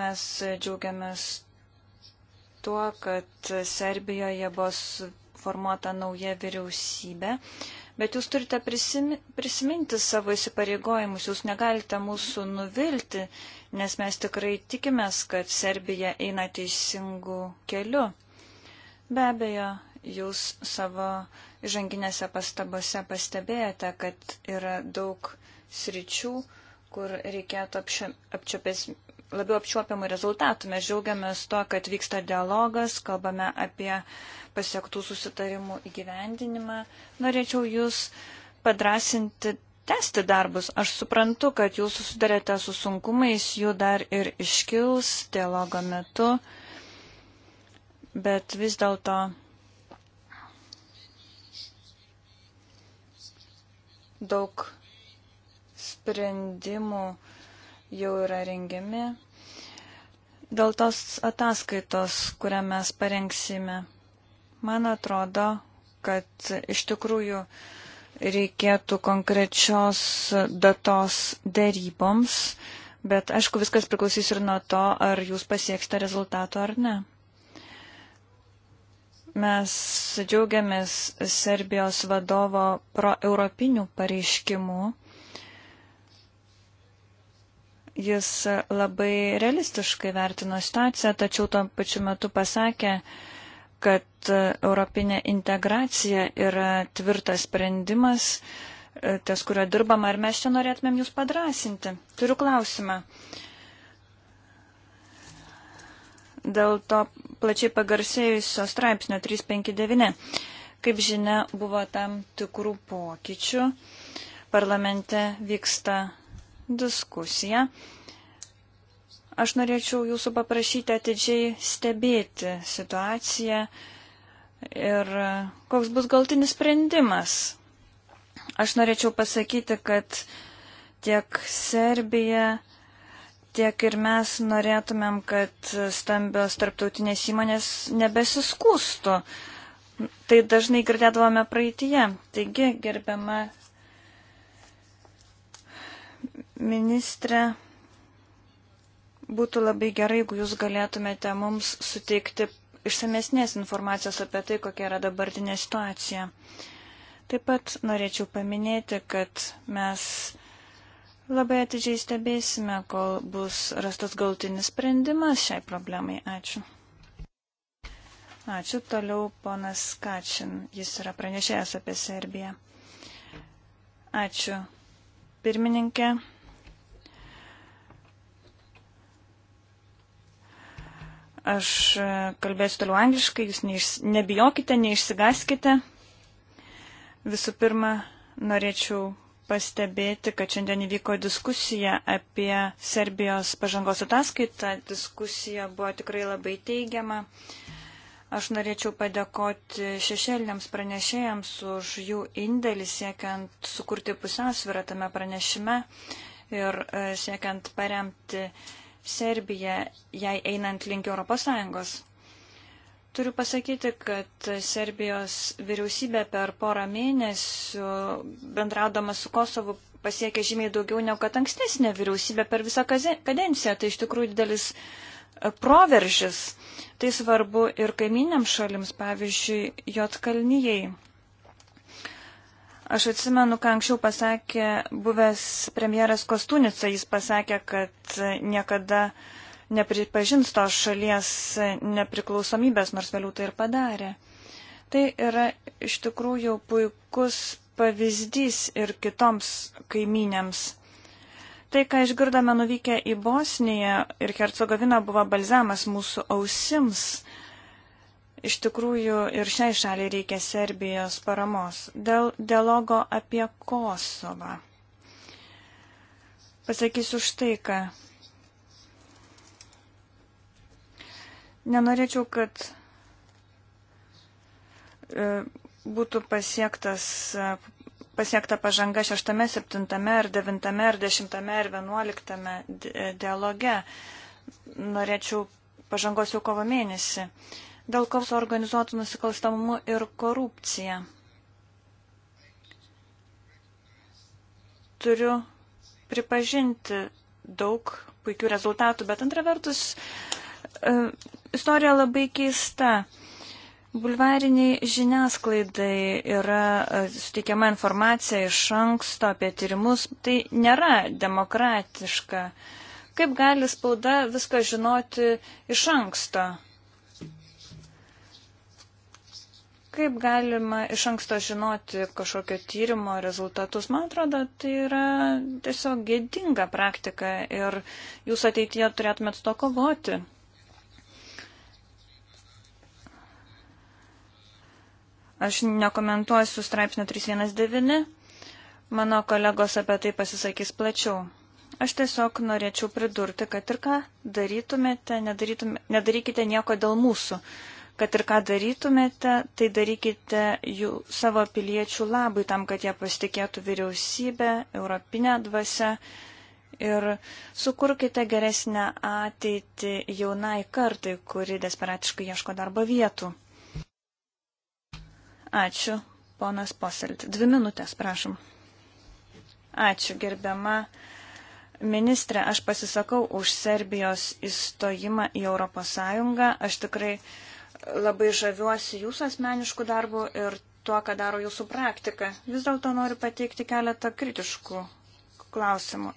Mes džiaugiamės tuo, kad Serbijoje buvo formuota nauja vyriausybė, bet jūs turite prisiminti savo įsipareigojimus, jūs negalite mūsų nuvilti, nes mes tikrai tikimės, kad Serbija eina teisingų kelių. Be abejo, jūs savo žanginėse pastabose pastebėjote, kad yra daug sričių, kur reikėtų apčiopės, labiau apčiuopiamų rezultatų. Mes džiaugiamės to, kad vyksta dialogas, kalbame apie pasiektų susitarimų įgyvendinimą. Norėčiau Jūs padrasinti tęsti darbus. Aš suprantu, kad Jūs susidarėte su sunkumais, jų dar ir iškils dialogo metu bet vis dėlto daug sprendimų jau yra rengiami. Dėl tos ataskaitos, kurią mes parengsime, man atrodo, kad iš tikrųjų reikėtų konkrečios datos daryboms, bet aišku, viskas priklausys ir nuo to, ar jūs pasieksite rezultato ar ne. Mes džiaugiamės Serbijos vadovo proeuropinių pareiškimų. Jis labai realistiškai vertino situaciją, tačiau tuo pačiu metu pasakė, kad europinė integracija yra tvirtas sprendimas, ties kurio dirbama, ar mes čia norėtumėm jūs padrasinti. Turiu klausimą. Uh, dėl to plačiai pagarsėjusio straipsnio 359. Kaip žinia, buvo tam tikrų pokyčių. Parlamente vyksta diskusija. Aš norėčiau jūsų paprašyti atidžiai stebėti situaciją ir koks bus galtinis sprendimas. Aš norėčiau pasakyti, kad tiek Serbija, tiek ir mes norėtumėm, kad stambios tarptautinės įmonės nebesiskūstų. Tai dažnai girdėdavome praeitie. Taigi, gerbiama ministrė, būtų labai gerai, jeigu jūs galėtumėte mums suteikti išsamesnės informacijos apie tai, kokia yra dabartinė situacija. Taip pat norėčiau paminėti, kad mes Labai atidžiai stebėsime, kol bus rastas gautinis sprendimas šiai problemai. Ačiū. Ačiū toliau ponas Kačin. Jis yra pranešėjęs apie Serbiją. Ačiū. Pirmininkė. Aš kalbėsiu toliau angliškai, jūs neiš, nebijokite, neišsigaskite. Visų pirma, norėčiau pastebėti, kad šiandien įvyko diskusija apie Serbijos pažangos ataskaitą. Diskusija buvo tikrai labai teigiama. Aš norėčiau padėkoti šešėliniams pranešėjams už jų indėlį siekiant sukurti pusiausvyrą tame pranešime ir e, siekiant paremti Serbiją, jai einant link ES. Turiu pasakyti, kad Serbijos vyriausybė per porą mėnesių bendraudama su Kosovu pasiekė žymiai daugiau negu kad ankstesnė vyriausybė per visą kadenciją. Tai iš tikrųjų didelis e, proveržis. Tai svarbu ir kaiminiams šalims, pavyzdžiui, Jotkalnyjei. Aš atsimenu, ką anksčiau pasakė buvęs premjeras Kostunica. Jis pasakė, kad niekada uh, nepripažins tos šalies nepriklausomybės, nors vėliau tai ir padarė. Tai yra iš tikrųjų puikus pavyzdys ir kitoms kaiminėms. Tai, ką išgirdome nuvykę į Bosniją ir Hercegoviną, buvo balzamas mūsų ausims. Iš tikrųjų ir šiai šaliai reikia Serbijos paramos. Dėl dialogo apie Kosovą. Pasakysiu štai ką. Nenorėčiau, kad e, būtų pasiektas, e, pasiekta pažanga šeštame, septintame ar devintame ar dešimtame ar vienuoliktame e, dialoge. Norėčiau pažangos jau kovo mėnesį. Dėl kovos organizuotų nusikalstamumu ir korupcija. Turiu pripažinti daug puikių rezultatų, bet antra vertus, uh, E, istorija labai keista. Bulvariniai žiniasklaidai yra e, suteikiama informacija iš anksto apie tyrimus. Tai nėra demokratiška. Kaip gali spauda viską žinoti iš anksto? Kaip galima iš anksto žinoti kažkokio tyrimo rezultatus? Man atrodo, tai yra tiesiog gėdinga praktika ir jūs ateityje turėtumėt to kovoti. Aš nekomentuosiu straipsnio 319, mano kolegos apie tai pasisakys plačiau. Aš tiesiog norėčiau pridurti, kad ir ką darytumėte, nedarytume, nedarykite nieko dėl mūsų. Kad ir ką darytumėte, tai darykite jų savo piliečių labai tam, kad jie pasitikėtų vyriausybę, europinę dvasę ir sukurkite geresnę ateitį jaunai kartai, kuri desperatiškai ieško darbo vietų. Ačiū, ponas Poselt. Dvi minutės, prašom. Ačiū, gerbiama ministrė. Aš pasisakau už Serbijos įstojimą į Europos Sąjungą. Aš tikrai labai žaviuosi jūsų asmeniškų darbų ir tuo, ką daro jūsų praktika. Vis dėlto noriu pateikti keletą kritiškų klausimų.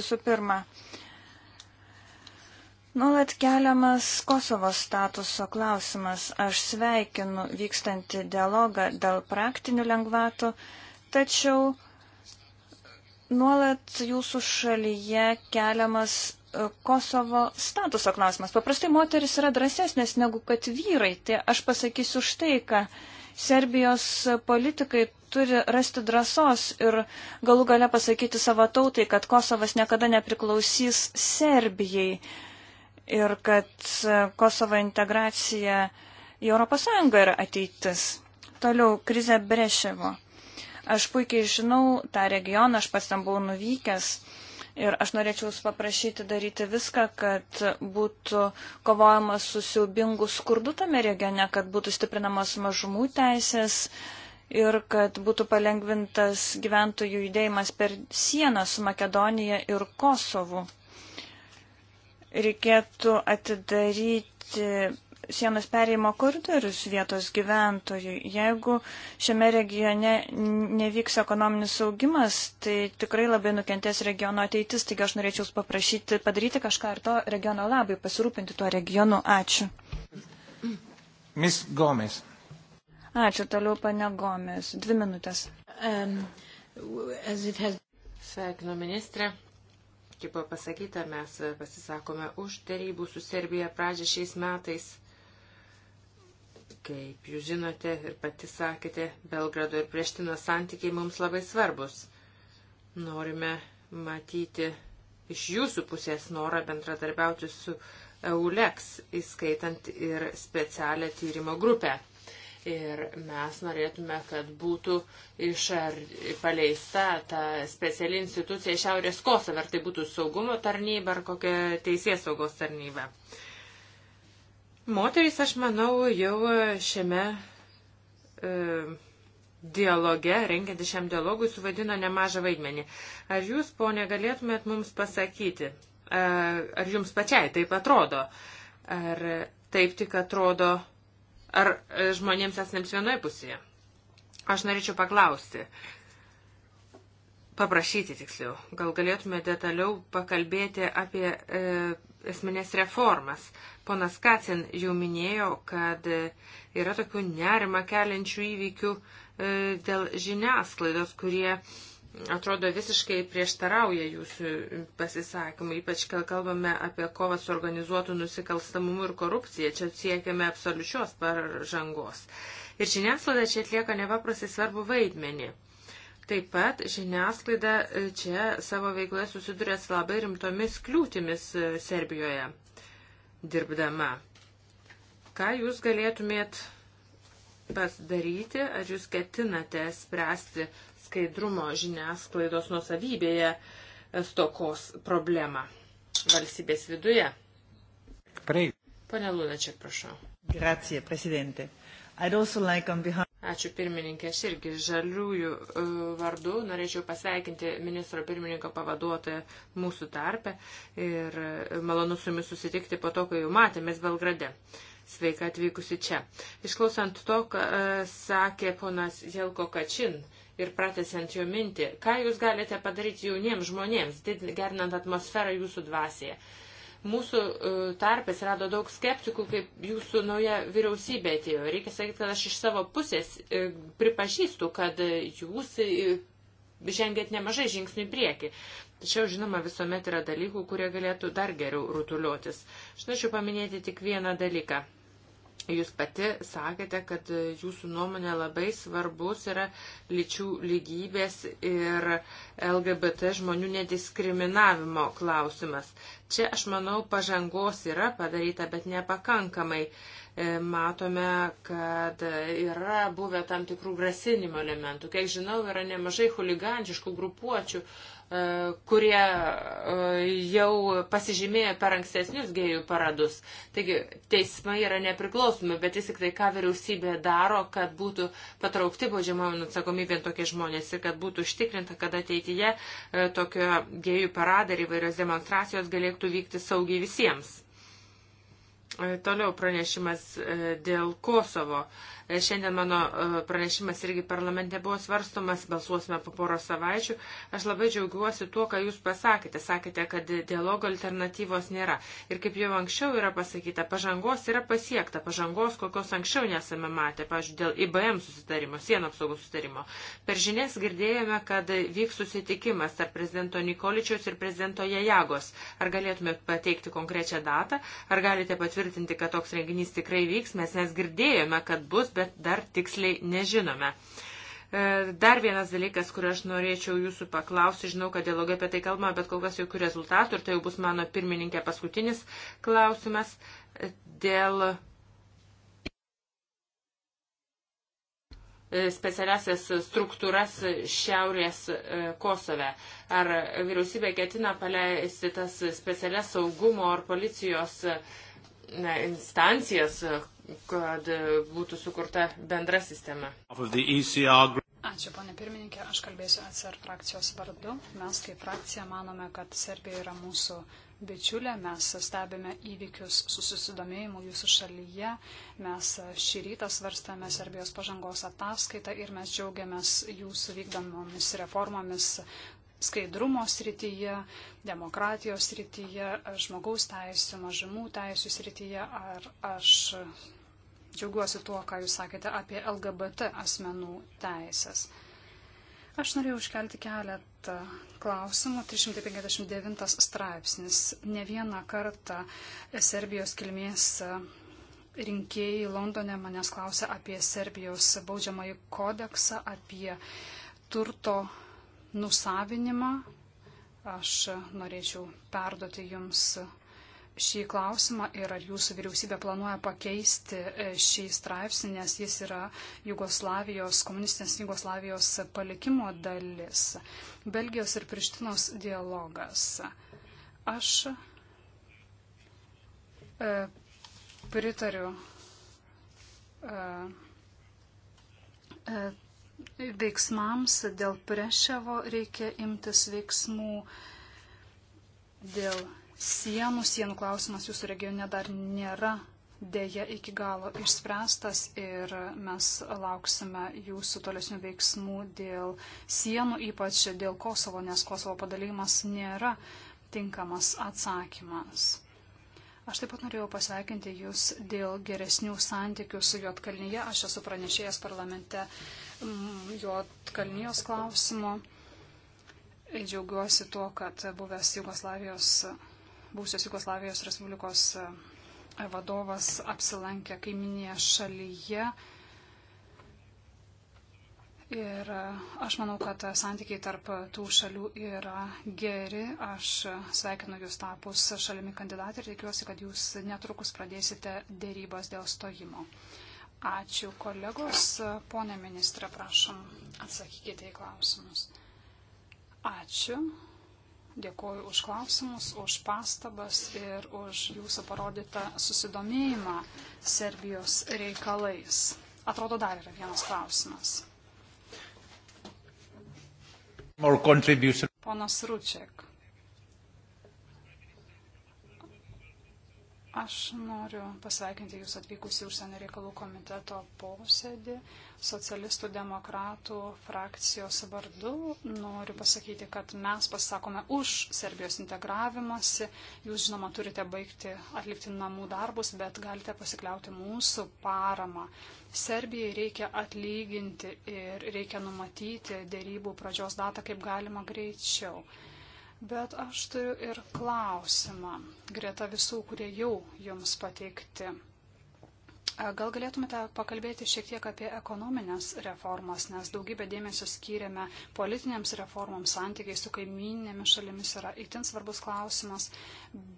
Visų pirma, uh, Nuolat keliamas Kosovo statuso klausimas. Aš sveikinu vykstantį dialogą dėl praktinių lengvatų, tačiau nuolat jūsų šalyje keliamas e, Kosovo statuso klausimas. Paprastai moteris yra drąsesnės negu kad vyrai. Tai aš pasakysiu štai, ką Serbijos politikai turi rasti drąsos ir galų gale pasakyti savo tautai, kad Kosovas niekada nepriklausys Serbijai ir kad Kosovo integracija į ES yra ateitis. Toliau krize Breševo. Aš puikiai žinau tą regioną, aš pats ten buvau nuvykęs ir aš norėčiau jūs paprašyti daryti viską, kad būtų kovojama su siaubingu skurdu tame regione, kad būtų stiprinamas mažumų teisės ir kad būtų palengvintas gyventojų judėjimas per sieną su Makedonija ir Kosovu reikėtų atidaryti sienos perėjimo koridorius vietos gyventojui. Jeigu šiame regione nevyks ekonominis augimas, tai tikrai labai nukentės regiono ateitis, taigi aš norėčiau paprašyti padaryti kažką ir to regiono labai, pasirūpinti tuo regionu. Ačiū. Miss Gomes. Ačiū toliau, pane Gomes. Dvi minutės. Um, has... Sveikinu ministrę. Kaip buvo pasakyta, mes pasisakome už tarybų su Serbija pradžią šiais metais. Kaip jūs žinote ir pati sakėte, Belgrado ir Prieštino santykiai mums labai svarbus. Norime matyti iš jūsų pusės norą bendradarbiauti su EULEX, įskaitant ir specialią tyrimo grupę. Ir mes norėtume, kad būtų išar, paleista ta speciali institucija Šiaurės Kosovė, ar tai būtų saugumo tarnyba ar kokia teisės saugos tarnyba. Moterys, aš manau, jau šiame e, dialoge, rengiantis šiam dialogui, suvaidino nemažą vaidmenį. Ar jūs, ponė, galėtumėt mums pasakyti, e, ar jums pačiai taip atrodo, ar taip tik atrodo ar e, žmonėms esantiems vienoje pusėje. Aš norėčiau paklausti, paprašyti tiksliau, gal galėtume detaliau pakalbėti apie e, esminės reformas. Ponas Kacin jau minėjo, kad e, yra tokių nerima keliančių įvykių e, dėl žiniasklaidos, kurie e, atrodo visiškai prieštarauja jūsų pasisakymai, ypač kai kalbame apie kovą su organizuotu nusikalstamumu ir korupcija. Čia siekiame absoliučios pažangos. Ir žiniasklaida čia atlieka nepaprastai svarbu vaidmenį. Taip pat žiniasklaida e, čia savo veikloje susiduria su labai rimtomis kliūtimis e, Serbijoje dirbdama. Ką jūs galėtumėt pasidaryti, ar jūs ketinate spręsti skaidrumo žiniasklaidos nusavybėje e, stokos problemą valstybės viduje. Prei. Pone Lunačiak, prašau. Grazie, prezidente. I'd also like on behalf... Ačiū pirmininkė, aš irgi žaliųjų e, vardu norėčiau pasveikinti ministro pirmininko pavaduotoją mūsų tarpę ir e, malonu su jumis susitikti po to, kai jau matėmės Belgrade. Sveika atvykusi čia. Išklausant to, ką sakė ponas Jelko Kačin, uh, ir pratesiant jo mintį, ką jūs galite padaryti jauniems žmonėms, gerinant atmosferą jūsų dvasėje. Mūsų e, tarpės rado daug skeptikų, kaip jūsų nauja vyriausybė atėjo. Reikia sakyti, kad aš iš savo pusės e, pripažįstu, kad jūs e, žengėt nemažai žingsnių į priekį. Tačiau, žinoma, visuomet yra dalykų, kurie galėtų dar geriau rutuliuotis. Aš norėčiau paminėti tik vieną dalyką. Jūs pati sakėte, kad jūsų nuomonė labai svarbus yra lyčių lygybės ir LGBT žmonių nediskriminavimo klausimas. Čia, aš manau, pažangos yra padaryta, bet nepakankamai. E, matome, kad yra buvę tam tikrų grasinimo elementų. Kiek žinau, yra nemažai huligančiškų grupuočių, E, kurie e, jau pasižymėjo per ankstesnius gėjų paradus. Taigi teismai yra nepriklausomi, bet vis tik tai ką vyriausybė daro, kad būtų patraukti baudžiamojų atsakomybė tokie žmonės ir kad būtų užtikrinta, kad ateityje e, tokio gėjų paradai ir įvairios demonstracijos galėtų vykti saugiai visiems. Toliau pranešimas dėl Kosovo. E, šiandien mano e, pranešimas irgi parlamente buvo svarstomas, balsuosime po poros savaičių. Aš labai džiaugiuosi tuo, ką Jūs pasakėte. Sakėte, kad dialogo alternatyvos nėra. Ir kaip jau anksčiau yra pasakyta, pažangos yra pasiekta, pažangos, kokios anksčiau nesame matę, pavyzdžiui, dėl IBM susitarimo, sienų apsaugos susitarimo. Per žinias girdėjome, kad vyks susitikimas tarp prezidento Nikoličiaus ir prezidento Jajagos. Ar galėtumėt pateikti konkrečią datą? Ar galite patvirtinti, kad toks renginys tikrai vyks? Mes nes girdėjome, kad bus, bet dar tiksliai nežinome. E, dar vienas dalykas, kur aš norėčiau jūsų paklausti, žinau, kad dialogai apie tai kalbama, bet kol kas jokių rezultatų ir tai jau bus mano pirmininkė paskutinis klausimas e, dėl e, specialiasias struktūras Šiaurės Kosove. Ar vyriausybė ketina paleisti tas specialias saugumo ar policijos na, instancijas kad būtų sukurta bendra sistema. E Ačiū, ponė pirmininkė, aš kalbėsiu ACR frakcijos vardu. Mes kaip frakcija manome, kad Serbija yra mūsų bičiulė, mes stebime įvykius su susidomėjimu jūsų šalyje, mes šį rytą svarstame Serbijos pažangos ataskaitą ir mes džiaugiamės jūsų vykdomomis reformomis skaidrumo srityje, demokratijos srityje, žmogaus teisų, mažumų teisų srityje, ar aš Džiaugiuosi tuo, ką Jūs sakėte apie LGBT asmenų teisės. Aš norėjau iškelti keletą klausimų. 359 straipsnis. Ne vieną kartą Serbijos kilmės rinkėjai Londone manęs klausė apie Serbijos baudžiamąjį kodeksą, apie turto nusavinimą. Aš norėčiau perduoti Jums šį klausimą ir ar jūsų vyriausybė planuoja pakeisti e, šį straipsnį, nes jis yra Jugoslavijos, komunistinės Jugoslavijos palikimo dalis. Belgijos ir Prištinos dialogas. Aš e, pritariu. E, e, Veiksmams dėl Preševo reikia imtis veiksmų, dėl sienų. Sienų klausimas jūsų regione dar nėra dėja iki galo išspręstas ir mes lauksime jūsų tolesnių veiksmų dėl sienų, ypač dėl Kosovo, nes Kosovo padalymas nėra tinkamas atsakymas. Aš taip pat norėjau pasveikinti Jūs dėl geresnių santykių su Juotkalnyje. Aš esu pranešėjęs parlamente mm, Juotkalnyjos klausimu. Džiaugiuosi tuo, kad buvęs Jugoslavijos būsios Jugoslavijos Respublikos e, vadovas apsilankė kaiminėje šalyje. Ir e, aš manau, kad santykiai tarp tų šalių yra geri. Aš sveikinu Jūs tapus šalimi kandidatė ir tikiuosi, kad Jūs netrukus pradėsite dėrybas dėl stojimo. Ačiū kolegos. Pone ministrė, prašom, atsakykite į klausimus. Ačiū. Dėkuoju už klausimus, už pastabas ir už jūsų parodytą susidomėjimą Serbijos reikalais. Atrodo, dar yra vienas klausimas. Ponas Ručiak. Aš noriu pasveikinti Jūs atvykusi užsienio reikalų komiteto posėdį socialistų demokratų frakcijos vardu noriu pasakyti, kad mes pasakome už Serbijos integravimąsi. Jūs, žinoma, turite baigti atlikti namų darbus, bet galite pasikliauti mūsų paramą. Serbijai reikia atlyginti ir reikia numatyti dėrybų pradžios datą kaip galima greičiau. Bet aš turiu ir klausimą greta visų, kurie jau jums pateikti. Gal galėtumėte pakalbėti šiek tiek apie ekonominės reformas, nes daugybę dėmesio skyrėme politinėms reformoms, santykiai su kaiminėmis šalimis yra itin svarbus klausimas,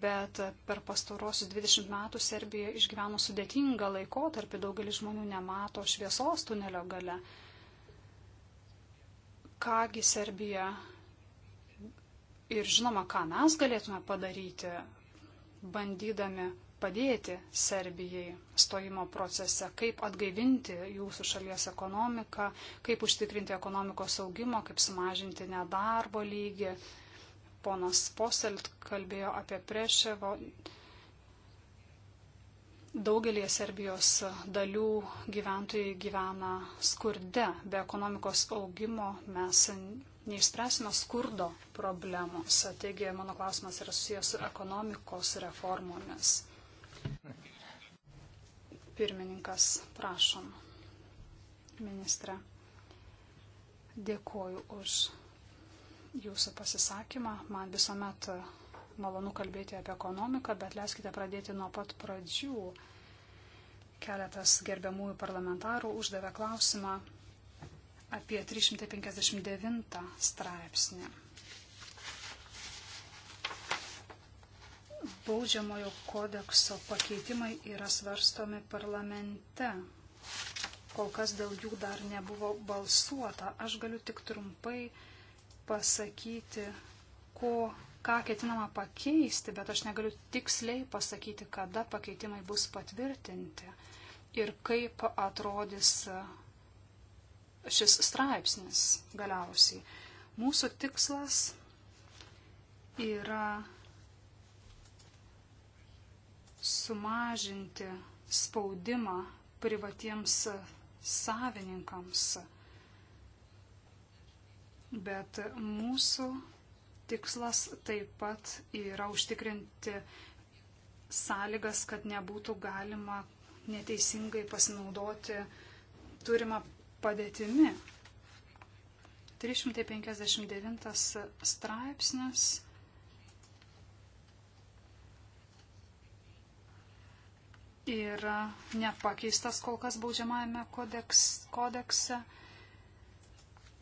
bet per pastarosius 20 metų Serbija išgyveno sudėtingą laikotarpį, daugelis žmonių nemato šviesos tunelio gale. Kągi Serbija ir žinoma, ką mes galėtume padaryti, bandydami padėti Serbijai stojimo procese, kaip atgaivinti jūsų šalies ekonomiką, kaip užtikrinti ekonomikos augimo, kaip sumažinti nedarbo lygį. Ponas Poselt kalbėjo apie Preševo. Daugelie Serbijos dalių gyventojai gyvena skurde. Be ekonomikos augimo mes neišspręsime skurdo problemos. Taigi mano klausimas yra susijęs su ekonomikos reformomis. Pirmininkas, prašom. Ministre, dėkoju už jūsų pasisakymą. Man visuomet malonu kalbėti apie ekonomiką, bet leiskite pradėti nuo pat pradžių. Keletas gerbiamųjų parlamentarų uždavė klausimą apie 359 straipsnį. baudžiamojo kodekso pakeitimai yra svarstomi parlamente. Kol kas dėl jų dar nebuvo balsuota. Aš galiu tik trumpai pasakyti, ko, ką ketinama pakeisti, bet aš negaliu tiksliai pasakyti, kada pakeitimai bus patvirtinti ir kaip atrodys e, šis straipsnis galiausiai. Mūsų tikslas yra sumažinti spaudimą privatiems savininkams. Bet mūsų tikslas taip pat yra užtikrinti sąlygas, kad nebūtų galima neteisingai pasinaudoti turimą padėtimi. 359 straipsnis yra nepakeistas kol kas baudžiamajame kodeks, kodekse.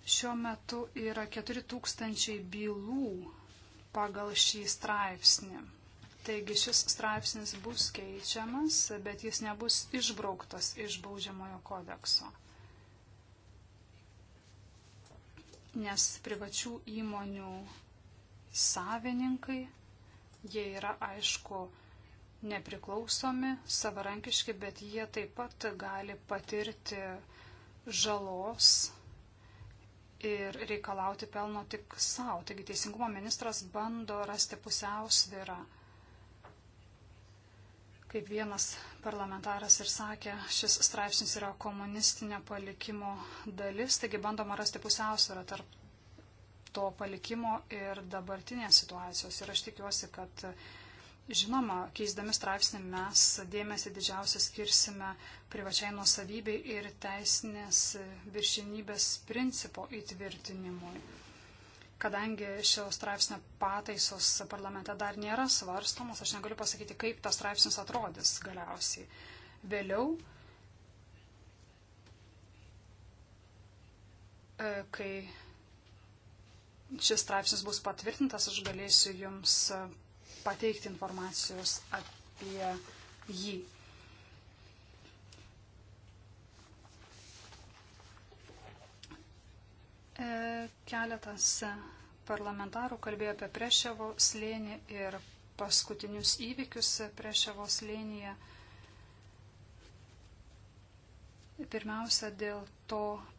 Šiuo metu yra 4000 bylų pagal šį straipsnį. Taigi šis straipsnis bus keičiamas, bet jis nebus išbrauktas iš baudžiamojo kodekso. Nes privačių įmonių savininkai, jie yra aišku, nepriklausomi, savarankiški, bet jie taip pat gali patirti žalos ir reikalauti pelno tik savo. Taigi teisingumo ministras bando rasti pusiausvyrą. Kaip vienas parlamentaras ir sakė, šis straipsnis yra komunistinė palikimo dalis, taigi bandoma rasti pusiausvyrą tarp to palikimo ir dabartinės situacijos. Ir aš tikiuosi, kad Žinoma, keisdami straipsnį mes dėmesį didžiausią skirsime privačiai nuosavybei ir teisinės viršinybės principo įtvirtinimui. Kadangi šio straipsnio pataisos parlamente dar nėra svarstomos, aš negaliu pasakyti, kaip tas straipsnis atrodys galiausiai. Vėliau, e, kai šis straipsnis bus patvirtintas, aš galėsiu jums pateikti informacijos apie jį. E, keletas parlamentarų kalbėjo apie Preševo slėnį ir paskutinius įvykius Preševo slėnyje. Pirmiausia, dėl to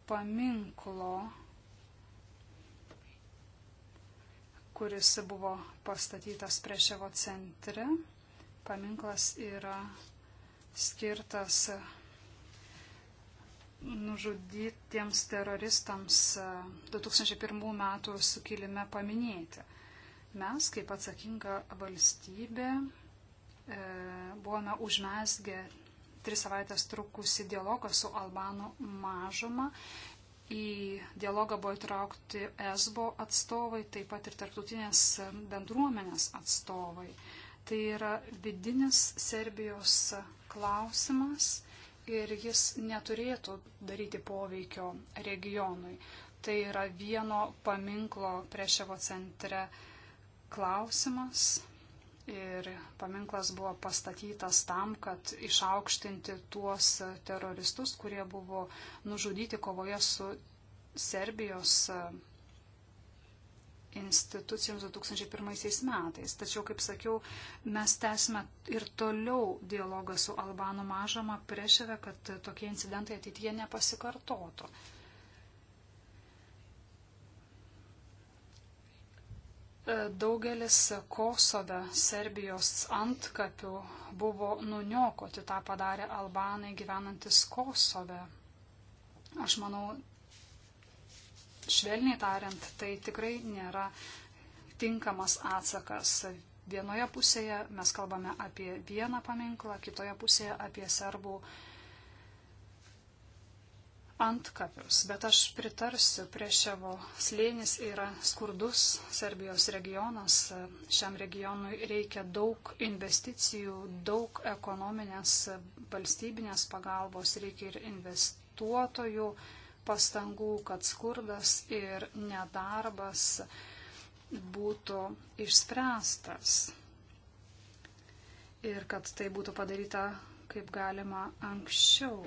paminklo kuris buvo pastatytas Prieševo centre. Paminklas yra skirtas e, nužudytiems teroristams 2001 e, metų sukilime paminėti. Mes, kaip atsakinga valstybė, e, buvome užmesgę tris savaitės trukusi dialogą su Albanų mažuma Į dialogą buvo įtraukti ESBO atstovai, taip pat ir tarptautinės bendruomenės atstovai. Tai yra vidinis Serbijos klausimas ir jis neturėtų daryti poveikio regionui. Tai yra vieno paminklo prieševo centre klausimas, ir paminklas buvo pastatytas tam, kad išaukštinti tuos teroristus, kurie buvo nužudyti kovoje su Serbijos e, institucijoms 2001 metais. Tačiau, kaip sakiau, mes tęsime ir toliau dialogą su Albanų mažama priešėve, kad tokie incidentai ateityje nepasikartotų. E, daugelis Kosove, Serbijos antkapių buvo nuniokoti, tą padarė albanai gyvenantis Kosove. Aš manau, švelniai tariant, tai tikrai nėra tinkamas atsakas. Vienoje pusėje mes kalbame apie vieną paminklą, kitoje pusėje apie serbų paminklą antkapius, bet aš pritarsiu, Prieševo slėnis yra skurdus Serbijos regionas, šiam regionui reikia daug investicijų, daug ekonominės valstybinės pagalbos, reikia ir investuotojų pastangų, kad skurdas ir nedarbas būtų išspręstas ir kad tai būtų padaryta kaip galima anksčiau.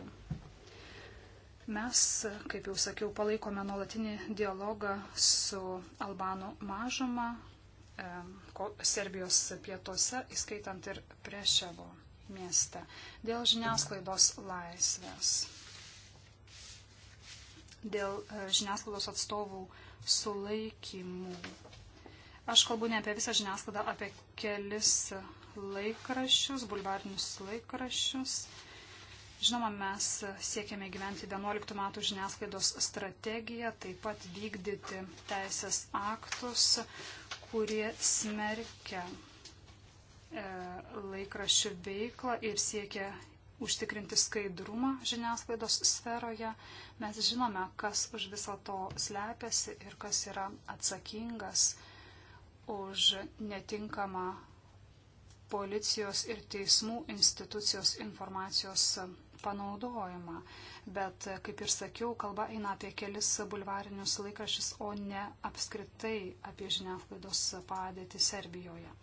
Mes, kaip jau sakiau, palaikome nuolatinį dialogą su Albanų mažama Serbijos pietuose, įskaitant ir Prieševo mieste, dėl žiniasklaidos laisvės, dėl e, žiniasklaidos atstovų sulaikymų. Aš kalbu ne apie visą žiniasklaidą, apie kelis laikraščius, bulvarinius laikraščius. Žinoma, mes siekiame gyventi 11 metų žiniasklaidos strategiją, taip pat vykdyti teisės aktus, kurie smerkia e, laikraščių veiklą ir siekia užtikrinti skaidrumą žiniasklaidos sferoje. Mes žinome, kas už viso to slepiasi ir kas yra atsakingas už netinkamą policijos ir teismų institucijos informacijos panaudojimą. Bet, kaip ir sakiau, kalba eina apie kelis bulvarinius laikrašys, o ne apskritai apie žiniasklaidos padėtį Serbijoje.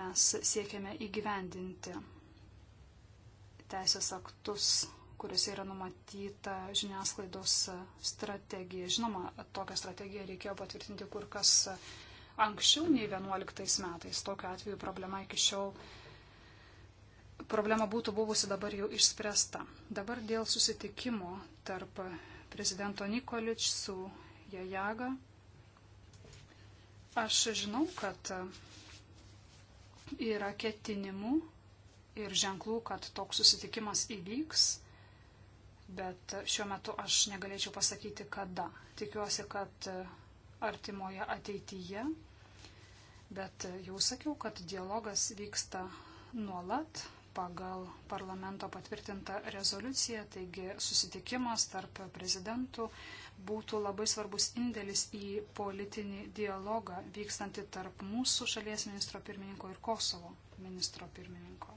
Mes siekiame įgyvendinti teisės aktus kuriuose yra numatyta žiniasklaidos strategija. Žinoma, tokią strategiją reikėjo patvirtinti kur kas anksčiau nei 11 metais. Tokiu atveju problema iki šiol problema būtų buvusi dabar jau išspręsta. Dabar dėl susitikimo tarp prezidento Nikolič su Jajaga. Aš žinau, kad yra ketinimų ir ženklų, kad toks susitikimas įvyks, bet šiuo metu aš negalėčiau pasakyti, kada. Tikiuosi, kad artimoje ateityje, bet jau sakiau, kad dialogas vyksta nuolat, pagal parlamento patvirtintą rezoliuciją, taigi susitikimas tarp prezidentų būtų labai svarbus indėlis į politinį dialogą vykstantį tarp mūsų šalies ministro pirmininko ir Kosovo ministro pirmininko.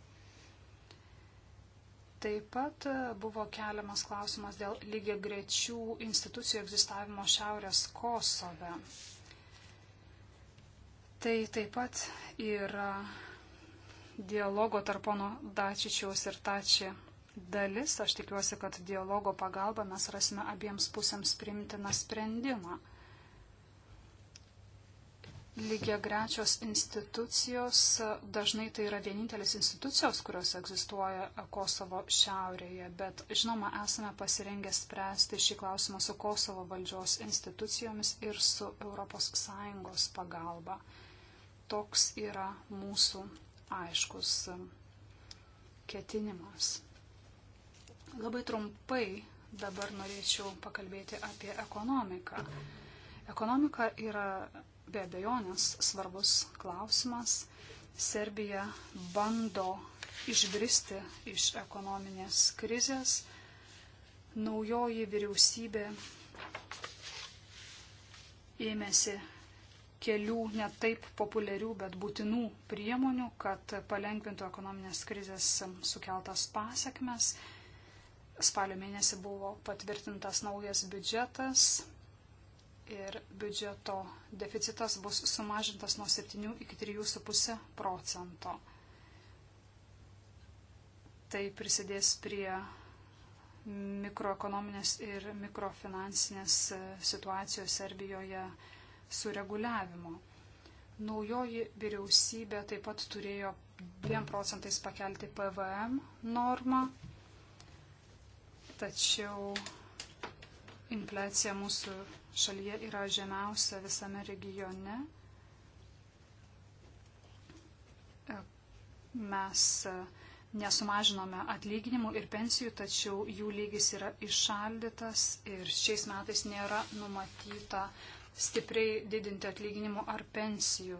Taip pat e, buvo keliamas klausimas dėl lygiai grečių institucijų egzistavimo Šiaurės Kosove. Tai taip pat yra dialogo tarp pono Dačičiaus ir Tačia dalis. Aš tikiuosi, kad dialogo pagalba mes rasime abiems pusėms primtiną sprendimą. Lygia grečios institucijos, dažnai tai yra vienintelis institucijos, kurios egzistuoja Kosovo šiaurėje, bet žinoma, esame pasirengę spręsti šį klausimą su Kosovo valdžios institucijomis ir su ES pagalba. Toks yra mūsų aiškus ketinimas. Labai trumpai dabar norėčiau pakalbėti apie ekonomiką. Ekonomika yra be abejonės svarbus klausimas. Serbija bando išbristi iš ekonominės krizės. Naujoji vyriausybė ėmėsi kelių netaip populiarių, bet būtinų priemonių, kad palengvintų ekonominės krizės sukeltas pasiekmes. Spalio mėnesį buvo patvirtintas naujas biudžetas ir biudžeto deficitas bus sumažintas nuo 7 iki 3,5 procento. Tai prisidės prie mikroekonominės ir mikrofinansinės situacijos Serbijoje sureguliavimo. Naujoji vyriausybė taip pat turėjo 2 procentais pakelti PVM normą, tačiau infliacija mūsų šalyje yra žemiausia visame regione. Mes nesumažinome atlyginimų ir pensijų, tačiau jų lygis yra išaldytas ir šiais metais nėra numatyta uh, stipriai didinti atlyginimų ar pensijų,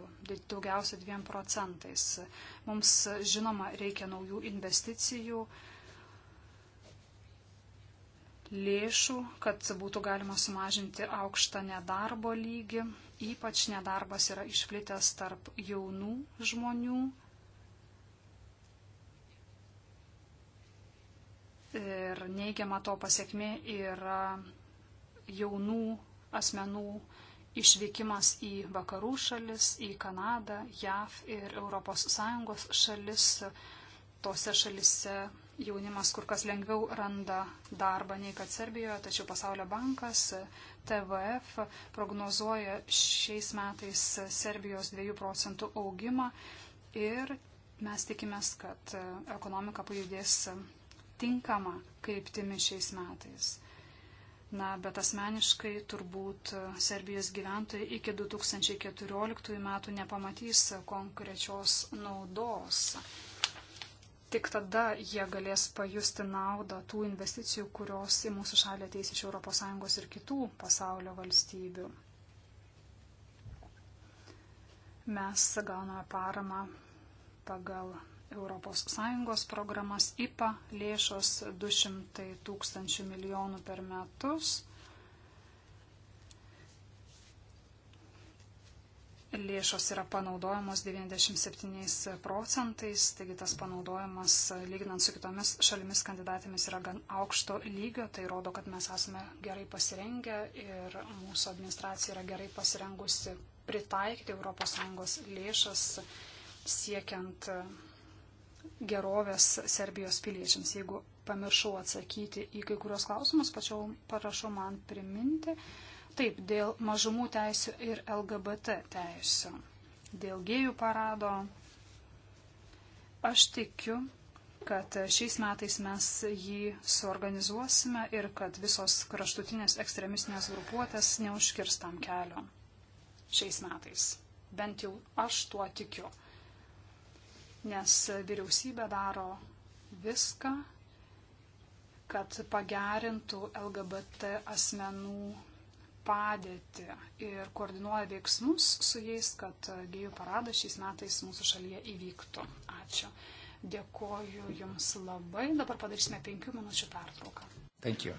daugiausia 2 procentais. Mums žinoma reikia naujų investicijų, lėšų, kad būtų galima sumažinti aukštą nedarbo lygį. Ypač nedarbas yra išplitęs tarp jaunų žmonių. Ir neigiama to pasiekmė yra jaunų asmenų išvykimas į vakarų šalis, į Kanadą, JAV ir ES šalis. Tose šalise jaunimas kur kas lengviau randa darbą nei kad Serbijoje, tačiau Pasaulio bankas TVF prognozuoja šiais metais Serbijos 2 procentų augimą ir mes tikimės, kad ekonomika pajudės tinkama kryptimi šiais metais. Na, bet asmeniškai turbūt Serbijos gyventojai iki 2014 metų nepamatys konkrečios naudos. Tik tada jie galės pajusti naudą tų investicijų, kurios į mūsų šalį ateis iš ES ir kitų pasaulio valstybių. Mes gauname paramą pagal ES programas IPA lėšos 200 tūkstančių milijonų per metus. Lėšos yra panaudojamos 97 procentais, taigi tas panaudojimas, lyginant su kitomis šalimis kandidatėmis, yra gan aukšto lygio, tai rodo, kad mes esame gerai pasirengę ir mūsų administracija yra gerai pasirengusi pritaikyti ES lėšas siekiant gerovės Serbijos piliečiams. Jeigu pamiršau atsakyti į kai kurios klausimus, pačiau parašau man priminti. Taip, dėl mažumų teisų ir LGBT teisų. Dėl gėjų parado. Aš tikiu, kad šiais metais mes jį suorganizuosime ir kad visos kraštutinės ekstremistinės grupuotės neužkirstam kelio. Šiais metais. Bent jau aš tuo tikiu nes vyriausybė daro viską, kad pagerintų LGBT asmenų padėtį ir koordinuoja veiksmus su jais, kad gėjų paradas šiais metais mūsų šalyje įvyktų. Ačiū. Dėkoju Jums labai. Dabar padarysime penkių minučių pertrauką. Thank you.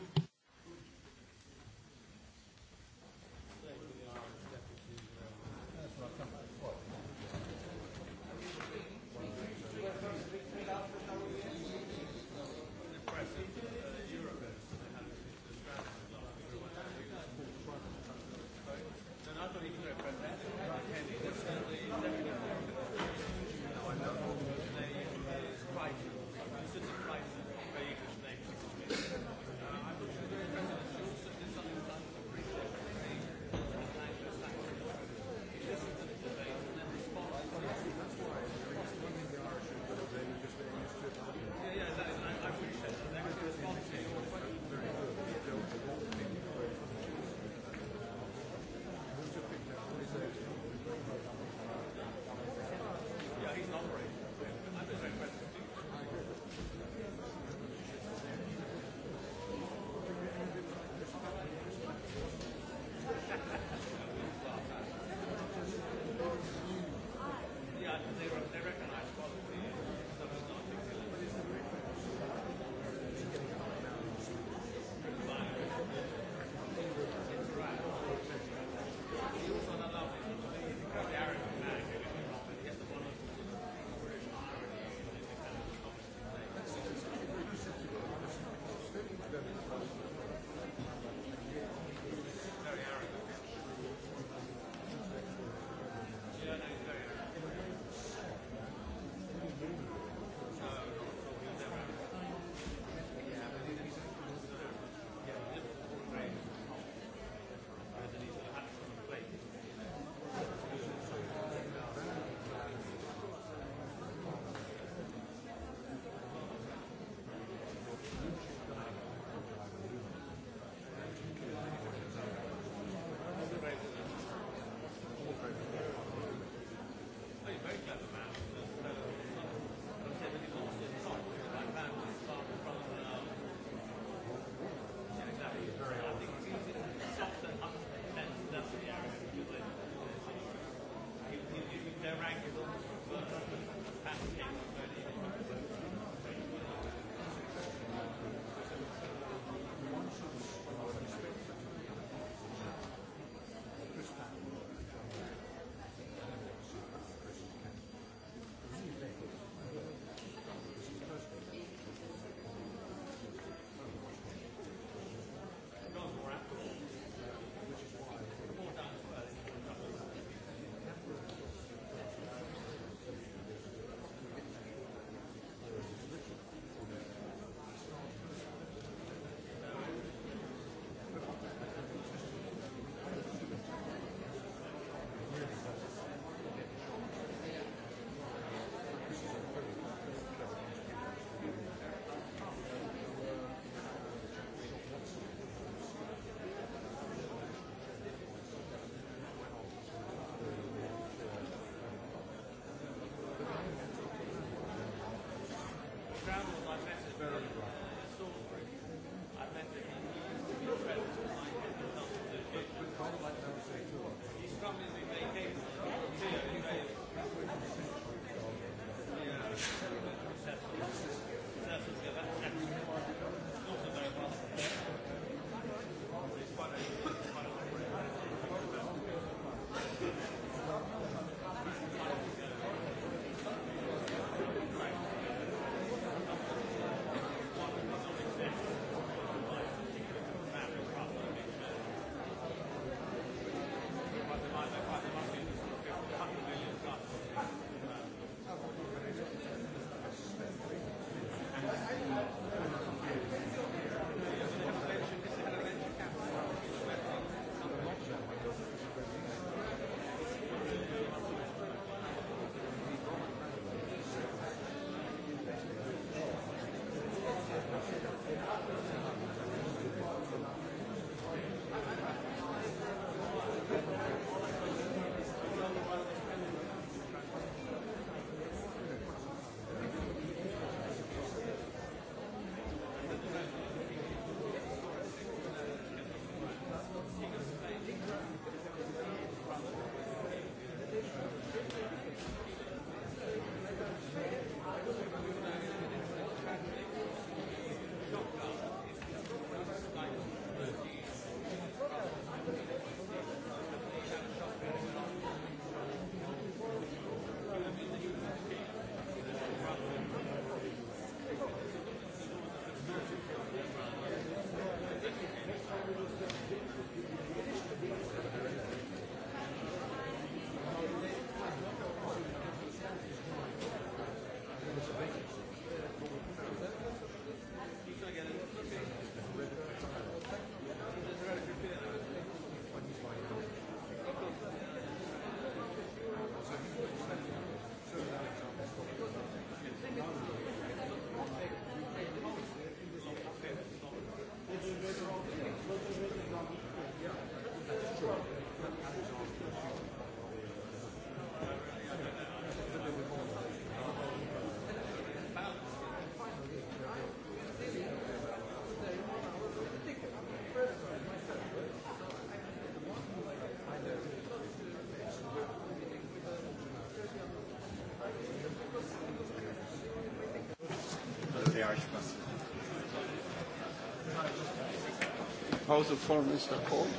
How's the foreign minister called?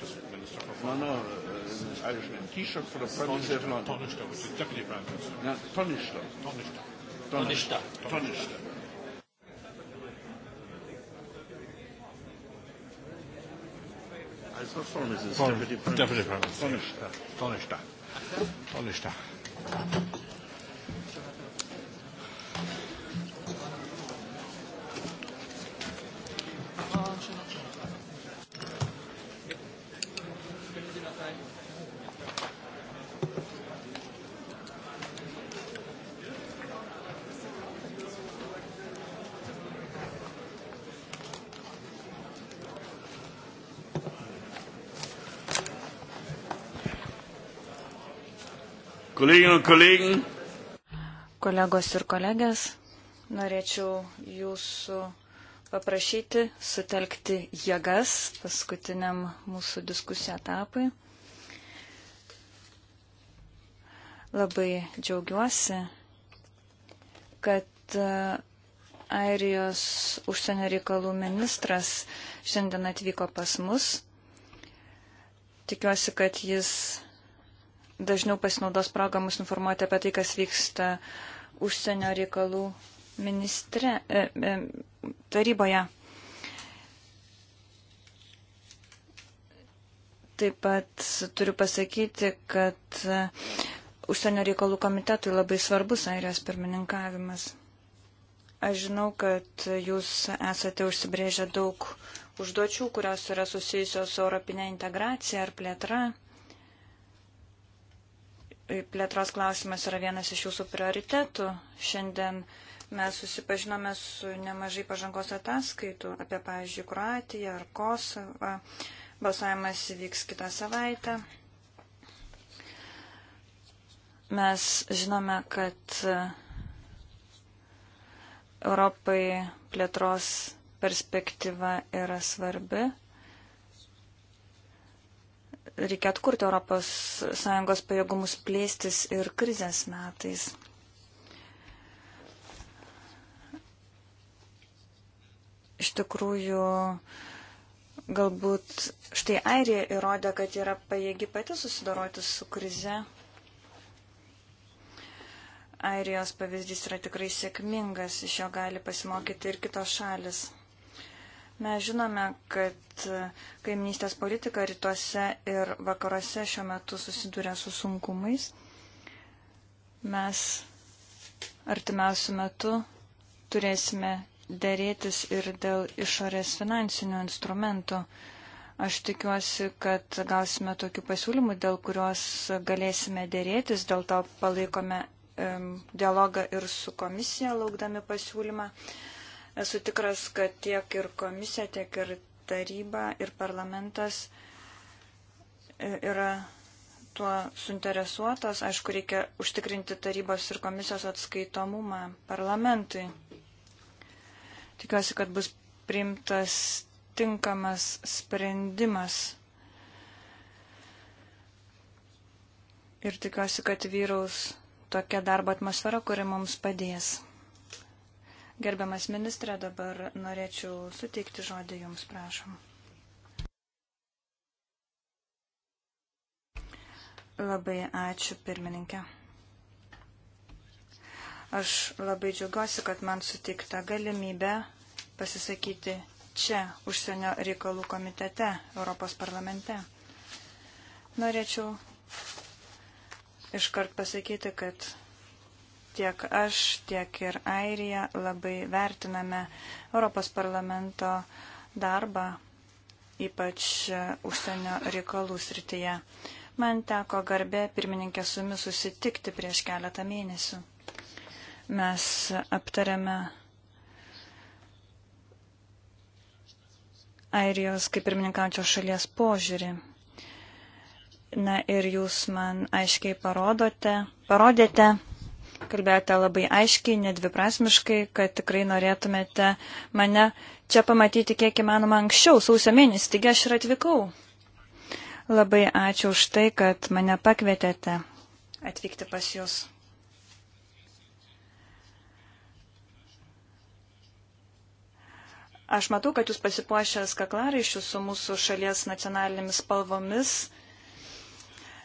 Just minister for foreign. No, no, uh, eh, Irishman. Taoiseach for the prime minister of London. Taoiseach, which is deputy prime minister. No, Taoiseach. Taoiseach. Taoiseach. Taoiseach. I thought foreign minister is deputy prime minister. Deputy prime minister. Taoiseach. Taoiseach. Taoiseach. Kolleginnen und Kollegen. Kolegos ir kolegės, norėčiau jūsų paprašyti sutelkti jėgas paskutiniam mūsų diskusijų etapui. Labai džiaugiuosi, kad e, Airijos užsienio reikalų ministras šiandien atvyko pas mus. Tikiuosi, kad jis dažniau pasinaudos progą mus informuoti apie tai, kas vyksta užsienio reikalų ministre, e, e, taryboje. Taip pat turiu pasakyti, kad e, užsienio reikalų komitetui labai svarbus airijos pirmininkavimas. Aš žinau, kad jūs esate užsibrėžę daug užduočių, kurios yra susijusios su europinė integracija ar plėtra plėtros klausimas yra vienas iš jūsų prioritetų. Šiandien mes susipažinome su nemažai pažangos ataskaitų apie, pavyzdžiui, Kroatiją ar Kosovą. Balsavimas įvyks kitą savaitę. Mes žinome, kad Europai plėtros perspektyva yra svarbi reikia atkurti ES pajėgumus plėstis ir krizės metais. Iš tikrųjų, galbūt štai Airija įrodė, kad yra pajėgi pati susidoroti su krize. Airijos pavyzdys yra tikrai sėkmingas, iš jo gali pasimokyti ir kitos šalis. Mes žinome, kad kaiminystės politika rytuose ir vakaruose šiuo metu susiduria su sunkumais. Mes artimiausių metų turėsime dėrėtis ir dėl išorės finansinių instrumentų. Aš tikiuosi, kad gausime tokių pasiūlymų, dėl kuriuos galėsime dėrėtis, dėl to palaikome um, dialogą ir su komisija, laukdami pasiūlymą. Uh, Esu tikras, kad tiek ir komisija, tiek ir taryba ir parlamentas e, yra tuo suinteresuotas. Aišku, reikia užtikrinti tarybos ir komisijos atskaitomumą parlamentui. Tikiuosi, kad bus priimtas tinkamas sprendimas. Ir tikiuosi, kad vyraus tokia darbo atmosfera, kuri mums padės. Gerbiamas ministrė, dabar norėčiau suteikti žodį Jums, prašom. Labai ačiū, pirmininkė. Aš labai džiaugiuosi, kad man sutikta galimybė pasisakyti čia, užsienio reikalų komitete, Europos parlamente. Norėčiau iškart pasakyti, kad Tiek aš, tiek ir Airija labai vertiname Europos parlamento darbą, ypač užsienio reikalų srityje. Man teko garbė pirmininkė su jumis susitikti prieš keletą mėnesių. Mes aptarėme Airijos kaip pirmininkančios šalies požiūrį. Na ir jūs man aiškiai parodote, parodėte, kalbėjote labai aiškiai, nedviprasmiškai, kad tikrai norėtumėte mane čia pamatyti kiek įmanoma anksčiau, sausio mėnesį, taigi aš ir atvykau. Labai ačiū už tai, kad mane pakvietėte atvykti pas jūs. Aš matau, kad jūs pasipuošęs kaklaraiščius su mūsų šalies nacionalinėmis spalvomis.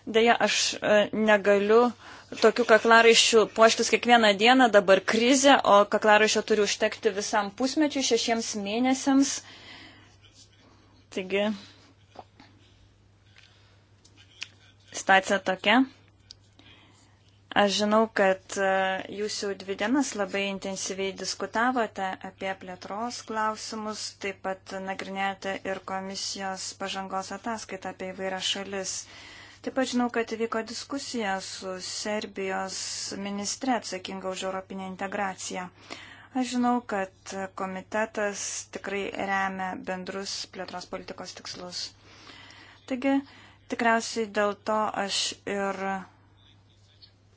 Deja, aš e, negaliu uh, tokių kaklaraiščių puoštis kiekvieną dieną, dabar krizė, o kaklaraiščio turi užtekti visam pusmečiui, šešiems mėnesiams. Taigi, situacija tokia. Aš žinau, kad e, jūs jau dvi dienas labai intensyviai diskutavote apie plėtros klausimus, taip pat nagrinėjote ir komisijos pažangos ataskaitą apie įvairias šalis. Taip pat žinau, kad vyko diskusija su Serbijos ministre atsakinga už europinę integraciją. Aš žinau, kad komitetas tikrai remia bendrus plėtros politikos tikslus. Taigi, tikriausiai dėl to aš ir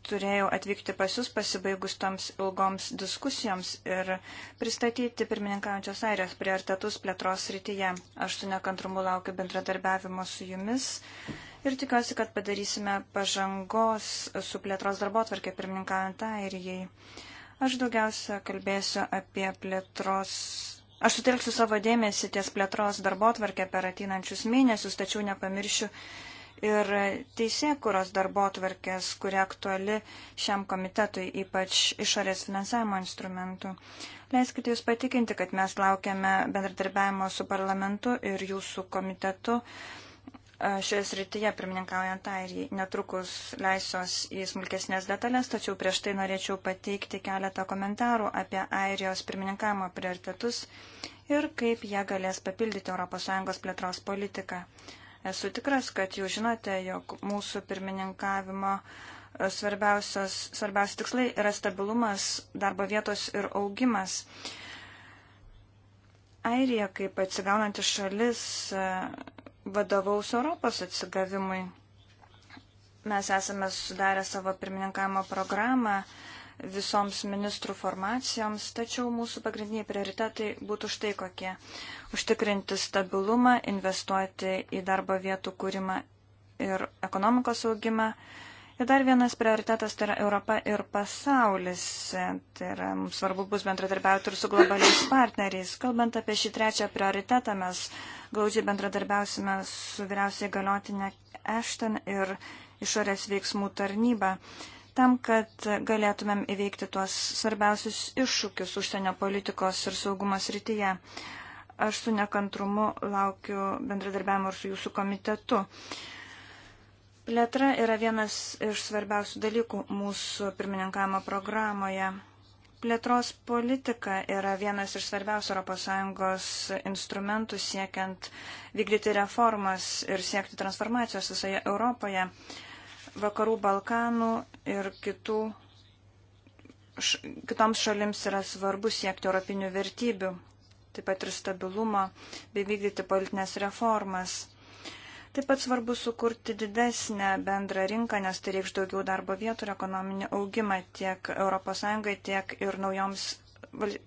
turėjau atvykti pas jūs pasibaigus toms ilgoms diskusijoms ir pristatyti pirmininkaujančios airijos prioritetus plėtros rytyje. Aš su nekantrumu laukiu bendradarbiavimo su jumis ir tikiuosi, kad padarysime pažangos su plėtros darbo tvarkė pirmininkaujant airijai. Aš daugiausia kalbėsiu apie plėtros. Aš sutelksiu savo dėmesį ties plėtros darbo tvarkė per ateinančius mėnesius, tačiau nepamiršiu ir teisėkuros darbo tvarkės, kuri aktuali šiam komitetui, ypač išorės finansavimo instrumentų. Leiskite Jūs patikinti, kad mes laukiame bendradarbiavimo su parlamentu ir Jūsų komitetu šioje srityje pirmininkaujant airijai. Netrukus leisiuos į smulkesnės detalės, tačiau prieš tai norėčiau pateikti keletą komentarų apie airijos pirmininkavimo prioritetus ir kaip jie galės papildyti ES plėtros politiką. Esu tikras, kad jūs žinote, jog mūsų pirmininkavimo e, svarbiausi tikslai yra stabilumas, darbo vietos ir augimas. Airija kaip atsigaunanti šalis e, vadovaus Europos atsigavimui. Mes esame sudarę savo pirmininkavimo programą visoms ministrų formacijoms, tačiau mūsų pagrindiniai prioritetai būtų štai kokie. Užtikrinti stabilumą, investuoti į darbo vietų kūrimą ir ekonomikos augimą. Ir dar vienas prioritetas tai yra Europa ir pasaulis. Tai yra, mums svarbu bus bendradarbiauti ir su globaliais partneriais. Kalbant apie šį trečią prioritetą, mes Glaudžiai bendradarbiausime su vyriausiai galiotinė Ešten ir išorės veiksmų tarnyba, tam, kad galėtumėm įveikti tuos svarbiausius iššūkius užsienio politikos ir saugumo srityje. Aš su nekantrumu laukiu bendradarbiavimo ir su jūsų komitetu. Plėtra yra vienas iš svarbiausių dalykų mūsų pirmininkavimo programoje plėtros politika yra vienas iš svarbiausių ES instrumentų siekiant vykdyti reformas ir siekti transformacijos visoje Europoje, vakarų Balkanų ir kitų, š, kitoms šalims yra svarbu siekti europinių vertybių, taip pat ir stabilumo bei vykdyti politinės reformas. Taip pat svarbu sukurti didesnę bendrą rinką, nes tai reikš daugiau darbo vietų ir ekonominį augimą tiek ES, tiek ir naujoms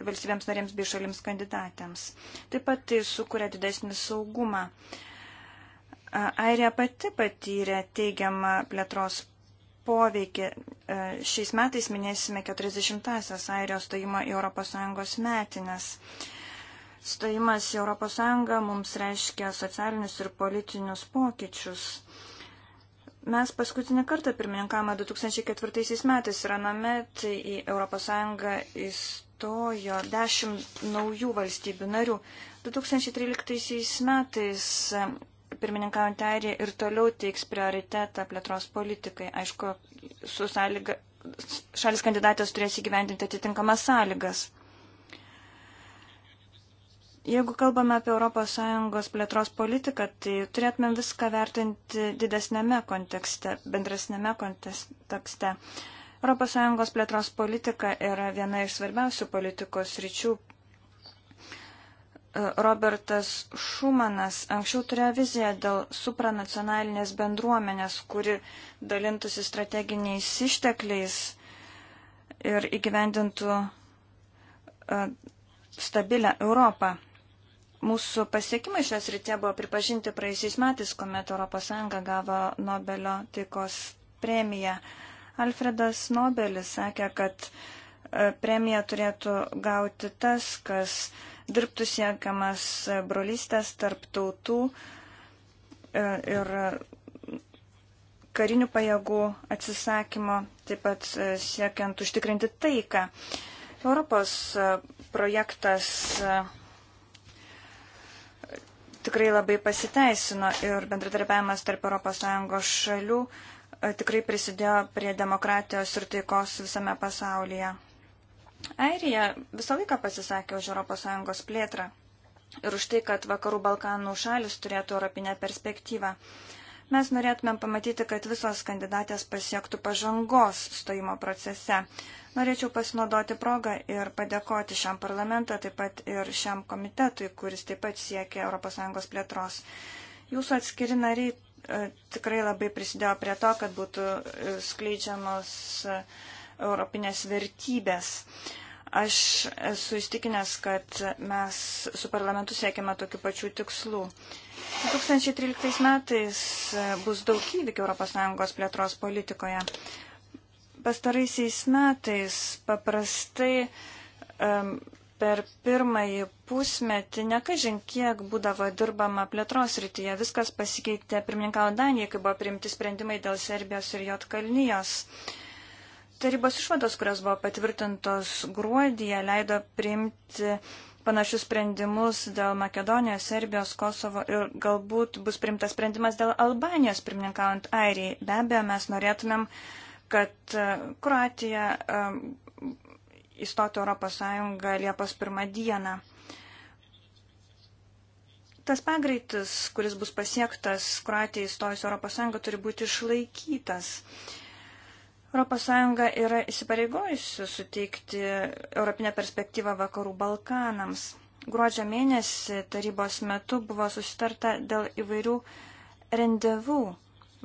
valstybėms narėms bei šalims kandidatėms. Taip pat tai sukuria didesnį saugumą. Airija pati patyrė teigiamą plėtros poveikį. Šiais metais minėsime 40-asias Airijos stojimo į ES metinės. Stojimas į ES mums reiškia socialinius ir politinius pokyčius. Mes paskutinį kartą pirmininkavome 2004 metais ir anamet į ES įstojo 10 naujų valstybių narių. 2013 metais pirmininkaujant airija ir toliau teiks prioritetą plėtros politikai. Aišku, su sąlyga, šalis kandidatės turės įgyvendinti atitinkamas sąlygas. Jeigu kalbame apie ES plėtros politiką, tai turėtumėm viską vertinti didesnėme kontekste, bendresnėme kontekste. ES plėtros politika yra viena iš svarbiausių politikos ryčių. E, Robertas Šumanas anksčiau turėjo viziją dėl supranacionalinės bendruomenės, kuri dalintųsi strateginiais ištekliais ir įgyvendintų e, stabilę Europą. Mūsų pasiekimai šios rytie buvo pripažinti praeisiais metais, kuomet ES gavo Nobelio taikos premiją. Alfredas Nobelis sakė, kad e, premiją turėtų gauti tas, kas dirbtų siekamas brolystės tarp tautų e, ir karinių pajėgų atsisakymo, taip pat e, siekiant užtikrinti taiką. Europos projektas tikrai labai pasiteisino ir bendradarbiavimas tarp ES šalių e, tikrai prisidėjo prie demokratijos ir taikos visame pasaulyje. Airija visą laiką pasisakė už ES plėtrą ir už tai, kad Vakarų Balkanų šalis turėtų europinę perspektyvą. Mes norėtumėm pamatyti, kad visos kandidatės pasiektų pažangos stojimo procese. Norėčiau pasinaudoti progą ir padėkoti šiam parlamentą, taip pat ir šiam komitetui, kuris taip pat siekia ES plėtros. Jūsų atskiri nariai e, tikrai labai prisidėjo prie to, kad būtų e, skleidžiamos e, europinės vertybės. Aš esu įstikinęs, kad mes su parlamentu siekiame tokių pačių tikslų. 2013 metais bus daug įvykių ES plėtros politikoje. Pastaraisiais metais paprastai um, per pirmąjį pusmetį nekažin kiek būdavo dirbama plėtros rytyje. Viskas pasikeitė pirmininkavo Danijai, kai buvo priimti sprendimai dėl Serbijos ir Jotkalnyjos. Tarybos išvados, kurios buvo patvirtintos gruodį, leido priimti panašius sprendimus dėl Makedonijos, Serbijos, Kosovo ir galbūt bus primtas sprendimas dėl Albanijos pirmininkaujant Airijai. Be abejo, mes norėtumėm, kad e, Kroatija e, įstotų Europos Sąjungą Liepos pirmą dieną. Tas pagreitis, kuris bus pasiektas Kroatijai įstojus Europos Sąjungą, turi būti išlaikytas. Uh, ES yra įsipareigojusi suteikti europinę perspektyvą vakarų Balkanams. Gruodžio mėnesį tarybos metu buvo susitarta dėl įvairių rendevų,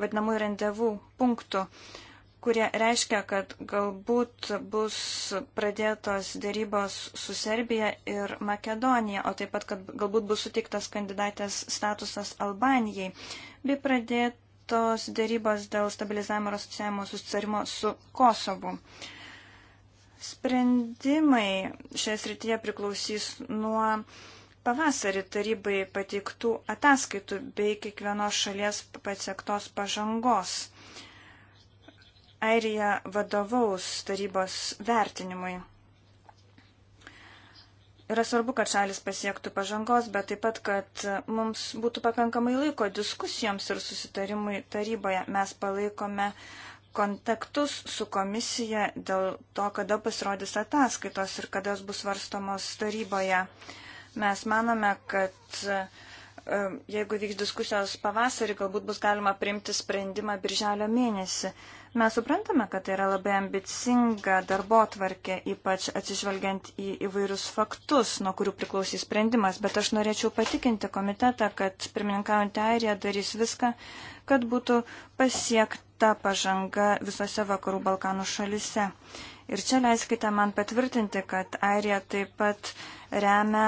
vadinamų rendevų punktų, kurie reiškia, kad galbūt bus pradėtos dėrybos su Serbija ir Makedonija, o taip pat, kad galbūt bus suteiktas kandidatės statusas Albanijai, bei pradėt, tos dėrybos dėl stabilizavimo ir asociavimo susitarimo su Kosovu. Sprendimai šioje srityje priklausys nuo pavasarį tarybai pateiktų ataskaitų bei kiekvienos šalies pasiektos pažangos. Airija vadovaus tarybos vertinimui. Yra svarbu, kad šalis pasiektų pažangos, bet taip pat, kad mums būtų pakankamai laiko diskusijoms ir susitarimui taryboje. Mes palaikome kontaktus su komisija dėl to, kada pasirodys ataskaitos ir kada jos bus svarstomos taryboje. Mes manome, kad e, jeigu vyks diskusijos pavasarį, galbūt bus galima priimti sprendimą birželio mėnesį. Mes suprantame, kad tai yra labai ambicinga darbo tvarkė, ypač atsižvelgiant į įvairius faktus, nuo kurių priklausys sprendimas, bet aš norėčiau patikinti komitetą, kad pirmininkaujantį Airiją darys viską, kad būtų pasiekta pažanga visose vakarų Balkanų šalise. Ir čia leiskite man patvirtinti, kad Airija taip pat remia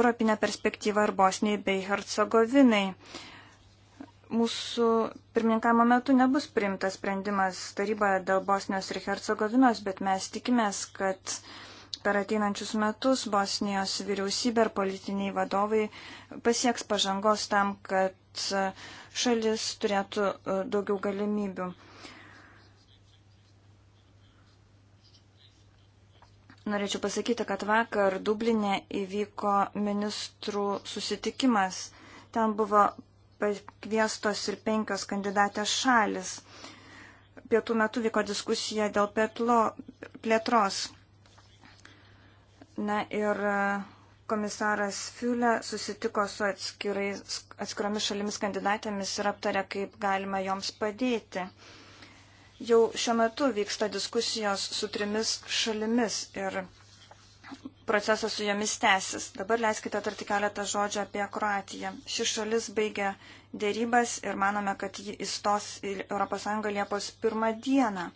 Europinę perspektyvą ir Bosniai bei Hercegovinai mūsų pirmininkamo metu nebus priimtas sprendimas taryboje dėl Bosnijos ir Hercegovinos, bet mes tikimės, kad per ateinančius metus Bosnijos vyriausybė ir politiniai vadovai pasieks pažangos tam, kad šalis turėtų e, daugiau galimybių. Norėčiau pasakyti, kad vakar Dublinė įvyko ministrų susitikimas. Ten buvo pakviestos ir penkios kandidatės šalis. Pietų metu vyko diskusija dėl pietlo, plėtros. Na ir e, komisaras Fiulė susitiko su atskiromis šalimis kandidatėmis ir aptarė, kaip galima joms padėti. Jau šiuo metu vyksta diskusijos su trimis šalimis ir procesas su jomis tęsis. Dabar leiskite tarti keletą žodžių apie Kroatiją. Ši šalis baigė dėrybas ir manome, kad ji įstos į ES Liepos pirmą dieną.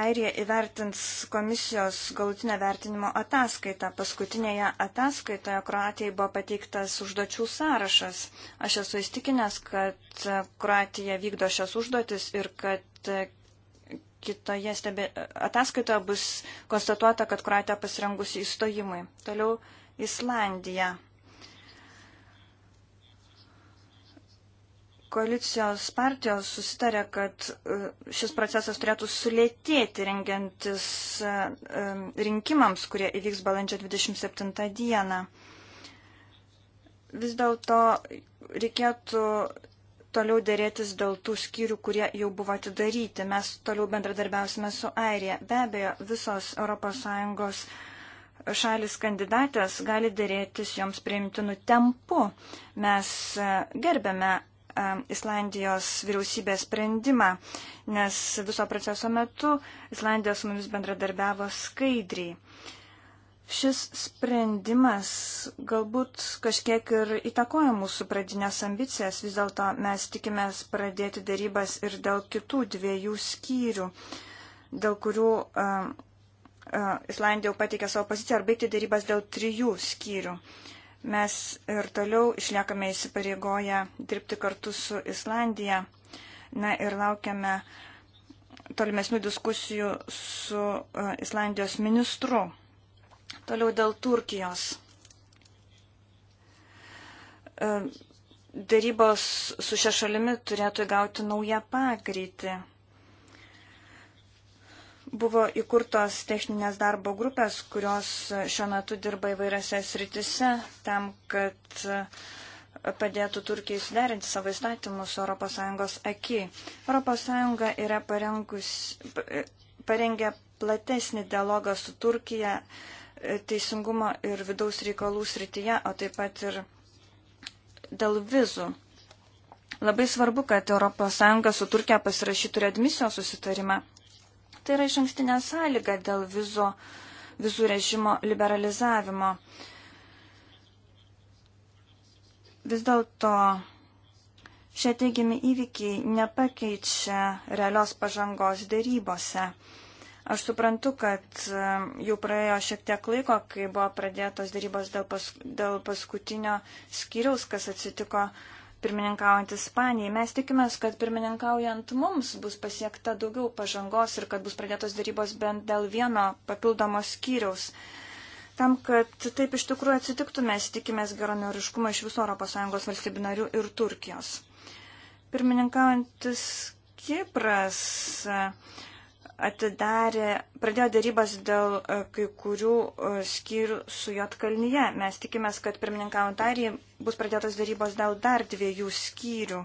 Airija įvertins komisijos galutinę vertinimo ataskaitą. Paskutinėje ataskaitoje Kroatijai buvo pateiktas užduočių sąrašas. Aš esu įstikinęs, kad Kroatija vykdo šias užduotis ir kad kitoje stebė, ataskaitoje bus konstatuota, kad Kroatija pasirengusi įstojimui. Toliau Islandija. Koalicijos partijos susitarė, kad e, šis procesas turėtų sulėtėti rengiantis e, e, rinkimams, kurie įvyks balandžio 27 dieną. Vis dėlto reikėtų toliau dėrėtis dėl tų skyrių, kurie jau buvo atidaryti. Mes toliau bendradarbiausime su Airija. Be abejo, visos ES šalis kandidatės gali dėrėtis joms priimtinų tempų. Mes e, gerbėme e, Islandijos vyriausybės sprendimą, nes viso proceso metu Islandijos mumis bendradarbiavo skaidriai. Šis sprendimas galbūt kažkiek ir įtakoja mūsų pradinės ambicijas, vis dėlto mes tikimės pradėti darybas ir dėl kitų dviejų skyrių, dėl kurių uh, uh, Islandija jau pateikė savo poziciją, ar baigti darybas dėl trijų skyrių. Mes ir toliau išliekame įsipareigoję dirbti kartu su Islandija. Na ir laukiame tolimesnių diskusijų su uh, Islandijos ministru. Toliau dėl Turkijos. E, darybos su šia šalimi turėtų įgauti naują pagreitį. Buvo įkurtos techninės darbo grupės, kurios šiuo metu dirba įvairiose sritise tam, kad e, padėtų Turkijai suderinti savo įstatymus su ES aki. ES yra parengus, e, parengę platesnį dialogą su Turkija teisingumo ir vidaus reikalų srityje, o taip pat ir dėl vizų. Labai svarbu, kad ES su Turkija pasirašytų readmisijos susitarimą. Tai yra iš ankstinė sąlyga dėl vizo, vizų režimo liberalizavimo. Vis dėlto šie teigiami įvykiai nepakeičia realios pažangos dėrybose. Aš suprantu, kad e, jau praėjo šiek tiek laiko, kai buvo pradėtos darybos dėl, pas, dėl paskutinio skyriaus, kas atsitiko pirmininkaujant Ispanijai. Mes tikimės, kad pirmininkaujant mums bus pasiekta daugiau pažangos ir kad bus pradėtos darybos bent dėl vieno papildomo skyriaus. Tam, kad taip iš tikrųjų atsitiktų, mes tikimės geronoriškumo iš visų ES valstybių narių ir Turkijos. Pirmininkaujantis Kipras atidarė, pradėjo darybas dėl e, kai kurių e, skyrių su Jotkalnyje. Mes tikimės, kad pirmininkaujant arijai bus pradėtos darybos dėl dar dviejų skyrių.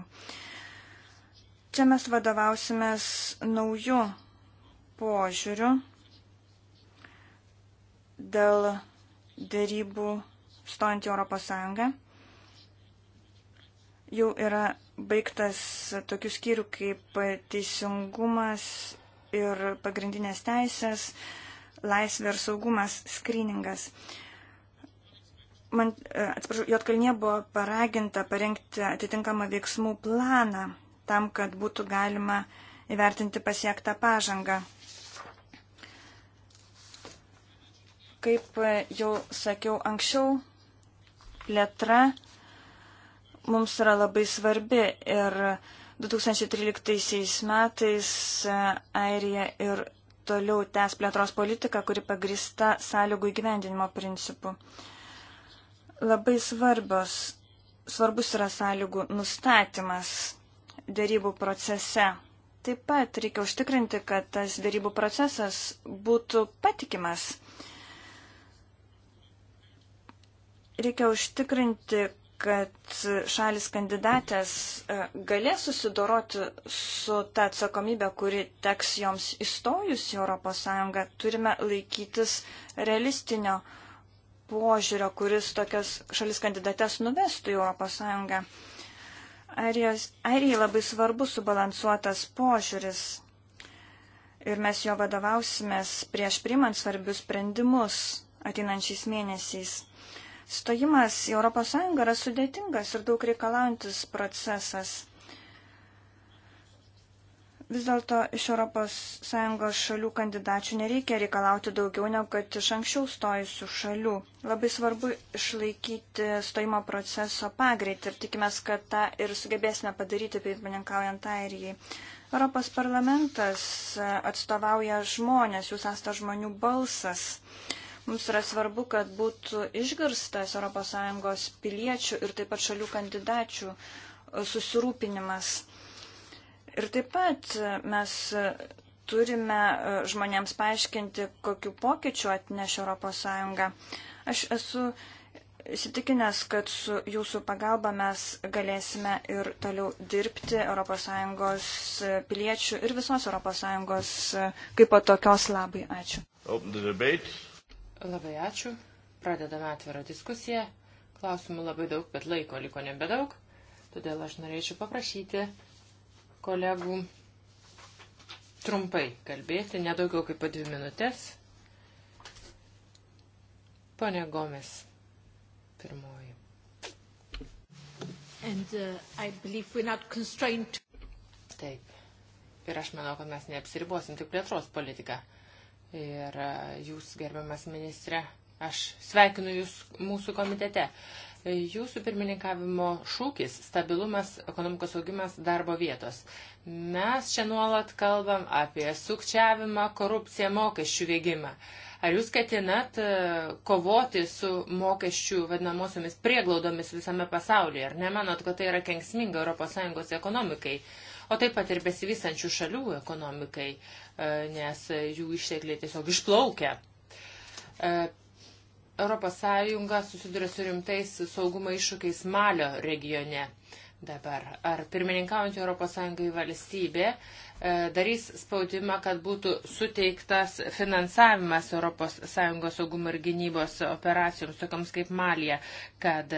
Čia mes vadovausimės naujų požiūrių dėl darybų stojant į Europos Sąjungą. Jau yra baigtas tokių skyrių kaip teisingumas ir pagrindinės teisės, laisvė ir saugumas, skryningas. Man, e, atsiprašau, Jotkalnie buvo paraginta parengti atitinkamą veiksmų planą tam, kad būtų galima įvertinti pasiektą pažangą. Kaip jau sakiau anksčiau, plėtra mums yra labai svarbi ir uh, 2013 metais e, Airija ir toliau tęs plėtros politiką, kuri pagrista sąlygų įgyvendinimo principu. Labai svarbios, svarbus yra sąlygų nustatymas dėrybų procese. Taip pat reikia užtikrinti, kad tas dėrybų procesas būtų patikimas. Reikia užtikrinti, kad šalis kandidatės e, galės susidoroti su ta atsakomybė, kuri teks joms įstojus į ES, turime laikytis realistinio požiūrio, kuris tokias šalis kandidatės nuvestų į ES. Airijai labai svarbus subalansuotas požiūris ir mes jo vadovausimės prieš primant svarbius sprendimus ateinančiais mėnesiais. Stojimas į ES yra sudėtingas ir daug reikalaujantis procesas. Vis dėlto iš ES šalių kandidačių nereikia reikalauti daugiau negu kad iš anksčiau stojusių šalių. Labai svarbu išlaikyti stojimo proceso pagreitį ir tikimės, kad tą ir sugebėsime padaryti pirmininkaujant airijai. Europos parlamentas atstovauja žmonės, jūs esate žmonių balsas. Uh, Mums yra svarbu, kad būtų išgirstas ES piliečių ir taip pat šalių kandidačių e, susirūpinimas. Ir taip pat e, mes e, turime žmonėms paaiškinti, kokiu pokyčiu atneš ES. Aš esu įsitikinęs, kad su jūsų pagalba mes galėsime ir toliau dirbti ES piliečių ir visos ES kaip po tokios labai. Ačiū. Labai ačiū. Pradedame atvirą diskusiją. Klausimų labai daug, bet laiko liko nebedaug. Todėl aš norėčiau paprašyti kolegų trumpai kalbėti, nedaugiau kaip po dvi minutės. Pone Gomes, pirmoji. And, uh, Taip. Ir aš manau, kad mes neapsiribosim tik plėtros politiką. Uh, Ir e, jūs, gerbiamas ministre, aš sveikinu jūs mūsų komitete. E, jūsų pirmininkavimo šūkis - stabilumas, ekonomikos augimas, darbo vietos. Mes čia nuolat kalbam apie sukčiavimą, korupciją, mokesčių vėgimą. Ar jūs ketinat e, kovoti su mokesčių vadinamosiomis prieglaudomis visame pasaulyje? Ar nemanot, kad tai yra kengsminga ES ekonomikai? o taip pat ir besivysančių šalių ekonomikai, e, nes jų ištekliai tiesiog išplaukia. E, Europos Sąjunga susiduria su rimtais saugumo iššūkiais Malio regione dabar. Ar pirmininkaujantį Europos Sąjungai valstybė e, darys spaudimą, kad būtų suteiktas finansavimas Europos Sąjungos saugumo ir gynybos operacijoms, tokiams kaip Malija, kad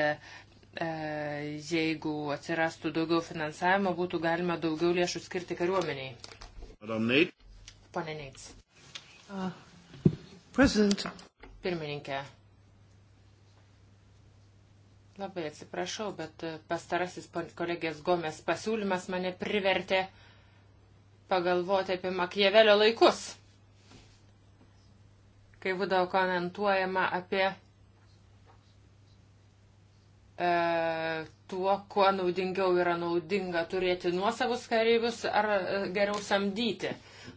E, jeigu atsirastų daugiau finansavimo, būtų galima daugiau lėšų skirti kariuomeniai. Pane Neits. Uh, President. Pirmininkė. Labai atsiprašau, bet pastarasis kolegės Gomės pasiūlymas mane privertė pagalvoti apie Makiavelio laikus, kai būdavo komentuojama apie E, tuo, kuo naudingiau yra naudinga turėti nuosavus kareivius ar e, geriau samdyti.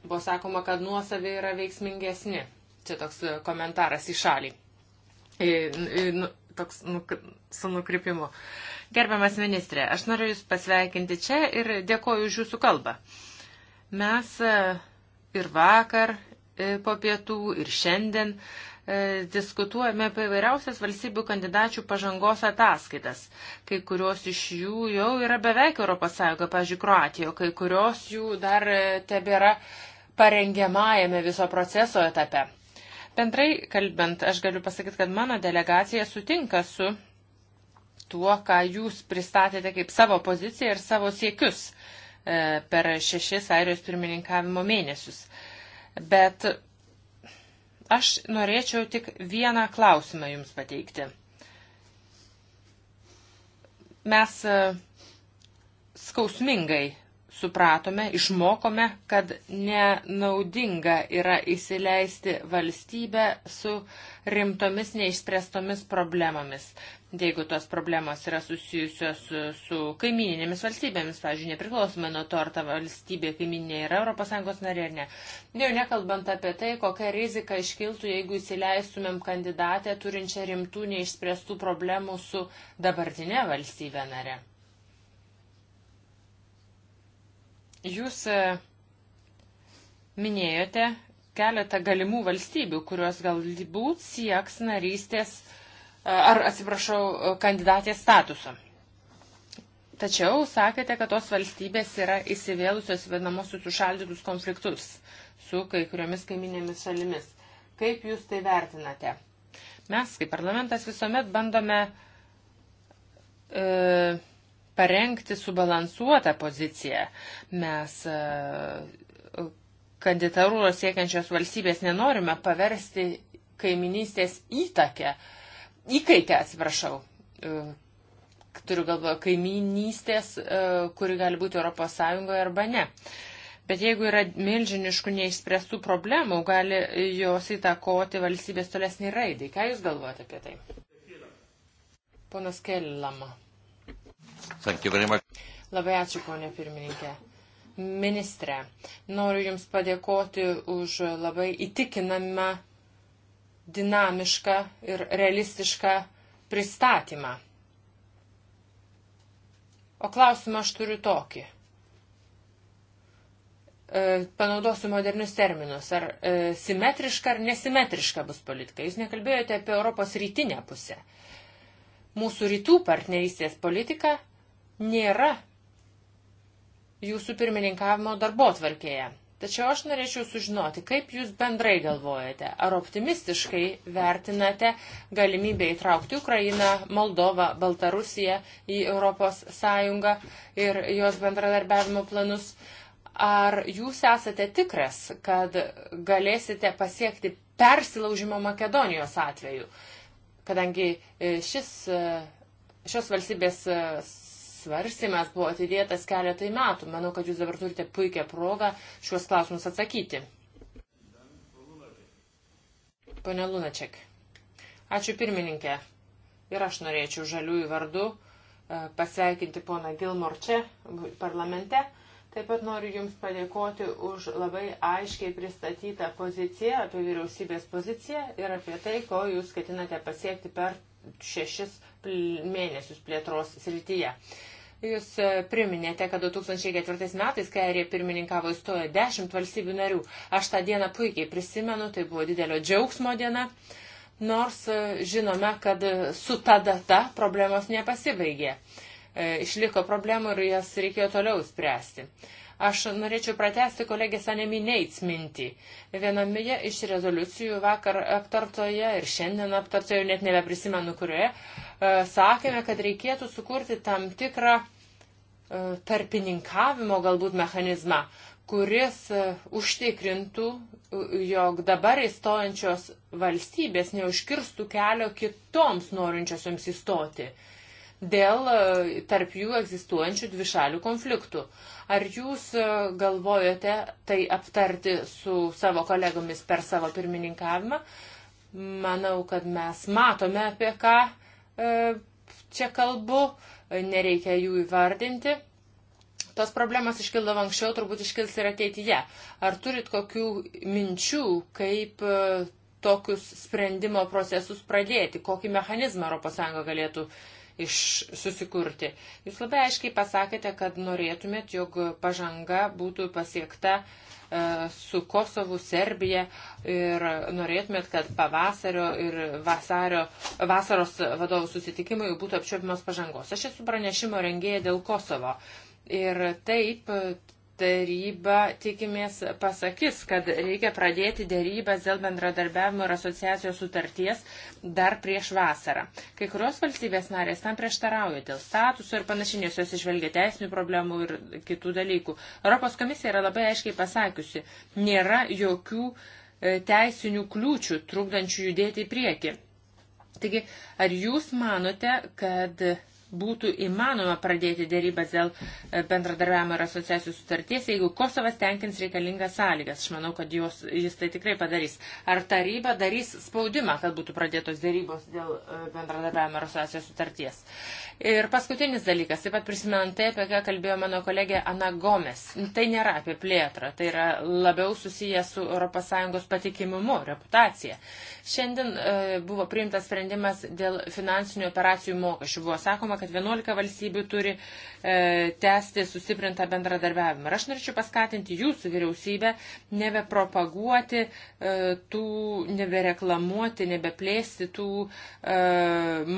Buvo sakoma, kad nuosavi yra veiksmingesni. Čia toks e, komentaras į šalį. I, i, nu, toks nu, su nukrypimu. Gerbiamas ministrė, aš noriu Jūs pasveikinti čia ir dėkoju už Jūsų kalbą. Mes ir vakar po pietų, ir šiandien E, diskutuojame apie vairiausias valstybių kandidačių pažangos ataskaitas. Kai kurios iš jų jau yra beveik ES, pavyzdžiui, Kroatijoje, kai kurios jų dar e, tebėra parengiamajame viso proceso etape. Bendrai kalbant, aš galiu pasakyti, kad mano delegacija sutinka su tuo, ką jūs pristatėte kaip savo poziciją ir savo siekius e, per šešis airijos pirmininkavimo mėnesius. Bet Aš norėčiau tik vieną klausimą Jums pateikti. Mes e, skausmingai supratome, išmokome, kad nenaudinga yra įsileisti valstybę su rimtomis neišspręstomis problemomis. Jeigu tos problemos yra susijusios su, su kaimininėmis valstybėmis, pavyzdžiui, nepriklausomai nuo to, ar ta valstybė kaimininė yra ES narė ar ne. Jau nekalbant apie tai, kokia rizika iškiltų, jeigu įsileistumėm kandidatę turinčią rimtų neišspręstų problemų su dabartinė valstybė narė. Jūs e, minėjote keletą galimų valstybių, kurios galbūt sieks narystės e, ar, atsiprašau, e, kandidatės statuso. Tačiau sakėte, kad tos valstybės yra įsivėlusios vadinamosius užšaldytus konfliktus su kai kuriomis kaiminėmis šalimis. Kaip jūs tai vertinate? Mes, kaip parlamentas, visuomet bandome e, parengti subalansuotą poziciją. Mes e, kandidatūros siekiančios valstybės nenorime paversti kaiminystės įtakę, įkaitę, atsiprašau, e, turiu galvoje kaiminystės, e, kuri gali būti ES arba ne. Bet jeigu yra milžiniškų neišspręstų problemų, gali jos įtakoti valstybės tolesnį raidai. Ką Jūs galvojate apie tai? Ponas Kellama. Labai ačiū, ponė pirmininkė. Ministre, noriu Jums padėkoti už labai įtikinamą, dinamišką ir realistišką pristatymą. O klausimą aš turiu tokį. E, panaudosiu modernius terminus. Ar e, simetriška ar nesimetriška bus politika? Jūs nekalbėjote apie Europos rytinę pusę. Mūsų rytų partnerystės politika nėra jūsų pirmininkavimo darbo tvarkėje. Tačiau aš norėčiau sužinoti, kaip jūs bendrai galvojate, ar optimistiškai vertinate galimybę įtraukti Ukrainą, Moldovą, Baltarusiją į ES ir jos bendradarbiavimo planus, ar jūs esate tikras, kad galėsite pasiekti persilaužimo Makedonijos atveju, kadangi e, šis, e, šios valstybės e, svarstymas buvo atidėtas keletai metų. Manau, kad jūs dabar turite puikią progą šiuos klausimus atsakyti. Pane Lunaček, ačiū pirmininkė. Ir aš norėčiau žaliųjų vardų e, pasveikinti poną Gilmor čia parlamente. Taip pat noriu Jums padėkoti už labai aiškiai pristatytą poziciją apie vyriausybės poziciją ir apie tai, ko Jūs ketinate pasiekti per šešis mėnesius plėtros srityje. Uh, Jūs e, priminėte, kad 2004 metais, kai Airija pirmininkavo, įstojo 10 valstybių narių. Aš tą dieną puikiai prisimenu, tai buvo didelio džiaugsmo diena, nors e, žinome, kad su ta data problemos nepasibaigė. E, išliko problemų ir jas reikėjo toliau spręsti. Aš norėčiau pratesti kolegės Anemi Neits mintį. Viename iš rezoliucijų vakar aptartoje ir šiandien aptartoje, net nebeprisimenu kurioje, sakėme, kad reikėtų sukurti tam tikrą E, tarpininkavimo galbūt mechanizmą, kuris e, užtikrintų, e, jog dabar įstojančios valstybės neužkirstų kelio kitoms norinčiosioms įstoti dėl tarp jų egzistuojančių dvišalių konfliktų. Ar jūs galvojate tai aptarti su savo kolegomis per savo pirmininkavimą? Manau, kad mes matome, apie ką čia kalbu nereikia jų įvardinti. Tos problemos iškildavo anksčiau, turbūt iškils ir ateityje. Ar turit kokių minčių, kaip e, tokius sprendimo procesus pradėti, kokį mechanizmą ES galėtų iš susikurti. Jūs labai aiškiai pasakėte, kad norėtumėt, jog pažanga būtų pasiekta uh, E, su Kosovu, Serbija ir norėtumėt, kad pavasario ir vasario, vasaros vadovų susitikimai būtų apčiopimas pažangos. Aš esu pranešimo rengėja dėl Kosovo. Ir taip taryba tikimės pasakys, kad reikia pradėti dėrybas dėl bendradarbiavimo ir asociacijos sutarties dar prieš vasarą. Kai kurios valstybės narės tam prieštarauja dėl statuso ir panašiai, nes jos išvelgia teisinių problemų ir kitų dalykų. Europos komisija yra labai aiškiai pasakiusi, nėra jokių e, teisinių kliūčių trukdančių judėti į priekį. Taigi, ar jūs manote, kad būtų įmanoma pradėti dėrybas dėl e, bendradarbiavimo ir asociacijų sutarties, jeigu Kosovas tenkins reikalingas sąlygas. Aš manau, kad jos, jis tai tikrai padarys. Ar taryba darys spaudimą, kad būtų pradėtos dėrybos dėl e, bendradarbiavimo ir asociacijos sutarties? Ir paskutinis dalykas, taip pat prisimenant tai, apie ką kalbėjo mano kolegė Ana Gomes. Tai nėra apie plėtrą, tai yra labiau susiję su ES patikimumu, reputacija. Šiandien e, buvo priimtas sprendimas dėl finansinių operacijų mokesčių. Buvo sakoma, kad 11 valstybių turi e, tęsti sustiprintą bendradarbiavimą. Ir aš norėčiau paskatinti jūsų vyriausybę nebepropaguoti e, tų, nebereklamuoti, nebeplėsti tų e,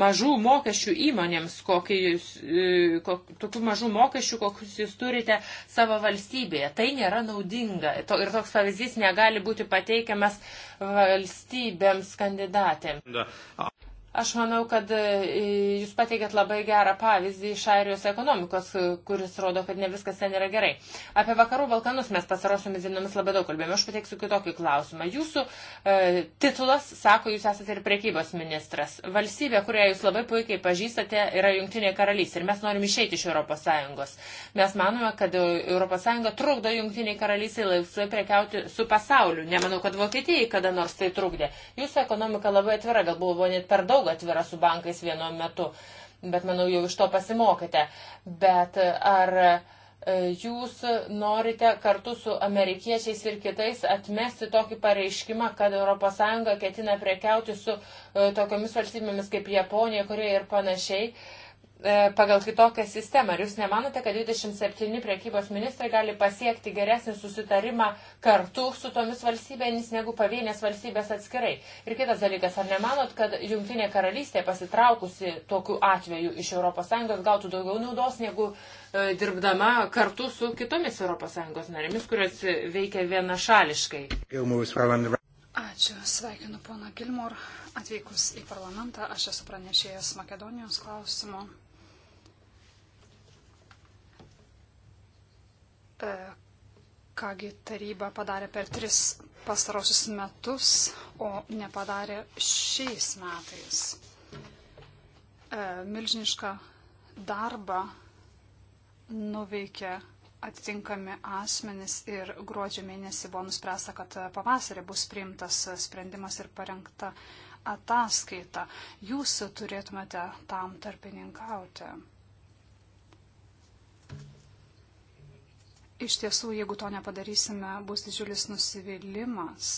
mažų mokesčių įmonėms, kokį jūs, e, kok, tokių mažų mokesčių, kokius jūs turite savo valstybėje. Tai nėra naudinga. To, ir toks pavyzdys negali būti pateikiamas valstybėms kandidatėms. Aš manau, kad e, jūs pateikėt labai gerą pavyzdį iš airijos ekonomikos, kuris rodo, kad ne viskas ten yra gerai. Apie vakarų Balkanus mes pasarosiomis dienomis labai daug kalbėjome. Aš pateiksiu kitokį klausimą. Jūsų e, titulas, sako, jūs esate ir priekybos ministras. Valstybė, kurią jūs labai puikiai pažįstate, yra Junktinė karalystė ir mes norim išeiti iš ES. Mes manome, kad ES trukdo Junktiniai karalystė laisvai prekiauti su pasauliu. Nemanau, kad Vokietijai kada nors tai trukdė. Jūsų ekonomika labai atvira, gal buvo net per daug daug atvira su bankais vienu metu, bet manau jau iš to pasimokite. Bet ar e, jūs norite kartu su amerikiečiais ir kitais atmesti tokį pareiškimą, kad ES ketina prekiauti su e, tokiomis valstybėmis kaip Japonija, Korėja ir panašiai? Uh, E, pagal kitokią sistemą. Ar jūs nemanote, kad 27 priekybos ministrai gali pasiekti geresnį susitarimą kartu su tomis valstybėmis negu pavienės valstybės atskirai? Ir kitas dalykas, ar nemanot, kad Junktinė karalystė pasitraukusi tokiu atveju iš ES gautų daugiau naudos negu e, dirbdama kartu su kitomis ES narėmis, kurios veikia vienašališkai? Ačiū, sveikinu poną Gilmor. Atvykus į parlamentą, aš esu pranešėjęs Makedonijos klausimo. E, kągi taryba padarė per tris pastarosius metus, o nepadarė šiais metais. E, milžinišką darbą nuveikė atitinkami asmenys ir gruodžio mėnesį buvo nuspręsta, kad pavasarį bus priimtas sprendimas ir parengta ataskaita. Jūs turėtumėte tam tarpininkauti. Iš tiesų, jeigu to nepadarysime, bus didžiulis nusivylimas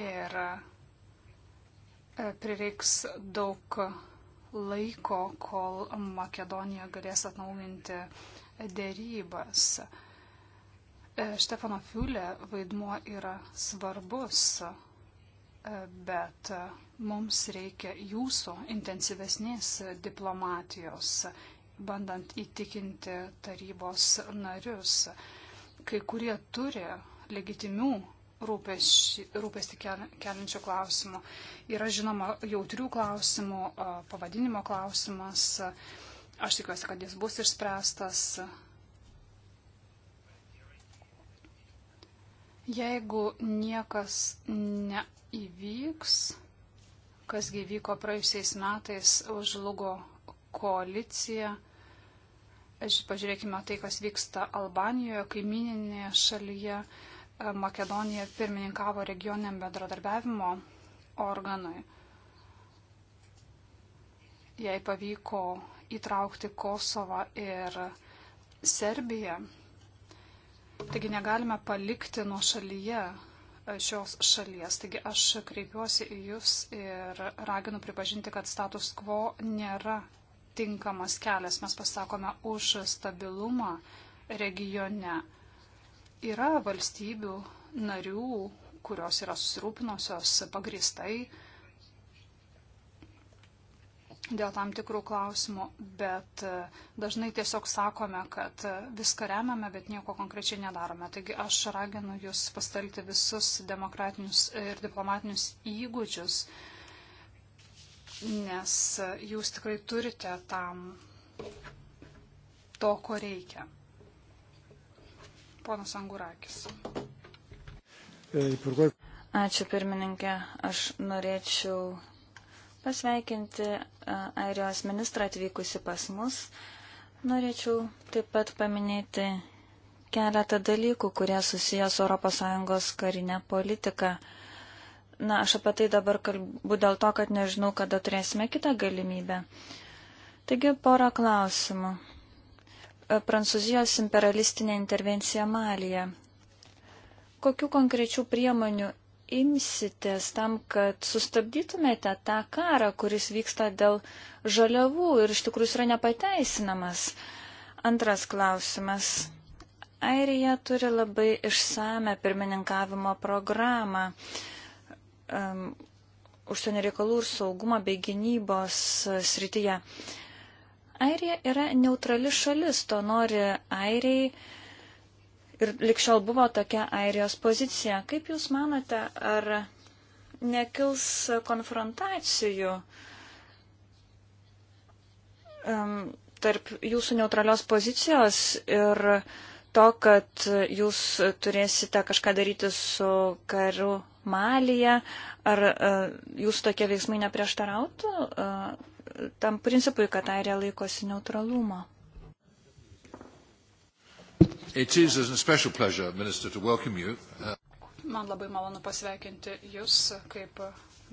ir e, prireiks daug laiko, kol Makedonija galės atnaujinti dėrybas. E, Štefano Fiulė vaidmuo yra svarbus, e, bet mums reikia jūsų intensyvesnės diplomatijos bandant įtikinti tarybos narius. Kai kurie turi legitimių rūpestį keliančių klausimų. Yra žinoma jautrių klausimų, pavadinimo klausimas. Aš tikiuosi, kad jis bus išspręstas. Jeigu niekas neįvyks, kas gyvyko praėjusiais metais, užlugo koalicija Pažiūrėkime tai, kas vyksta Albanijoje, kaimininėje šalyje. E, Makedonija pirmininkavo regioniam bendradarbiavimo organui. Jai pavyko įtraukti Kosovą ir Serbiją. Taigi negalime palikti nuo šalyje e, šios šalies. Taigi aš kreipiuosi į Jūs ir raginu pripažinti, kad status quo nėra tinkamas kelias. Mes pasakome už stabilumą regione. Yra valstybių narių, kurios yra susirūpinusios pagristai dėl tam tikrų klausimų, bet e, dažnai tiesiog sakome, kad e, viską remiame, bet nieko konkrečiai nedarome. Taigi aš raginu Jūs pastelti visus demokratinius ir diplomatinius įgūdžius nes jūs tikrai turite tam to, ko reikia. Ponas Angurakis. Ačiū pirmininkė. Aš norėčiau pasveikinti Airijos ministrą atvykusi pas mus. Norėčiau taip pat paminėti keletą dalykų, kurie susijęs su ES karinė politika. Na, aš apie tai dabar kalbu dėl to, kad nežinau, kada turėsime kitą galimybę. Taigi, pora klausimų. E, Prancūzijos imperialistinė intervencija Malyje. Kokiu konkrečių priemonių imsitės tam, kad sustabdytumėte tą karą, kuris vyksta dėl žaliavų ir iš tikrųjų yra nepateisinamas? Antras klausimas. Airija turi labai išsame pirmininkavimo programą. Uh, um, užsienio reikalų ir saugumo bei gynybos uh, srityje. Airija yra neutrali šalis, to nori airiai ir likščiol buvo tokia airijos pozicija. Kaip Jūs manote, ar nekils konfrontacijų um, tarp Jūsų neutralios pozicijos ir to, kad Jūs turėsite kažką daryti su karu Malyje, ar e, jūsų tokie veiksmai neprieštarautų e, tam principui, kad Airija laikosi neutralumo? Pleasure, Minister, uh, Man labai malonu pasveikinti Jūs kaip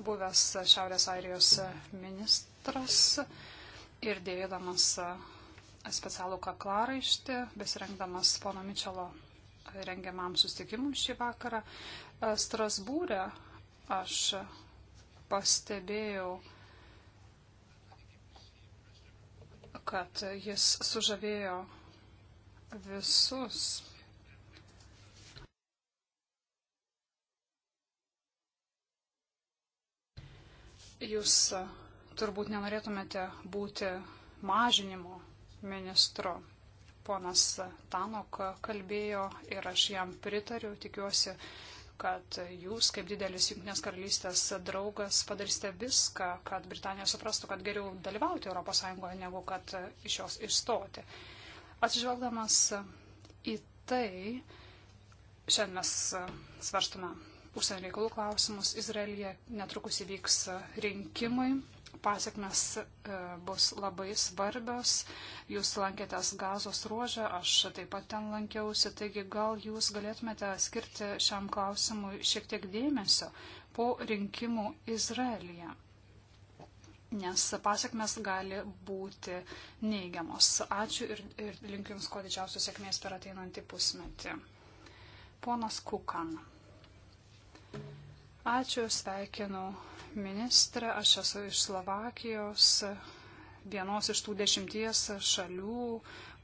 buvęs Šiaurės Airijos ministras ir dėdamas specialų kaklaraištį, besirengdamas pono Mičelo rengiamam sustikimui šį vakarą. Strasbūrė aš pastebėjau, kad jis sužavėjo visus. Jūs turbūt nenorėtumėte būti mažinimo ministru. Ponas Tanok kalbėjo ir aš jam pritariu, tikiuosi, kad jūs, kaip didelis Junktinės karalystės draugas, padarysite viską, kad Britanija suprastų, kad geriau dalyvauti ES, negu kad iš jos išstoti. Atsižvelgdamas į tai, šiandien mes svarstume užsienio reikalų klausimus. Izraelija netrukus įvyks rinkimai pasiekmes e, bus labai svarbios. Jūs lankėtės gazos ruožę, aš taip pat ten lankiausi, taigi gal jūs galėtumėte skirti šiam klausimui šiek tiek dėmesio po rinkimų Izraelyje. Nes pasiekmes gali būti neigiamos. Ačiū ir, ir linkiu Jums kuo didžiausios sėkmės per ateinantį pusmetį. Ponas Kukan. Thank you. Ačiū, sveikinu ministrą. Aš esu iš Slovakijos, vienos iš tų dešimties šalių,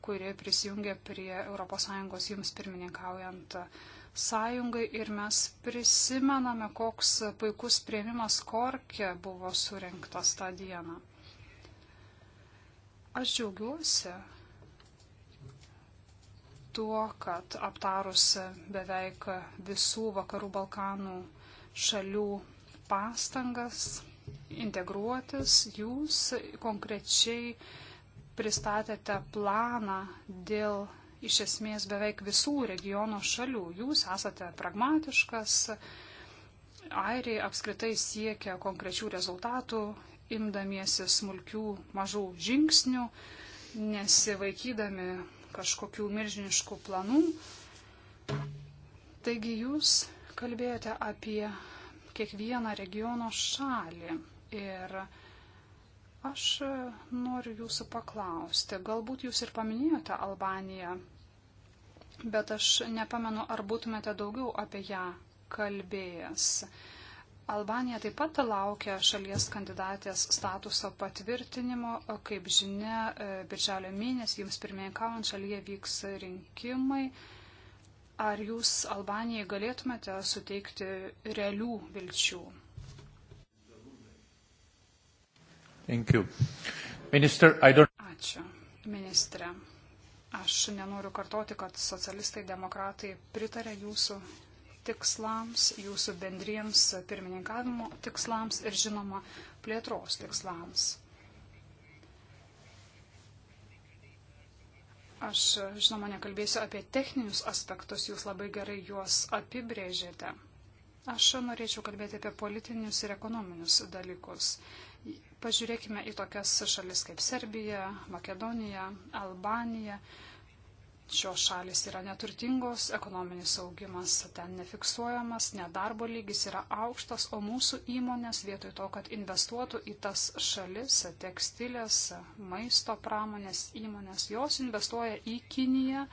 kuri prisijungė prie ES jums pirmininkaujant sąjungai ir mes prisimename, koks puikus prieimimas Korke buvo surinktas tą dieną. Aš džiaugiuosi tuo, kad aptarus beveik visų vakarų Balkanų šalių pastangas integruotis. Jūs konkrečiai pristatėte planą dėl iš esmės beveik visų regiono šalių. Jūs esate pragmatiškas, airiai apskritai siekia konkrečių rezultatų, imdamiesi smulkių mažų žingsnių, nesivaikydami kažkokių milžiniškų planų. Taigi jūs kalbėjote apie kiekvieną regiono šalį ir aš noriu jūsų paklausti, galbūt jūs ir paminėjote Albaniją, bet aš nepamenu, ar būtumėte daugiau apie ją kalbėjęs. Albanija taip pat laukia šalies kandidatės statuso patvirtinimo. Kaip žinia, birželio mėnesį jums pirmininkaujant šalyje vyks rinkimai. Ar jūs Albanijai galėtumėte suteikti realių vilčių? Minister, Ačiū, ministrė. Aš nenoriu kartoti, kad socialistai demokratai pritarė jūsų tikslams, jūsų bendriems pirmininkavimo tikslams ir žinoma plėtros tikslams. Aš, žinoma, nekalbėsiu apie techninius aspektus, jūs labai gerai juos apibrėžėte. Aš norėčiau kalbėti apie politinius ir ekonominius dalykus. Pažiūrėkime į tokias šalis kaip Serbija, Makedonija, Albanija šios šalis yra neturtingos, ekonominis augimas ten nefiksuojamas, nedarbo lygis yra aukštas, o mūsų įmonės vietoj to, kad investuotų į tas šalis, tekstilės, maisto pramonės įmonės, jos investuoja į Kiniją.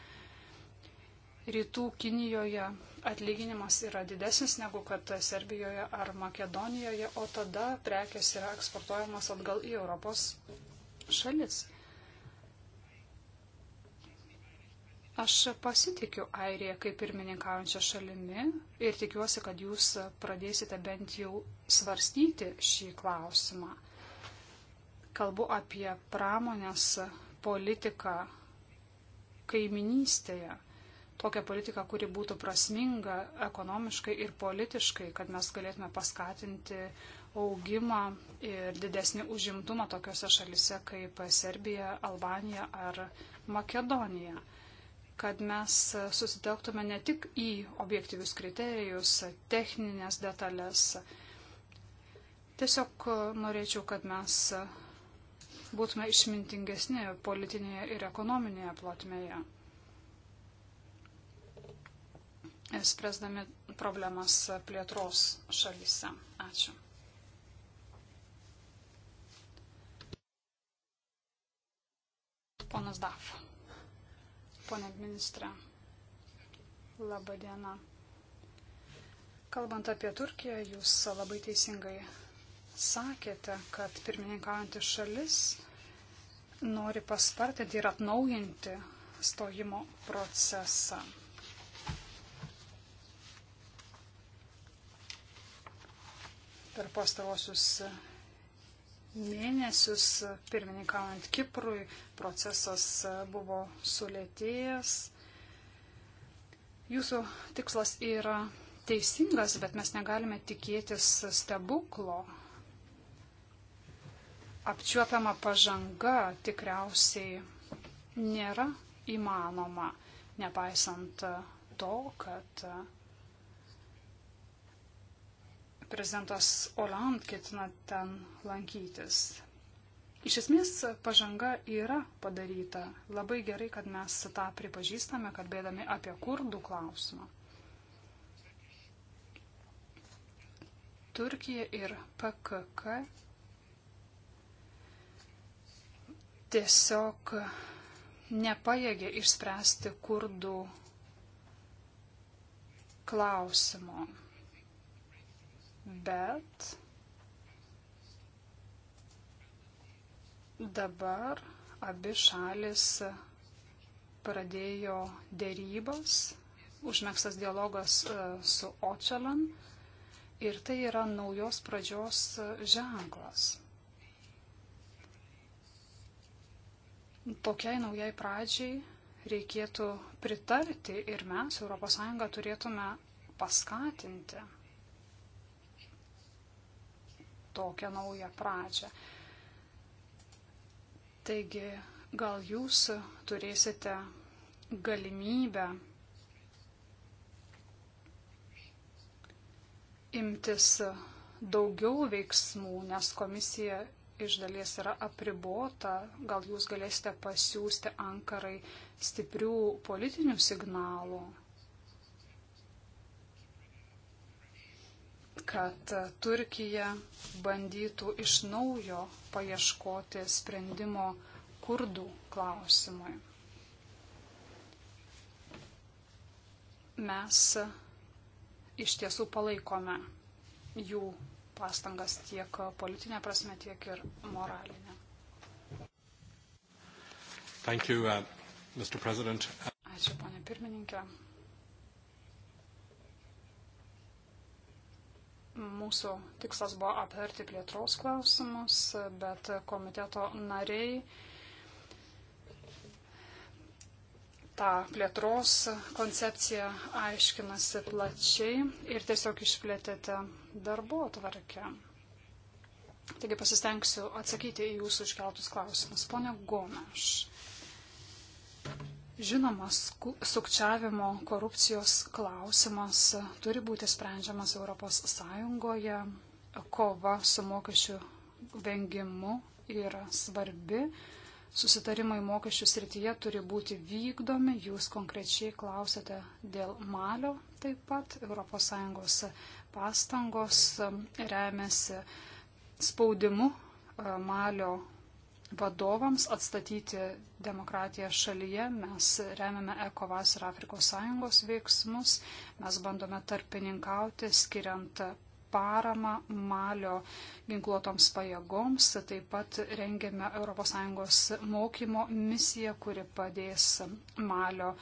Rytų Kinijoje atlyginimas yra didesnis negu kad Serbijoje ar Makedonijoje, o tada prekes yra eksportuojamos atgal į Europos šalis. Aš pasitikiu Airiją kaip pirmininkaujančią šalimi ir tikiuosi, kad jūs pradėsite bent jau svarstyti šį klausimą. Kalbu apie pramonės politiką kaiminystėje. Tokią politiką, kuri būtų prasminga ekonomiškai ir politiškai, kad mes galėtume paskatinti augimą ir didesnį užimtumą tokiuose šalise kaip Serbija, Albanija ar Makedonija kad mes susitelktume ne tik į objektyvius kriterijus, techninės detalės. Tiesiog norėčiau, kad mes būtume išmintingesni politinėje ir ekonominėje plotmėje, spręsdami problemas plėtros šalyse. Ačiū. Ponas Daf. Pone ministra, laba diena. Kalbant apie Turkiją, jūs labai teisingai sakėte, kad pirmininkaujantis šalis nori paspartinti ir atnaujinti stojimo procesą. Per pastarosius mėnesius, pirmininkaujant Kiprui, procesas buvo sulėtėjęs. Jūsų tikslas yra teisingas, bet mes negalime tikėtis stebuklo. Apčiuopiama pažanga tikriausiai nėra įmanoma, nepaisant to, kad prezidentas Oland ketina ten lankytis. Iš esmės pažanga yra padaryta. Labai gerai, kad mes tą pripažįstame, kalbėdami apie kurdų klausimą. Turkija ir PKK tiesiog nepajėgė išspręsti kurdų klausimo bet dabar abi šalis pradėjo dėrybas, užmėgstas dialogas e, su Očelan ir tai yra naujos pradžios e, ženklas. Tokiai naujai pradžiai reikėtų pritarti ir mes, ES, turėtume paskatinti tokią naują pradžią. Taigi, gal jūs turėsite galimybę imtis daugiau veiksmų, nes komisija iš dalies yra apribota, gal jūs galėsite pasiūsti Ankarai stiprių politinių signalų kad Turkija bandytų iš naujo paieškoti sprendimo kurdų klausimui. Mes iš tiesų palaikome jų pastangas tiek politinė prasme, tiek ir moralinė. Thank you, uh, Mr. President. Ačiū, ponė pirmininkė. Mūsų tikslas buvo aptarti plėtros klausimus, bet komiteto nariai tą plėtros koncepciją aiškinasi plačiai ir tiesiog išplėtėte darbo tvarkę. Taigi pasistengsiu atsakyti į jūsų iškeltus klausimus. Pone Gomeš. Žinomas sukčiavimo korupcijos klausimas turi būti sprendžiamas ES. Kova su mokesčių vengimu yra svarbi. Susitarimai mokesčių srityje turi būti vykdomi. Jūs konkrečiai klausėte dėl malio taip pat. ES pastangos remiasi spaudimu e, malio vadovams atstatyti demokratiją šalyje. Mes remiame ECOVAS ir Afrikos Sąjungos veiksmus, mes bandome tarpininkauti, skiriant paramą Malio ginkluotoms pajėgoms, taip pat rengiame ES mokymo misiją, kuri padės Malio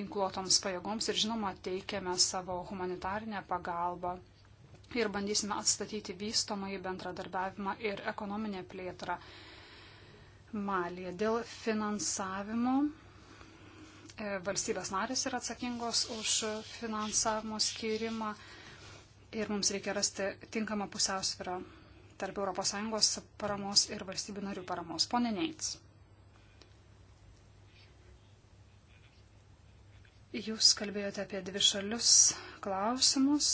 ginkluotoms pajėgoms ir žinoma teikiame savo humanitarinę pagalbą. Ir bandysime atstatyti vystomąjį bendradarbiavimą ir ekonominę plėtrą Malija. Dėl finansavimo e, valstybės narės yra atsakingos už finansavimo skirimą ir mums reikia rasti tinkamą pusiausvyrą tarp ES paramos ir valstybių narių paramos. Pone Neits. Jūs kalbėjote apie dvi šalius klausimus.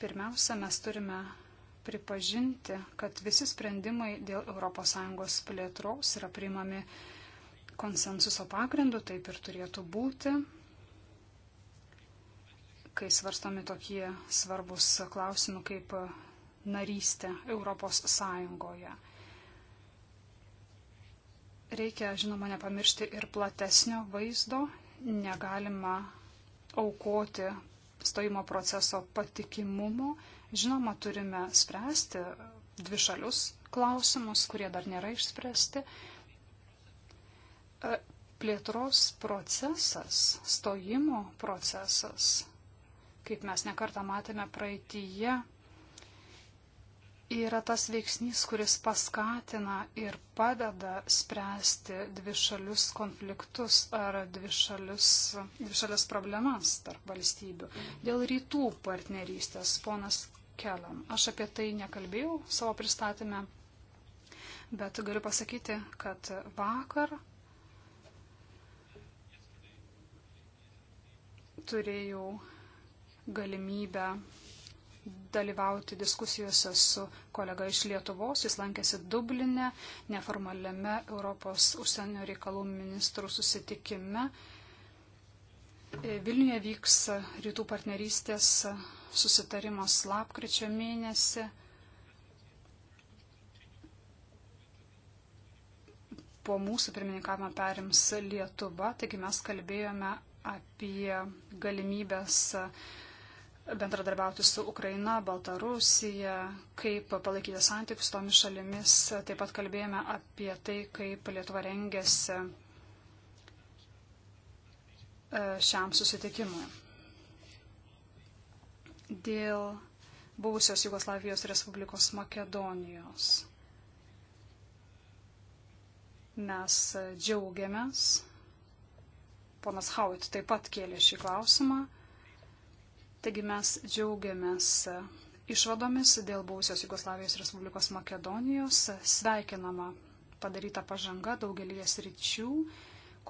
Pirmiausia, mes turime pripažinti, kad visi sprendimai dėl ES plėtros yra priimami konsensuso pagrindu, taip ir turėtų būti. Kai svarstomi tokie svarbus klausimai kaip narystė ES. Reikia, žinoma, nepamiršti ir platesnio vaizdo. Negalima aukoti stojimo proceso patikimumo Žinoma, turime spręsti dvi šalius klausimus, kurie dar nėra išspręsti. E, plėtros procesas, stojimo procesas, kaip mes nekartą matėme praeitįje, yra tas veiksnys, kuris paskatina ir padeda spręsti dvi šalius konfliktus ar dvi, šalius, dvi šalias problemas tarp valstybių. Dėl rytų partnerystės ponas Kelam. Aš apie tai nekalbėjau savo pristatymę, bet galiu pasakyti, kad vakar turėjau galimybę dalyvauti diskusijose su kolega iš Lietuvos. Jis lankėsi Dublinė, neformaliame Europos užsienio reikalų ministrų susitikime. Vilniuje vyks rytų partnerystės susitarimas lapkričio mėnesį. Po mūsų pirmininkavimą perims Lietuva, taigi mes kalbėjome apie galimybės bendradarbiauti su Ukraina, Baltarusija, kaip palaikyti santykius tomis šalimis. Taip pat kalbėjome apie tai, kaip Lietuva rengėsi E, šiam susitikimui. Dėl buvusios Jugoslavijos Respublikos Makedonijos. Mes džiaugiamės, ponas Hauit taip pat kėlė šį klausimą, taigi mes džiaugiamės išvadomis dėl buvusios Jugoslavijos Respublikos Makedonijos, sveikinama padaryta pažanga daugelį sričių,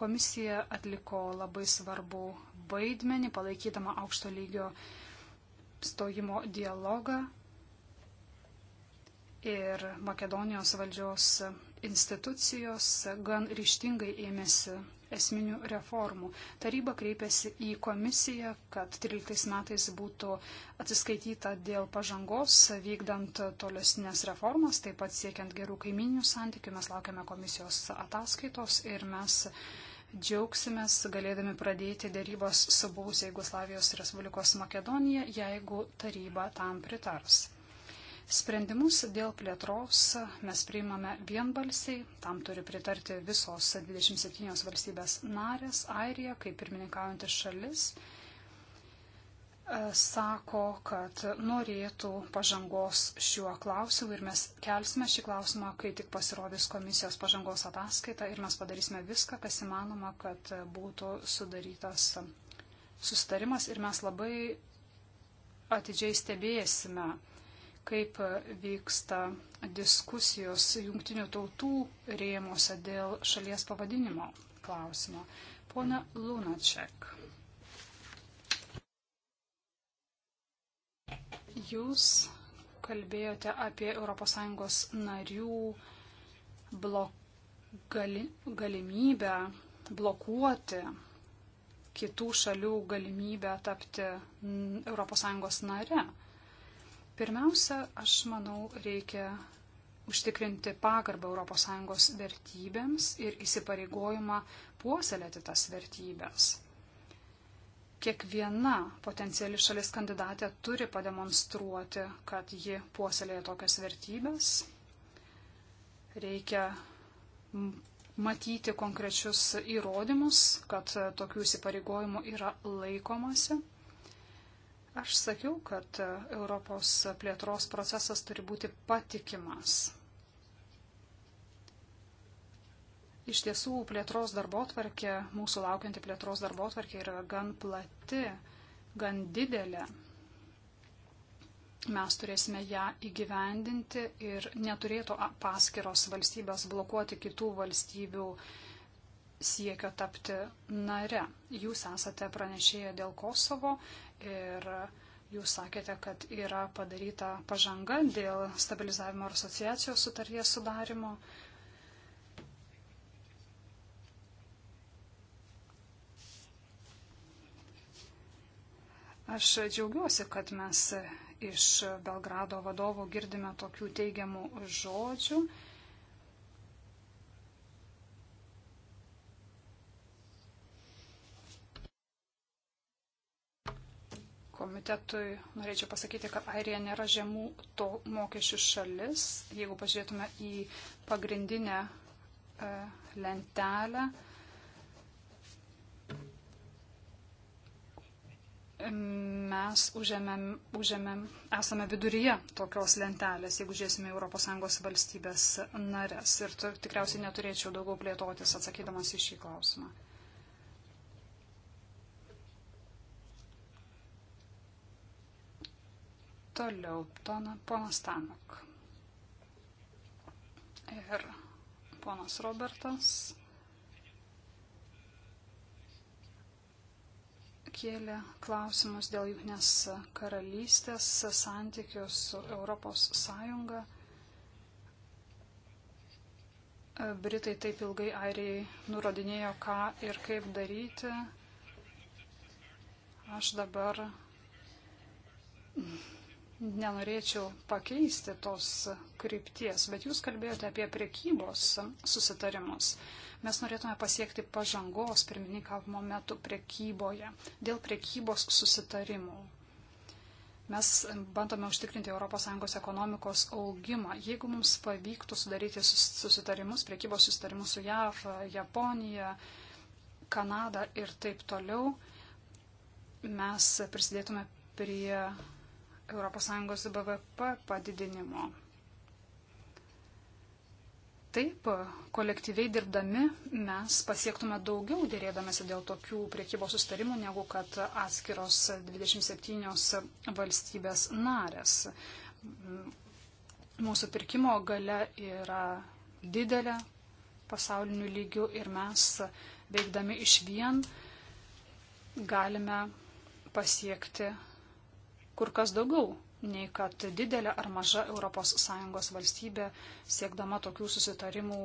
Komisija atliko labai svarbu vaidmenį, palaikydama aukšto lygio stojimo dialogą ir Makedonijos valdžios institucijos gan ryštingai ėmėsi esminių reformų. Taryba kreipėsi į komisiją, kad 13 metais būtų atsiskaityta dėl pažangos, vykdant tolesnės reformas, taip pat siekiant gerų kaiminių santykių. Mes laukiame komisijos ataskaitos ir mes džiaugsimės galėdami pradėti dėrybas su buvusia Jugoslavijos Respublikos Makedonija, jeigu taryba tam pritars. Sprendimus dėl plėtros mes priimame vienbalsiai, tam turi pritarti visos 27 valstybės narės, Airija kaip pirmininkaujantis šalis e, sako, kad norėtų pažangos šiuo klausimu ir mes kelsime šį klausimą, kai tik pasirodys komisijos pažangos ataskaita ir mes padarysime viską, kas įmanoma, kad būtų sudarytas susitarimas ir mes labai atidžiai stebėsime kaip vyksta diskusijos jungtinių tautų rėmose dėl šalies pavadinimo klausimo. Pone Lunaček, jūs kalbėjote apie ES narių blok, gali, galimybę blokuoti kitų šalių galimybę tapti ES nare. Pirmiausia, aš manau, reikia užtikrinti pagarbą ES vertybėms ir įsipareigojimą puoselėti tas vertybės. Kiekviena potenciali šalis kandidatė turi pademonstruoti, kad ji puoselėja tokias vertybės. Reikia matyti konkrečius įrodymus, kad tokių įsipareigojimų yra laikomasi. Aš sakiau, kad Europos plėtros procesas turi būti patikimas. Iš tiesų, plėtros darbotvarkė, mūsų laukianti plėtros darbotvarkė yra gan plati, gan didelė. Mes turėsime ją įgyvendinti ir neturėtų paskiros valstybės blokuoti kitų valstybių uh, siekio tapti nare. Jūs esate pranešėję dėl Kosovo ir jūs sakėte, kad yra padaryta pažanga dėl stabilizavimo ir asociacijos sutarties sudarimo. Aš džiaugiuosi, kad mes iš Belgrado vadovo girdime tokių teigiamų žodžių komitetui norėčiau pasakyti, kad Airija nėra žemų to mokesčių šalis. Jeigu pažiūrėtume į pagrindinę e, lentelę, mes užėmėm, užėmėm, esame viduryje tokios lentelės, jeigu žiūrėsime ES valstybės narės. Ir tikriausiai neturėčiau daugiau plėtotis atsakydamas į šį klausimą. Toliau, tona, ponas Tanok. Ir ponas Robertas kėlė klausimus dėl Junknės karalystės santykių su Europos Sąjunga. Britai taip ilgai airiai nurodinėjo, ką ir kaip daryti. Aš dabar nenorėčiau pakeisti tos krypties, bet jūs kalbėjote apie priekybos susitarimus. Mes norėtume pasiekti pažangos pirmininkavimo metu priekyboje dėl priekybos susitarimų. Mes bandome užtikrinti ES ekonomikos augimą. Jeigu mums pavyktų sudaryti susitarimus, priekybos susitarimus su JAV, Japonija, Kanada ir taip toliau, mes prisidėtume prie ES BVP padidinimo. Taip, kolektyviai dirbdami mes pasiektume daugiau dėrėdamėsi dėl tokių priekybos sustarimų, negu kad atskiros 27 valstybės narės. Mūsų pirkimo gale yra didelė pasauliniu lygiu ir mes veikdami iš vien galime pasiekti kur kas daugiau nei kad didelė ar maža ES valstybė siekdama tokių susitarimų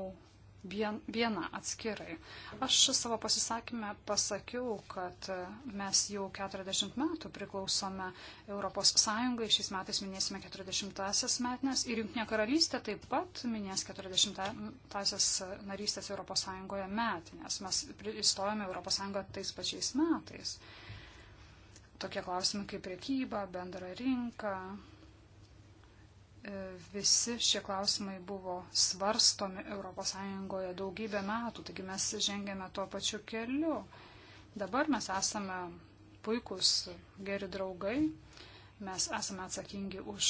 vien, viena atskirai. Aš savo pasisakymę pasakiau, kad mes jau 40 metų priklausome ES, šiais metais minėsime 40-asias metines ir Junktinė karalystė taip pat minės 40-asias narystės ES metinės. Mes įstojome ES tais pačiais metais tokie klausimai kaip priekyba, bendra rinka. E, visi šie klausimai buvo svarstomi ES daugybę metų, taigi mes žengėme tuo pačiu keliu. Dabar mes esame puikūs, geri draugai, mes esame atsakingi už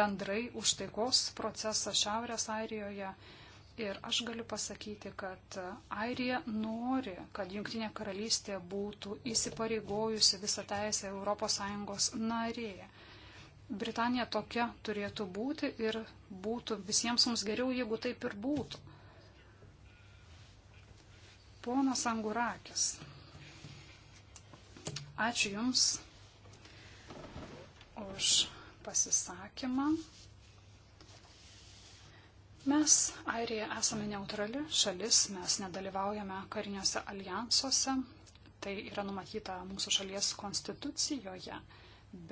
bendrai, už taikos procesą Šiaurės Airijoje Ir aš galiu pasakyti, kad Airija nori, kad Junktinė karalystė būtų įsipareigojusi visą teisę ES narėje. Britanija tokia turėtų būti ir būtų visiems mums geriau, jeigu taip ir būtų. Ponas Angurakis, ačiū Jums už pasisakymą. Mes, Airija, esame neutrali šalis, mes nedalyvaujame kariniuose alijansuose, tai yra numatyta mūsų šalies konstitucijoje,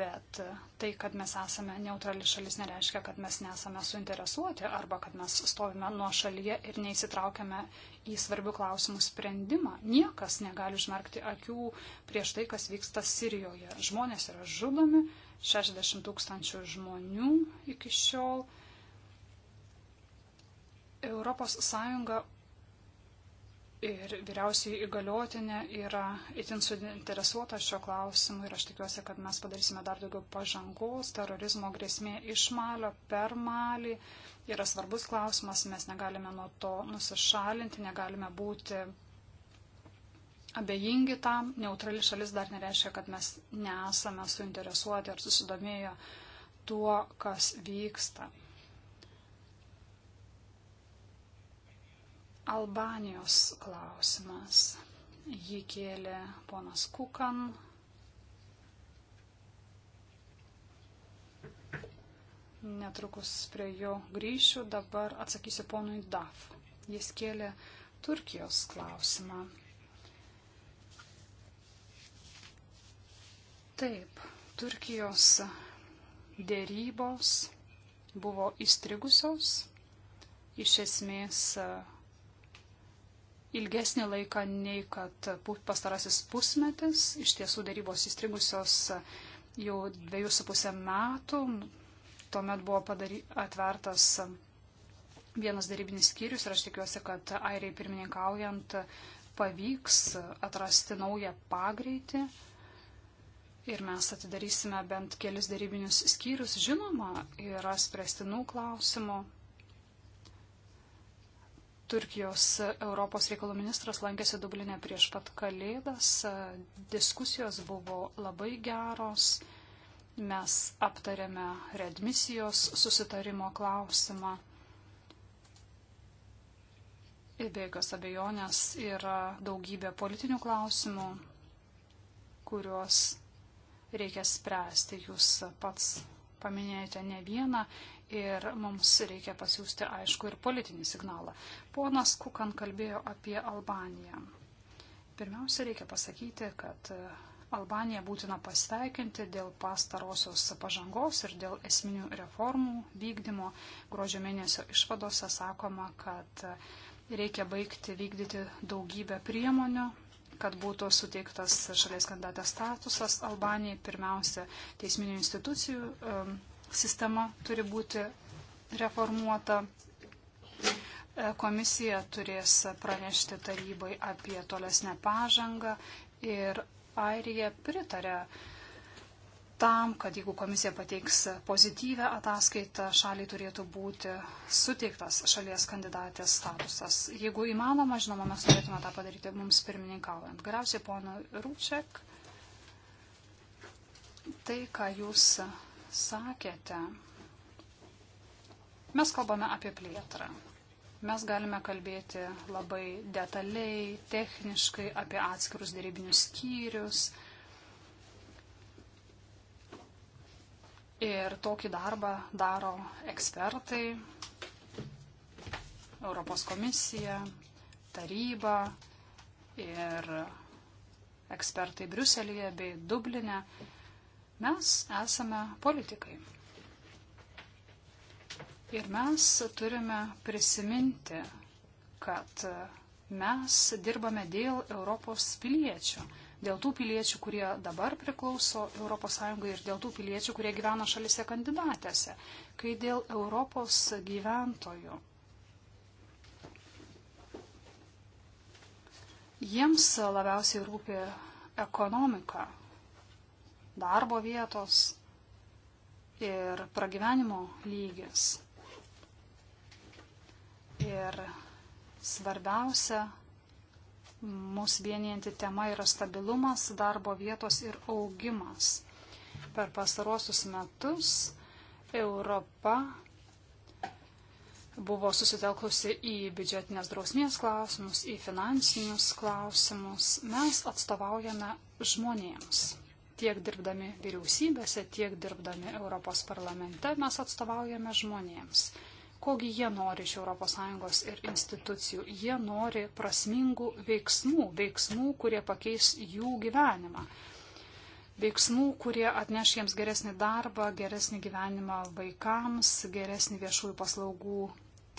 bet tai, kad mes esame neutrali šalis, nereiškia, kad mes nesame suinteresuoti arba kad mes stovime nuo šalyje ir neįsitraukiame į svarbių klausimų sprendimą. Niekas negali užmerkti akių prieš tai, kas vyksta Sirijoje. Žmonės yra žudomi, 60 tūkstančių žmonių iki šiol ES ir vyriausiai įgaliotinė yra itin suinteresuota šio klausimu ir aš tikiuosi, kad mes padarysime dar daugiau pažangos. Terorizmo grėsmė iš Malio per Malį yra svarbus klausimas, mes negalime nuo to nusišalinti, negalime būti abejingi tam. Neutrali šalis dar nereiškia, kad mes nesame suinteresuoti ar susidomėję tuo, kas vyksta. Albanijos klausimas. Jį kėlė ponas Kukan. Netrukus prie jo grįšiu, dabar atsakysiu ponui Daf. Jis kėlė Turkijos klausimą. Taip, Turkijos dėrybos buvo įstrigusios, iš esmės ilgesnį laiką nei kad pastarasis pusmetis. Iš tiesų darybos įstrigusios jau dviejus su pusę metų. Tuomet buvo padary, atvertas vienas darybinis skyrius ir aš tikiuosi, kad airiai pirmininkaujant pavyks atrasti naują pagreitį ir mes atidarysime bent kelis darybinius skyrius. Žinoma, yra spręstinų klausimų, Turkijos Europos reikalų ministras lankėsi Dublinė prieš pat kalėdas. Diskusijos buvo labai geros. Mes aptarėme redmisijos susitarimo klausimą. Ir be jokios abejonės yra daugybė politinių klausimų, kuriuos reikia spręsti. Jūs pats paminėjote ne vieną ir mums reikia pasiūsti aišku ir politinį signalą. Ponas Kukan kalbėjo apie Albaniją. Pirmiausia, reikia pasakyti, kad e, Albaniją būtina pasveikinti dėl pastarosios pažangos ir dėl esminių reformų vykdymo. Gruodžio mėnesio išvadose sakoma, kad e, reikia baigti vykdyti daugybę priemonių, kad būtų suteiktas šalies kandidatės statusas Albanijai, pirmiausia, teisminių institucijų e, sistema turi būti reformuota. E, komisija turės pranešti tarybai apie tolesnę pažangą ir Airija pritarė tam, kad jeigu komisija pateiks pozityvę ataskaitą, šaliai turėtų būti suteiktas šalies kandidatės statusas. Jeigu įmanoma, žinoma, mes turėtume tą padaryti mums pirmininkaujant. Galiausiai, pono Rūček, tai, ką jūs sakėte, mes kalbame apie plėtrą. Mes galime kalbėti labai detaliai, techniškai apie atskirus dėrybinius skyrius. Ir tokį darbą daro ekspertai, Europos komisija, taryba ir ekspertai Briuselėje bei Dublinė. Mes esame politikai. Ir mes turime prisiminti, kad mes dirbame dėl Europos piliečių, dėl tų piliečių, kurie dabar priklauso ES ir dėl tų piliečių, kurie gyvena šalise kandidatėse, kai dėl Europos gyventojų. Jiems labiausiai rūpi ekonomika, darbo vietos ir pragyvenimo lygis. Ir svarbiausia, mus vienijanti tema yra stabilumas, darbo vietos ir augimas. Per pastarosius metus Europa buvo susitelkusi į biudžetinės drausmės klausimus, į finansinius klausimus. Mes atstovaujame žmonėms tiek dirbdami vyriausybėse, tiek dirbdami Europos parlamente mes atstovaujame žmonėms. Kogi jie nori iš ES ir institucijų? Jie nori prasmingų veiksmų, veiksmų, kurie pakeis jų gyvenimą. Veiksmų, kurie atneš jiems geresnį darbą, geresnį gyvenimą vaikams, geresnį viešųjų paslaugų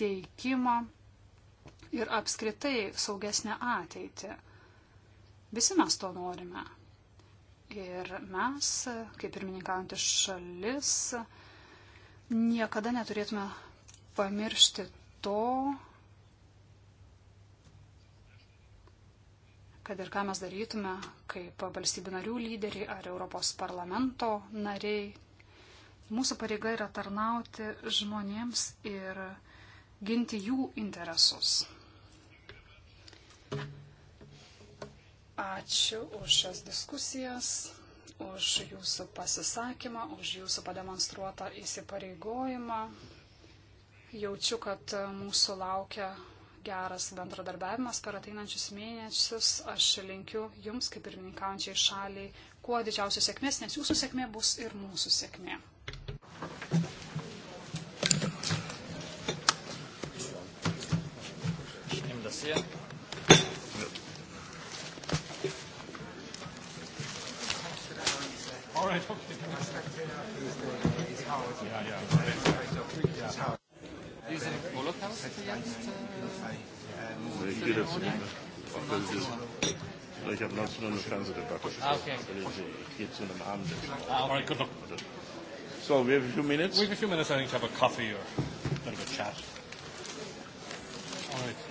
teikimą ir apskritai saugesnę ateitį. Visi mes to norime. Ir mes, kaip pirmininkaujantis šalis, niekada neturėtume pamiršti to, kad ir ką mes darytume, kaip valstybių narių lyderiai ar Europos parlamento nariai, mūsų pareiga yra tarnauti žmonėms ir ginti jų interesus. Ačiū už šias diskusijas, už jūsų pasisakymą, už jūsų pademonstruotą įsipareigojimą. Jaučiu, kad mūsų laukia geras bendradarbiavimas per ateinančius mėnesius. Aš linkiu jums, kaip ir mininkaujančiai šaliai, kuo didžiausios sėkmės, nes jūsų sėkmė bus ir mūsų sėkmė. Ich nehme das hier. All right, okay. Ja, ja. ja. Diese Holocaust jetzt? Äh, ich gehe jetzt nicht. Ich habe 19 Uhr eine Fernsehdebatte. Ah, okay. Ich gehe zu einem Abendessen. Ah, all right, good luck. So, we have a few minutes? We have a few minutes, I think, to have a coffee or a bit of a chat. All right.